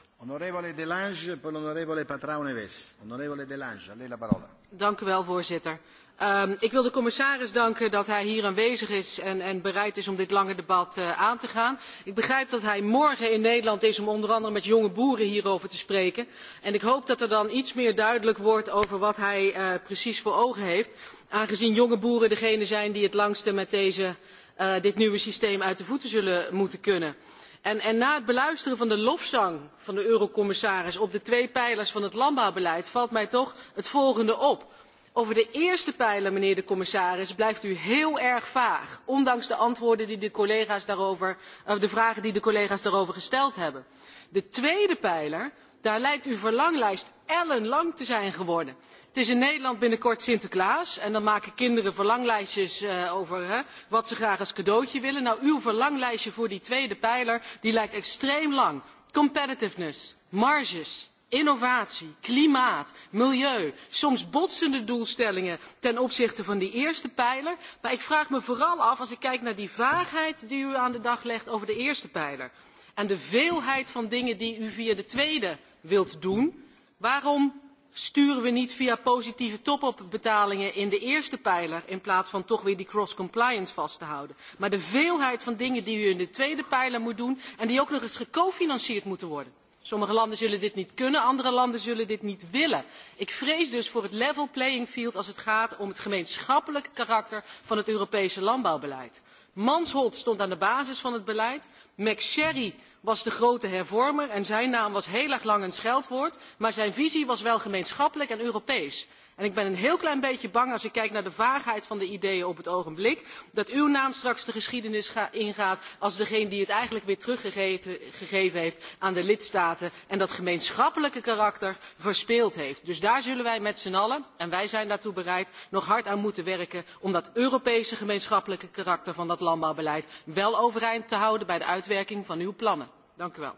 voorzitter Um, ik wil de commissaris danken dat hij hier aanwezig is en, en bereid is om dit lange debat uh, aan te gaan. Ik begrijp dat hij morgen in Nederland is om onder andere met jonge boeren hierover te spreken. En ik hoop dat er dan iets meer duidelijk wordt over wat hij uh, precies voor ogen heeft. Aangezien jonge boeren degene zijn die het langste met deze, uh, dit nieuwe systeem uit de voeten zullen moeten kunnen. En, en na het beluisteren van de lofzang van de eurocommissaris op de twee pijlers van het landbouwbeleid valt mij toch het volgende op Over de eerste pijler, mijnheer de commissaris, blijft u heel erg vaag, ondanks de, antwoorden die de, collega's daarover, of de vragen die de collega's daarover gesteld hebben. De tweede pijler, daar lijkt uw verlanglijst ellenlang te zijn geworden. Het is in Nederland binnenkort Sinterklaas en dan maken kinderen verlanglijstjes eh, over wat ze graag als cadeautje willen. Nou, uw verlanglijstje voor die tweede pijler die lijkt extreem lang. Competitiveness, marges, innovatie klimaat milieu soms botsende doelstellingen ten opzichte van die eerste pijler maar ik vraag me vooral af als ik kijk naar die vaagheid die u aan de dag legt over de eerste pijler en de veelheid van dingen die u via de tweede wilt doen waarom sturen we niet via positieve top up betalingen in de eerste pijler in plaats van toch weer die cross compliance vast te houden? maar de veelheid van dingen die u in de tweede pijler moet doen en die ook nog eens gecofinancierd moeten worden sommige landen zullen dit niet kunnen andere landen zullen dit niet willen. ik vrees dus voor het level playing field als het gaat om het gemeenschappelijke karakter van het europese landbouwbeleid. mansholt stond aan de basis van het beleid mcsherry was de grote hervormer en zijn naam was heel erg lang een scheldwoord maar zijn visie was wel gemeenschappelijk en europees. en ik ben een heel klein beetje bang als ik kijk naar de vaagheid van de ideeën op het ogenblik dat uw naam straks de geschiedenis ingaat als degene die het eigenlijk weer teruggegeven heeft aan de lidstaten en dat gemeenschappelijke karakter verspeeld heeft. dus daar zullen wij met z'n allen en wij zijn daartoe bereid nog hard aan moeten werken om dat europese gemeenschappelijke karakter van dat landbouwbeleid wel overeind te houden bij de uitwerking van uw plannen. Dank u wel.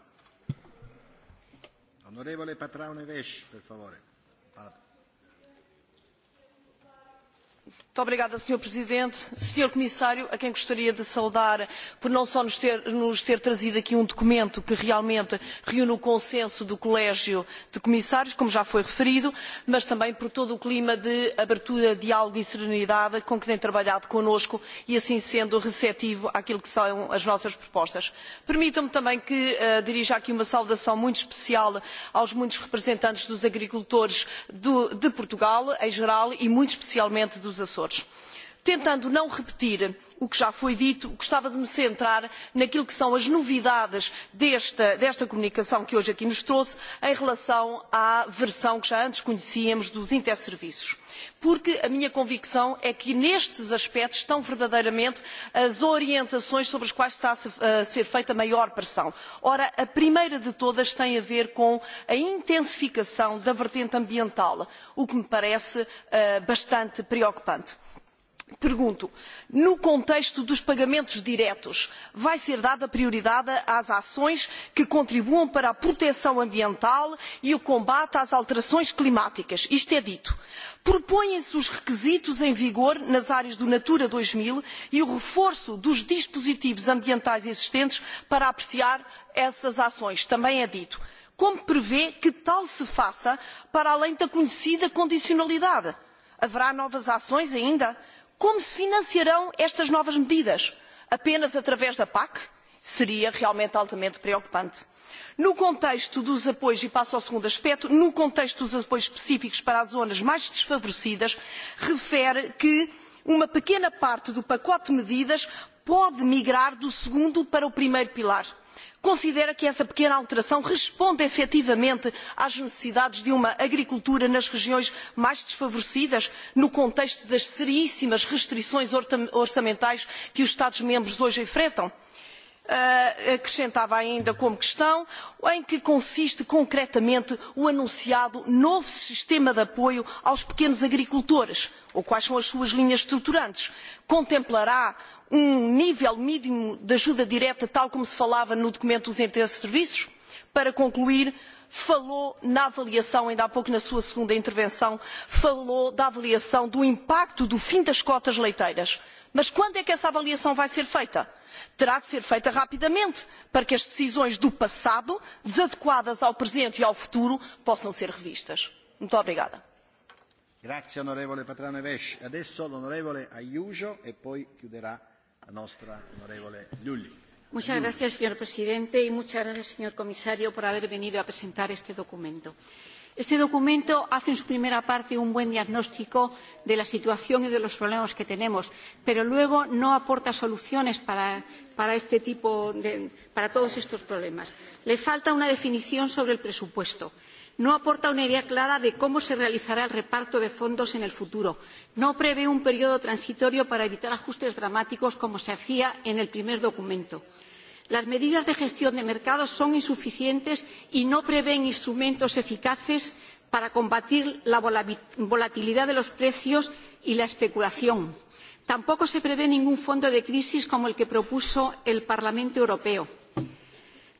Onorevole Patraune Vesh, senhor presidente senhor comissário a quem gostaria de saudar por não só nos ter, nos ter trazido aqui um documento que realmente reúne o consenso do colégio de comissários como já foi referido mas também por todo o clima de abertura diálogo e serenidade com que tem trabalhado connosco e assim sendo receptivo àquilo que são as nossas propostas. permitam me também que uh, dirija aqui uma saudação muito especial aos muitos representantes dos agricultores do, de portugal em geral e muito especialmente dos açores trabalhadores tentando não repetir o que já foi dito, gostava de me centrar naquilo que são as novidades desta, desta comunicação que hoje aqui nos trouxe em relação à versão que já antes conhecíamos dos interserviços. Porque a minha convicção é que nestes aspectos estão verdadeiramente as orientações sobre as quais está a ser feita a maior pressão. Ora, a primeira de todas tem a ver com a intensificação da vertente ambiental, o que me parece uh, bastante preocupante Pergunto, no contexto dos pagamentos diretos, vai ser dada prioridade às ações que contribuam para a proteção ambiental e o combate às alterações climáticas? Isto é dito. Propõem-se os requisitos em vigor nas áreas do Natura dois mil e o reforço dos dispositivos ambientais existentes para apreciar essas ações? Também é dito. Como prevê que tal se faça para além da conhecida condicionalidade? Haverá novas ações ainda? Como se financiarão estas novas medidas? Apenas através da PAC? Seria realmente altamente preocupante. No contexto dos apoios, e passo ao segundo aspecto, no contexto dos apoios específicos para as zonas mais desfavorecidas, refere que uma pequena parte do pacote de medidas pode migrar do segundo para o primeiro pilar considera que essa pequena alteração responde efetivamente às necessidades de uma agricultura nas regiões mais desfavorecidas no contexto das seríssimas restrições orçamentais que os estados membros hoje enfrentam? Uh, acrescentava ainda como questão em que consiste concretamente o anunciado novo sistema de apoio aos pequenos agricultores ou quais são as suas linhas estruturantes contemplará um nível mínimo de ajuda direta, tal como se falava no documento dos entes de serviços? Para concluir, falou na avaliação, ainda há pouco na sua segunda intervenção, falou da avaliação do impacto do fim das cotas leiteiras. Mas quando é que essa avaliação vai ser feita? Terá de ser feita rapidamente, para que as decisões do passado, desadequadas ao presente e ao futuro, possam ser revistas. Muito obrigada. Grazie onorevole Patrano Evesh. Adesso l'onorevole Aiuso e poi chiuderà nostra onorevole Lulling. Muchas gracias, señor presidente, y muchas gracias, señor comisario, por haber venido a presentar este documento. Este documento hace en su primera parte un buen diagnóstico de la situación y de los problemas que tenemos, pero luego no aporta soluciones para, para, este tipo de, para todos estos problemas. Le falta una definición sobre el presupuesto no aporta una idea clara de cómo se realizará el reparto de fondos en el futuro no prevé un periodo transitorio para evitar ajustes dramáticos como se hacía en el primer documento. las medidas de gestión de mercados son insuficientes y no prevén instrumentos eficaces para combatir la volatilidad de los precios y la especulación. tampoco se prevé ningún fondo de crisis como el que propuso el parlamento europeo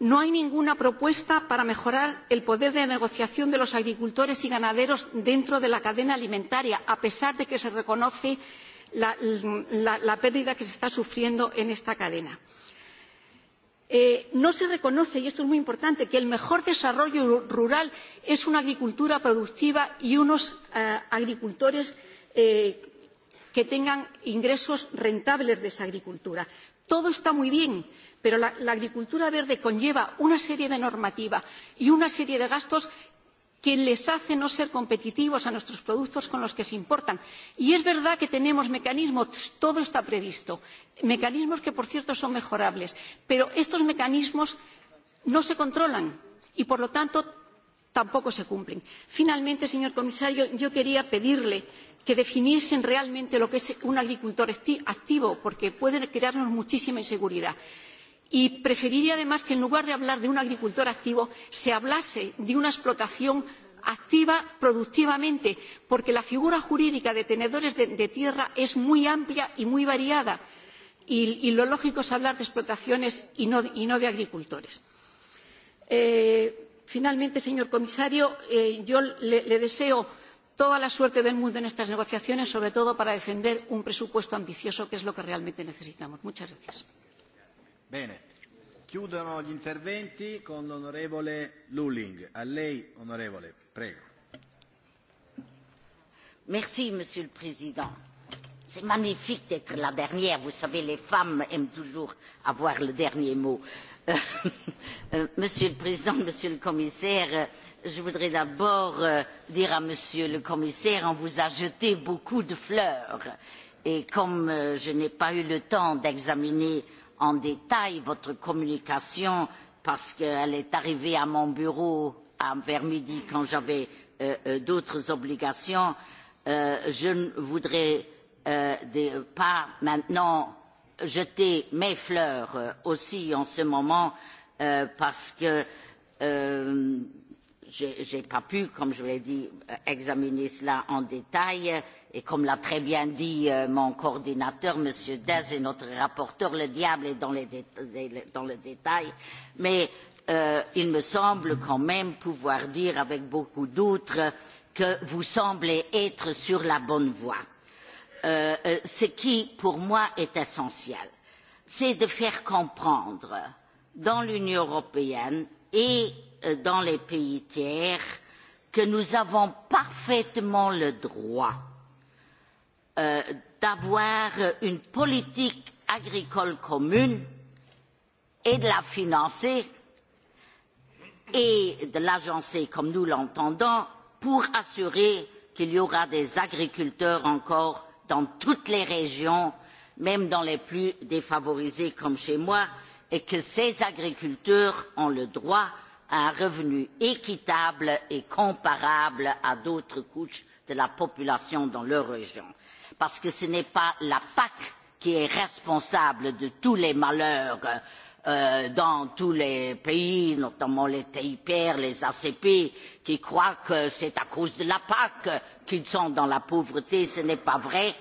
no hay ninguna propuesta para mejorar el poder de negociación de los agricultores y ganaderos dentro de la cadena alimentaria a pesar de que se reconoce la, la, la pérdida que se está sufriendo en esta cadena. Eh, no se reconoce y esto es muy importante que el mejor desarrollo rural es una agricultura productiva y unos eh, agricultores eh, que tengan ingresos rentables de esa agricultura. todo está muy bien pero la, la agricultura verde conlleva una serie de normativas y una serie de gastos que les hace no ser competitivos a nuestros productos con los que se importan. Y es verdad que tenemos mecanismos, todo está previsto, mecanismos que, por cierto, son mejorables, pero estos mecanismos no se controlan y, por lo tanto, tampoco se cumplen. Finalmente, señor comisario, yo quería pedirle que definiesen realmente lo que es un agricultor activo, porque puede crearnos muchísima inseguridad. Y preferiría además que en lugar de hablar de un agricultor activo se hablase de una explotación activa productivamente, porque la figura jurídica de tenedores de, de tierra es muy amplia y muy variada. Y, y lo lógico es hablar de explotaciones y no, y no de agricultores. Eh, finalmente, señor comisario, eh, yo le, le deseo toda la suerte del mundo en estas negociaciones, sobre todo para defender un presupuesto ambicioso, que es lo que realmente necesitamos. Muchas gracias. Bene, chiudono gli interventi con l'onorevole Lulling. A lei, onorevole, prego. Merci, Monsieur le Président. C'est magnifique d'être la dernière. Vous savez, les femmes aiment toujours avoir le dernier mot. Euh, euh, Monsieur le Président, Monsieur le Commissaire, euh, je voudrais d'abord dire à Monsieur le Commissaire, on vous a jeté beaucoup de fleurs. Et comme je n'ai pas eu le temps d'examiner en détail votre communication parce qu'elle est arrivée à mon bureau vers midi quand j'avais euh, euh, d'autres obligations. Euh, je ne voudrais euh, pas maintenant jeter mes fleurs euh, aussi en ce moment euh, parce que euh, je n'ai pas pu, comme je l'ai dit, euh, examiner cela en détail. Euh, et comme l'a très bien dit euh, mon coordinateur, M. dess et notre rapporteur, le diable est dans, les dé dans le détail, mais euh, il me semble quand même pouvoir dire avec beaucoup d'autres que vous semblez être sur la bonne voie. Euh, euh, ce qui, pour moi, est essentiel, c'est de faire comprendre dans l'Union européenne et euh, dans les pays tiers que nous avons parfaitement le droit euh, Euh, d'avoir une politique agricole commune et de la financer et de l'agencer comme nous l'entendons pour assurer qu'il y aura des agriculteurs encore dans toutes les régions, même dans les plus défavorisées comme chez moi, et que ces agriculteurs ont le droit à un revenu équitable et comparable à d'autres couches de la population dans leur région parce que ce n'est pas la PAC qui est responsable de tous les malheurs euh, dans tous les pays, notamment les TIPR, les ACP, qui croient que c'est à cause de la PAC qu'ils sont dans la pauvreté. Ce n'est pas vrai.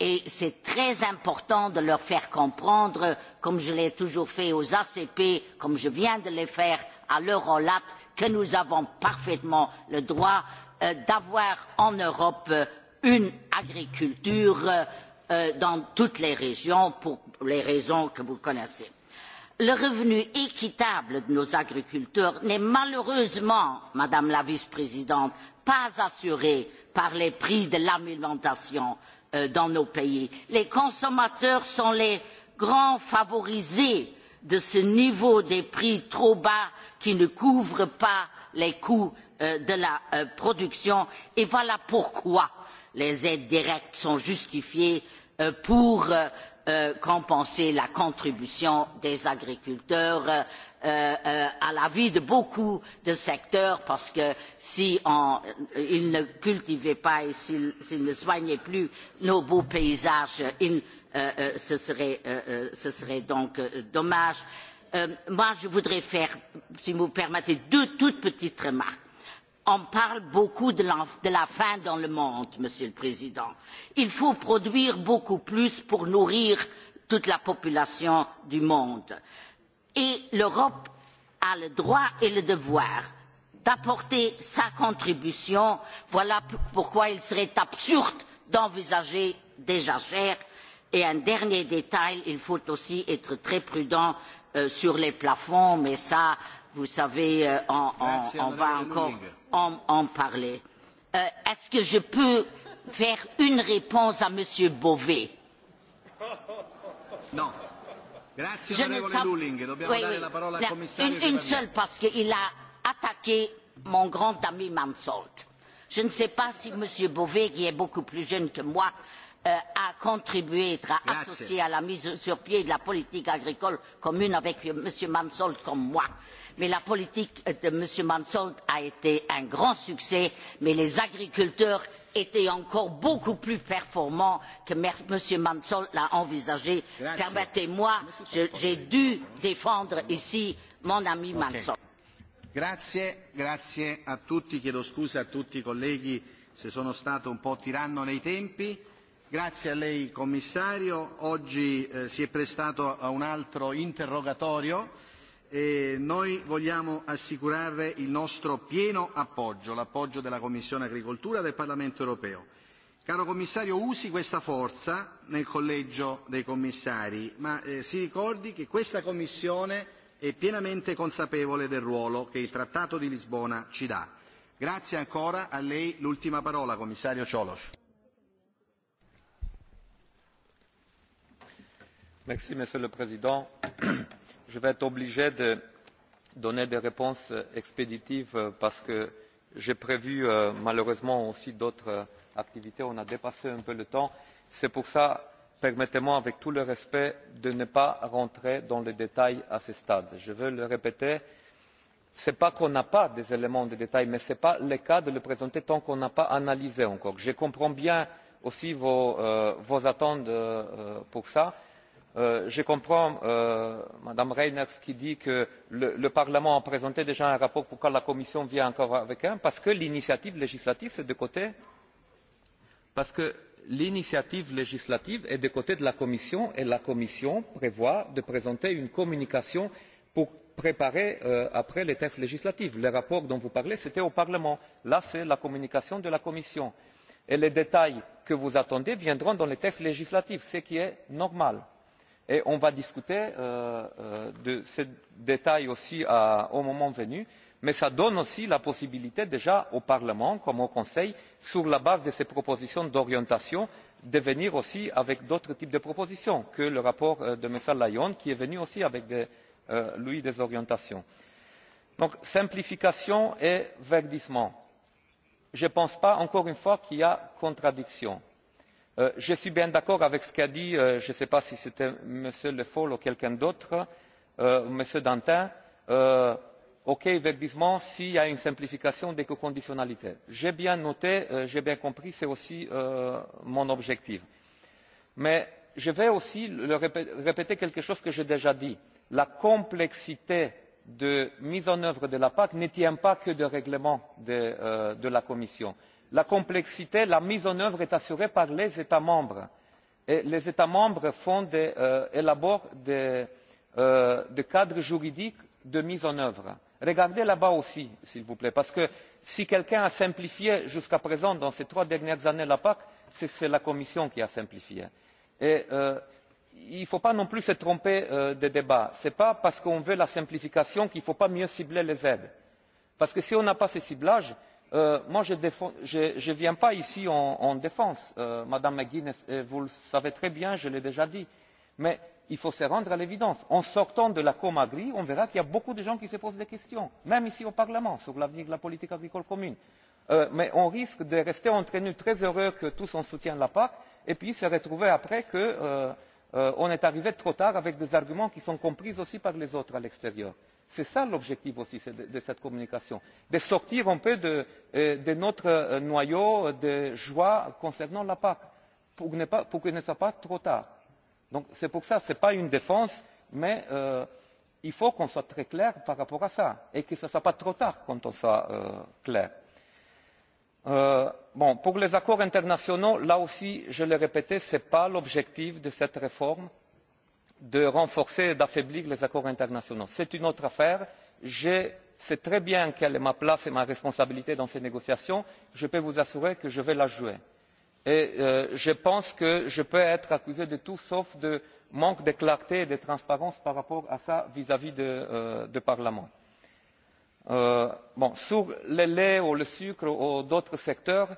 Et c'est très important de leur faire comprendre, comme je l'ai toujours fait aux ACP, comme je viens de le faire à l'Eurolat, que nous avons parfaitement le droit euh, d'avoir en Europe euh, une agriculture euh, euh, dans toutes les régions pour les raisons que vous connaissez. Le revenu équitable de nos agriculteurs n'est malheureusement, Madame la Vice-présidente, pas assuré par les prix de l'alimentation euh, dans nos pays. Les consommateurs sont les grands favorisés de ce niveau des prix trop bas qui ne couvre pas les coûts de la production et voilà pourquoi les aides directes sont justifiées euh, pour euh, euh, compenser la contribution des agriculteurs à la vie de beaucoup de secteurs parce que s'ils ne cultivaient pas et s'ils ne soignaient plus nos beaux paysages ce serait donc dommage. je voudrais faire si vous me permettez deux toutes petites remarques on parle beaucoup de la, faim dans le monde, Monsieur le Président. Il faut produire beaucoup plus pour nourrir toute la population du monde. Et l'Europe a le droit et le devoir d'apporter sa contribution. Voilà pourquoi il serait absurde d'envisager des jachères Et un dernier détail, il faut aussi être très prudent euh, sur les plafonds, mais ça, vous savez, euh, on, on, on va encore en, parler. Euh, est-ce que je peux faire une réponse à m. Bové Non. Grazie, je ne sab... Lulling. Dobbiamo oui, dare oui. la parola al commissario. Une, une seule, parce qu'il a attaqué mon grand ami Mansolt. Je ne sais pas si M. Bové, qui est beaucoup plus jeune que moi, euh, à contribuer, être associé à la mise sur pied de la politique agricole commune avec M. Mansolt comme moi mais la politique de m. mansholt a été un grand succès mais les agriculteurs étaient encore beaucoup plus performants que m. mansholt l'a envisagé. permettez moi j'ai dû défendre ici mon ami mansholt. Grazie, grazie a tutti, chiedo scusa a tutti i colleghi se sono stato un po' tiranno nei tempi. Grazie a lei commissario, oggi eh, si è prestato a un altro interrogatorio eh, noi vogliamo assicurare il nostro pieno appoggio, l'appoggio della Commissione Agricoltura e del Parlamento europeo. Caro commissario, usi questa forza nel collegio dei commissari, ma eh, si ricordi che questa Commissione è pienamente consapevole del ruolo che il Trattato di Lisbona ci dà. Grazie ancora, a lei l'ultima parola, commissario Cioloș. Merci, Monsieur le Président je vais être obligé de donner des réponses expéditives parce que j'ai prévu euh, malheureusement aussi d'autres euh, activités. on a dépassé un peu le temps. c'est pour cela permettez moi avec tout le respect de ne pas entrer dans les détails à ce stade. je veux le répéter ce n'est pas qu'on n'a pas des éléments de détail mais ce n'est pas le cas de les présenter tant qu'on n'a pas analysé encore. je comprends bien aussi vos euh, attentes à cet Euh, je comprends euh, mme reynders qui dit que le parlement a présenté déjà un rapport pourquoi la commission vient encore avec un parce que l'initiative législative est de côté parce que l'initiative législative est du côté de la commission et la commission prévoit de présenter une communication pour préparer euh, après les textes législatifs. le rapport dont vous parlez c'était au parlement là c'est la communication de la commission et les détails que vous attendez viendront dans les textes législatifs ce qui est normal et on va discuter euh, euh, de ces détails aussi au moment venu mais cela donne aussi la possibilité déjà au parlement comme au conseil sur la base de ces propositions d'orientation de venir aussi avec d'autres types de propositions que le rapport euh, de m. lyon qui est venu aussi avec lui des orientations. donc simplification et verdissement je ne pense pas encore une fois qu'il y ait contradiction Euh, je suis bien d'accord avec ce qu'a dit euh, je ne sais pas si c'était m. le foll ou quelqu'un d'autre euh, m. dantin ok effectivement s'il y a une simplification des conditionnalités. j'ai bien noté j'ai bien compris c'est aussi mon objectif. mais je vais aussi répéter quelque chose que j'ai déjà dit la complexité de mise en œuvre de la pac ne tient pas que des règlement de la commission la complexité la mise en œuvre est assurée par les états membres et les états membres euh, élaborent euh, des cadres juridiques de mise en œuvre. regardez là bas aussi s'il vous plaît parce que si quelqu'un a simplifié jusqu'à présent dans ces trois dernières années la pac c'est la commission qui a simplifié. Euh, il ne faut pas non plus se tromper de débat. ce n'est pas parce qu'on veut la simplification qu'il ne faut pas mieux cibler les aides parce que si on n'a pas ce ciblage Euh, moi je ne viens pas ici en, défense euh, madame mcguinness vous le savez très bien je l'ai déjà dit mais il faut se rendre à l'évidence en sortant de l'accord agri on verra qu'il y a beaucoup de gens qui se posent des questions même ici au parlement sur l'avenir de la politique agricole commune euh, mais on risque de rester entre nous très heureux que tous on soutient la pac et puis se retrouver après que euh, on est arrivé trop tard avec des arguments qui sont compris aussi par les autres à l'extérieur c'est cela l'objectif aussi de cette communication de sortir un peu de euh, notre euh, noyau de joie concernant la pac pour qu'il ne soit pas trop tard. c'est pour cela ce n'est pas une défense mais euh, il faut qu'on soit très clair par rapport à cela et que ce ne soit pas trop tard quand on sera clair. pour les accords internationaux là aussi je le répète ce n'est pas l'objectif de cette réforme de renforcer et d'affaiblir les accords internationaux. c'est une autre affaire. je sais très bien quelle est ma place et ma responsabilité dans ces négociations. je peux vous assurer que je vais la jouer. Euh, je pense que je peux être accusé de tout sauf de manque de clarté et de transparence par rapport à cela vis à vis du euh, parlement. Euh, sur le lait le sucre ou d'autres secteurs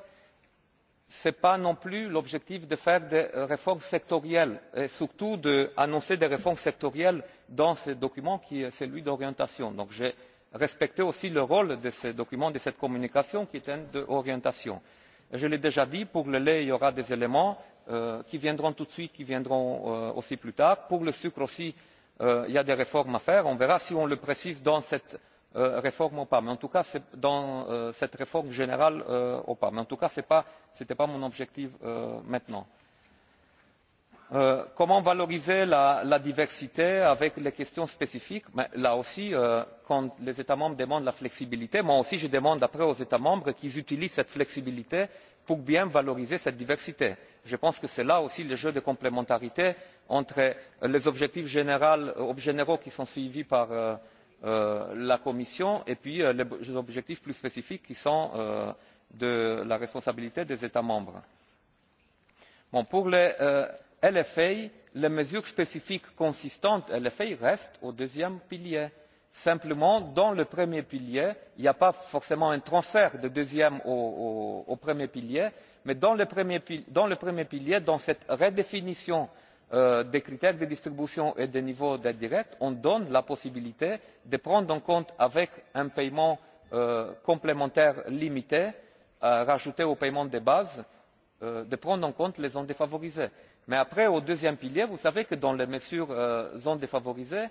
ce n'est pas non plus l'objectif de faire des réformes sectorielles et surtout d'annoncer des réformes sectorielles dans ce document qui est celui d'orientation. donc j'ai respecté aussi le rôle de ce document de cette communication qui est un document d'orientation. je l'ai déjà dit pour le lait il y aura des éléments euh, qui viendront tout de suite qui viendront euh, aussi plus tard. pour le sucre aussi euh, il y a des réformes à faire. on verra si on le précise dans Euh, réforme ou pas mais en tout cas dans euh, cette réforme générale euh, ou pas mais en tout cas ce n'était pas mon objectif maintenant. comment valoriser la diversité avec les questions spécifiques? là aussi quand les états membres demandent la flexibilité moi aussi je demande après aux états membres qu'ils utilisent cette flexibilité pour bien valoriser cette diversité. je pense que c'est là aussi le jeu de complémentarité entre les objectifs généraux qui sont suivis Euh, la commission et puis euh, les objectifs plus spécifiques qui sont euh, de la responsabilité des états membres. pour les lfa les mesures spécifiques consistantes lfa restent au deuxième pilier. simplement dans le premier pilier il n'y a pas forcément un transfert du deuxième au premier pilier mais dans le premier pilier dans cette redéfinition Euh, des critères de distribution et des niveaux d'aide directe on donne la possibilité de prendre en compte avec un paiement euh, complémentaire limité euh, ajouté au paiement de base les zones défavorisées. mais après au deuxième pilier vous savez que dans les mesures zones défavorisées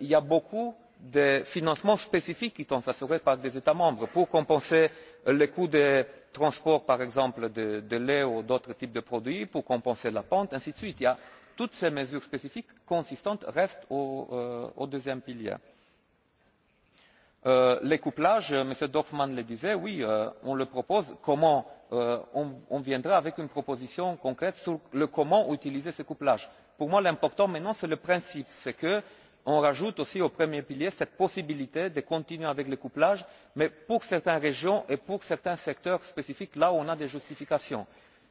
il y a beaucoup de financements spécifiques qui sont assurés par des états membres pour compenser le coût des transports par exemple de lait ou d'autres types de produits pour compenser la pente et ainsi de suite toutes ces mesures spécifiques consistantes restent au euh, deuxième pilier. Euh, les couplages euh, m. dorfmann le disait oui on le propose comment on viendra avec une proposition concrète sur la manière d'utiliser ces couplages. pour moi l'important maintenant c'est le principe c'est qu'on rajoute aussi au premier pilier cette possibilité de continuer avec les couplages mais pour certaines régions et pour certains secteurs spécifiques là où on a des justifications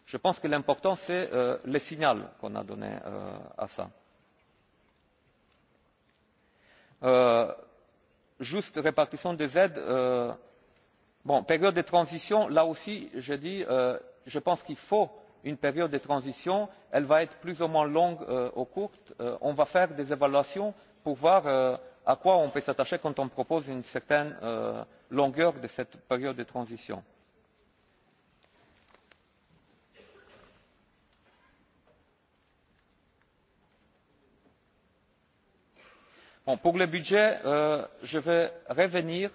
je pense que l'important c'est euh, le signal qu'on a donné euh, à cela. la euh, juste répartition des aides pour période de transition là aussi je dis je pense qu'il faut une période de transition elle va être plus ou moins longue ou courte on va faire des évaluations pour voir à quoi on peut s'attacher quand on propose une certaine longueur de cette période de transition. pour le budget euh, je veux revenir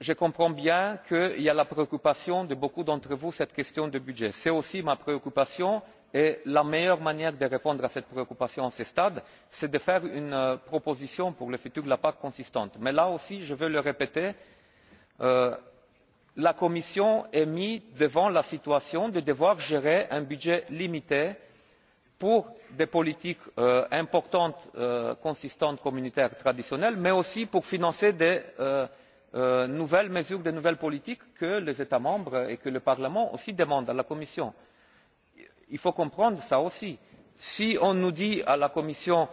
je comprends bien qu'il y a la préoccupation de beaucoup d'entre vous cette question du budget c'est aussi ma préoccupation et la meilleure manière de répondre à cette préoccupation à ce stade c'est de faire une euh, proposition pour le futur de la pac consistante. mais là aussi je veux le répéter euh, la commission est mise devant la situation de devoir gérer un budget limité pour des politiques euh, importantes euh, consistantes communautaires traditionnelles mais aussi pour financer de euh, nouvelles mesures de nouvelles politiques que les états membres et que le parlement aussi demandent à la commission. il faut comprendre cela aussi. si on nous dit à la commission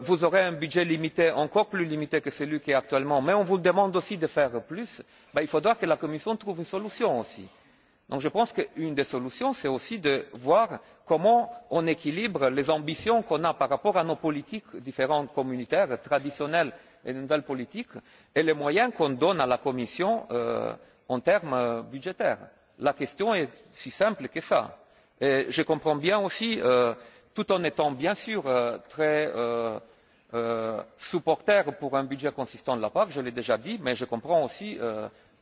vous aurez un budget limité encore plus limité que celui qui est actuellement mais on vous demande aussi de faire plus il faudra que la commission trouve une solution aussi. donc je pense qu'une des solutions c'est aussi de voir comment on équilibre les ambitions qu'on a par rapport à nos politiques différentes communautaires traditionnelles et les nouvelles politiques et les moyens qu'on donne à la commission euh, en termes euh, budgétaires. la question est si simple que cela. je comprends bien aussi euh, tout en étant bien sûr très favorable à un budget consistant de la pac je l'ai déjà dit mais je comprends aussi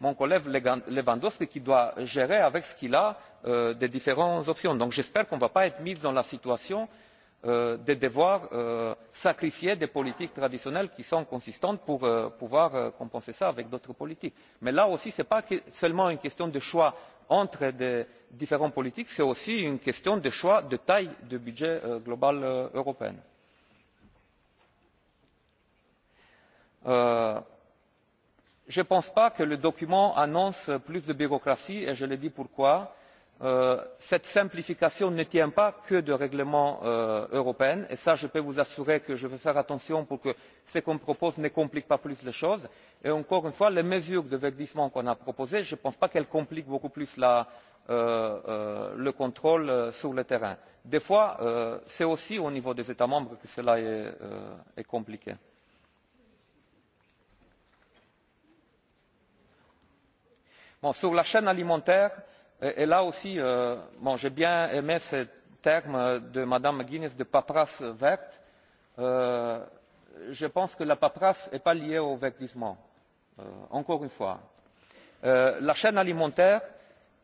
mon collègue lewandowski qui doit gérer avec ce qu'il a les euh, différentes options. donc j'espère qu'on ne va pas être mis dans la situation euh, de devoir euh, sacrifier des politiques traditionnelles qui sont cohérentes pour pouvoir compenser cela avec d'autres politiques. mais là aussi ce n'est pas seulement une question de choix entre les différentes politiques c'est aussi une question de choix de taille du budget global européen je ne pense pas que le document annonce plus de bureaucratie et je vais dire pourquoi. Euh, cette simplification ne tient pas que du règlement euh, européen et je peux vous assurer que je vais faire attention pour que ce qu'on propose ne complique pas plus les choses. et encore une fois les mesures de verdissement qu'on a proposées je ne pense pas qu'elles compliquent beaucoup plus euh, le contrôle sur le terrain. des fois c'est aussi au niveau des états membres que cela est compliqué. sur la chaîne alimentaire et là aussi euh, j'ai bien aimé ce terme de mme mcguinness de paperasse verte euh, je pense que la paperasse n'est pas liée au verdissement euh, encore une fois. la chaîne alimentaire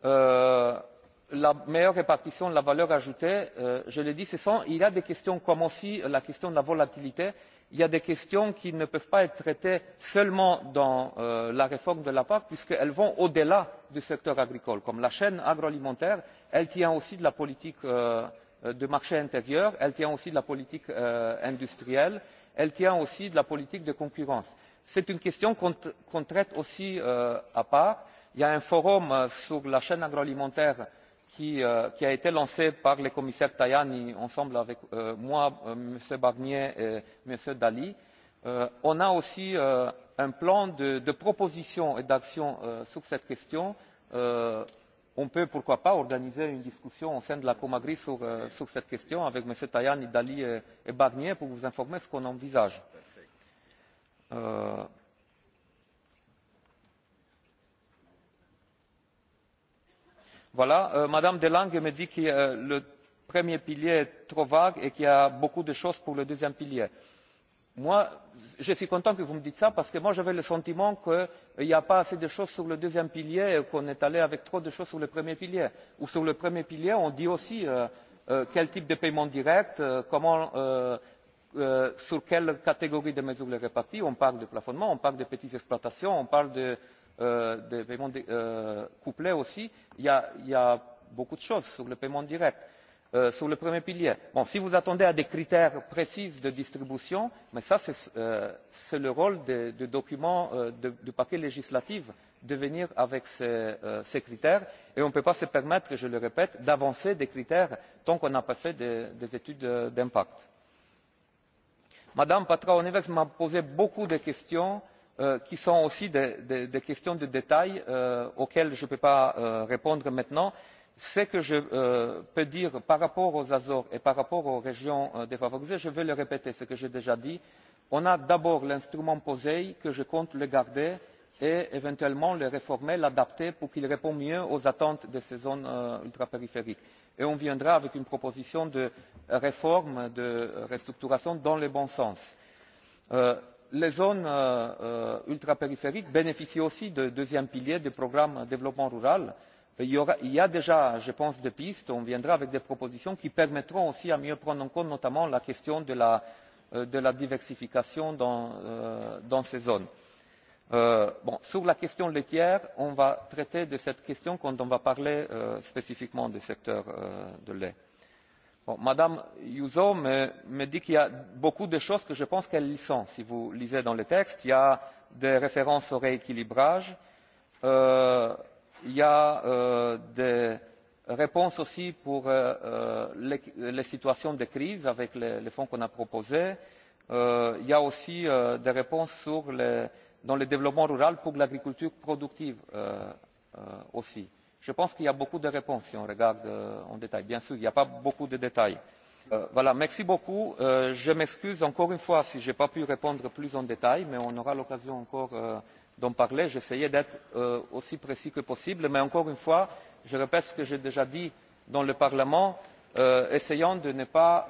la meilleure répartition de la valeur ajoutée je l'ai dit il y a des questions comme aussi la question de la volatilité il y a des questions qui ne peuvent pas être traitées seulement dans euh, la réforme de la pac puisqu'elles vont au delà du secteur agricole comme la chaîne agroalimentaire elle tient aussi de la politique euh, euh, du marché intérieur elle tient aussi de la politique industrielle elle tient aussi de la politique de concurrence. c'est une question qu'on traite aussi à part. il y a un forum sur la chaîne agroalimentaire Euh, qui a été lancé par le commissaire tajani ensemble avec euh, moi euh, m. barnier et m. dalli on a aussi un plan de propositions et d'actions sur cette question. on peut pourquoi pas organiser une discussion au sein de la comagri sur cette question avec mm. tajani dalli et barnier pour vous informer de ce qu'on envisage. Euh, mme de lange me dit que euh, le premier pilier est trop vague et qu'il y a beaucoup de choses pour le deuxième pilier. je suis content que vous me disiez cela parce que j'avais le sentiment qu'il n'y avait pas assez de choses sur le deuxième pilier et qu'on était allé avec trop de choses sur le premier pilier. ou sur le premier pilier on dit aussi euh, quel type de paiements directs sur quelle catégorie de mesures les répartir on parle de plafonnement on parle de petites exploitations on parle Euh, de paiement euh, couplé aussi il y a beaucoup de choses sur le paiement direct euh, sur le premier pilier. si vous attendez à des critères précis de distribution c'est le rôle du document du paquet législatif de venir avec ces critères et on ne peut pas se permettre je le répète d'avancer des critères tant qu'on n'a pas fait des études d'impact. mme patro névez m'a posé beaucoup de questions Euh, qui sont aussi des, questions de détail euh, auxquelles je ne peux pas euh, répondre maintenant. ce que je peux dire par rapport aux azores et par rapport aux régions défavorisées je vais le répéter ce que j'ai déjà dit on a d'abord l'instrument posei que je compte garder et éventuellement le réformer l'adapter pour qu'il réponde mieux aux attentes de ces zones ultrapériphériques et on viendra avec une proposition de réforme de restructuration dans le bon sens les zones euh, euh, ultrapériphériques bénéficient aussi du deuxième pilier du programme de développement rural. il y a déjà je pense des pistes on viendra avec des propositions qui permettront aussi de mieux prendre en compte notamment la question de la euh, diversification dans ces zones. sur la question laitière on va traiter de cette question quand on va parler spécifiquement du secteur du lait. Bon, Madame Yuzo me, dit qu'il y a beaucoup de choses que je pense qu'elles sont. Si vous lisez dans le texte, il y a des références au rééquilibrage, euh, il y a euh, des réponses aussi pour euh, les, situations de crise avec les, fonds qu'on a proposés. il y a aussi des réponses sur le développement rural pour l'agriculture productive aussi je pense qu'il y a beaucoup de réponses si on regarde euh, en détail. bien sûr il n'y a pas beaucoup de détails. Euh, voilà, merci beaucoup. Euh, je m'excuse encore une fois si je n'ai pas pu répondre plus en détail mais on aura l'occasion encore d'en parler. j'essayais d'être aussi précis que possible mais encore une fois je répète ce que j'ai déjà dit dans le parlement essayons de ne pas,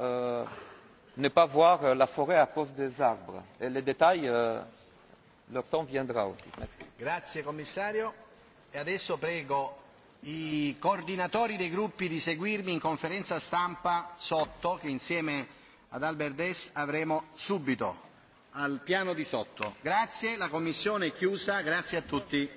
voir la forêt à cause des arbres et les détails leur temps viendra aussi. Merci i coordinatori dei gruppi di seguirmi in conferenza stampa sotto, che insieme ad Albert Dess avremo subito, al piano di sotto. Grazie, la Commissione è chiusa, grazie a tutti.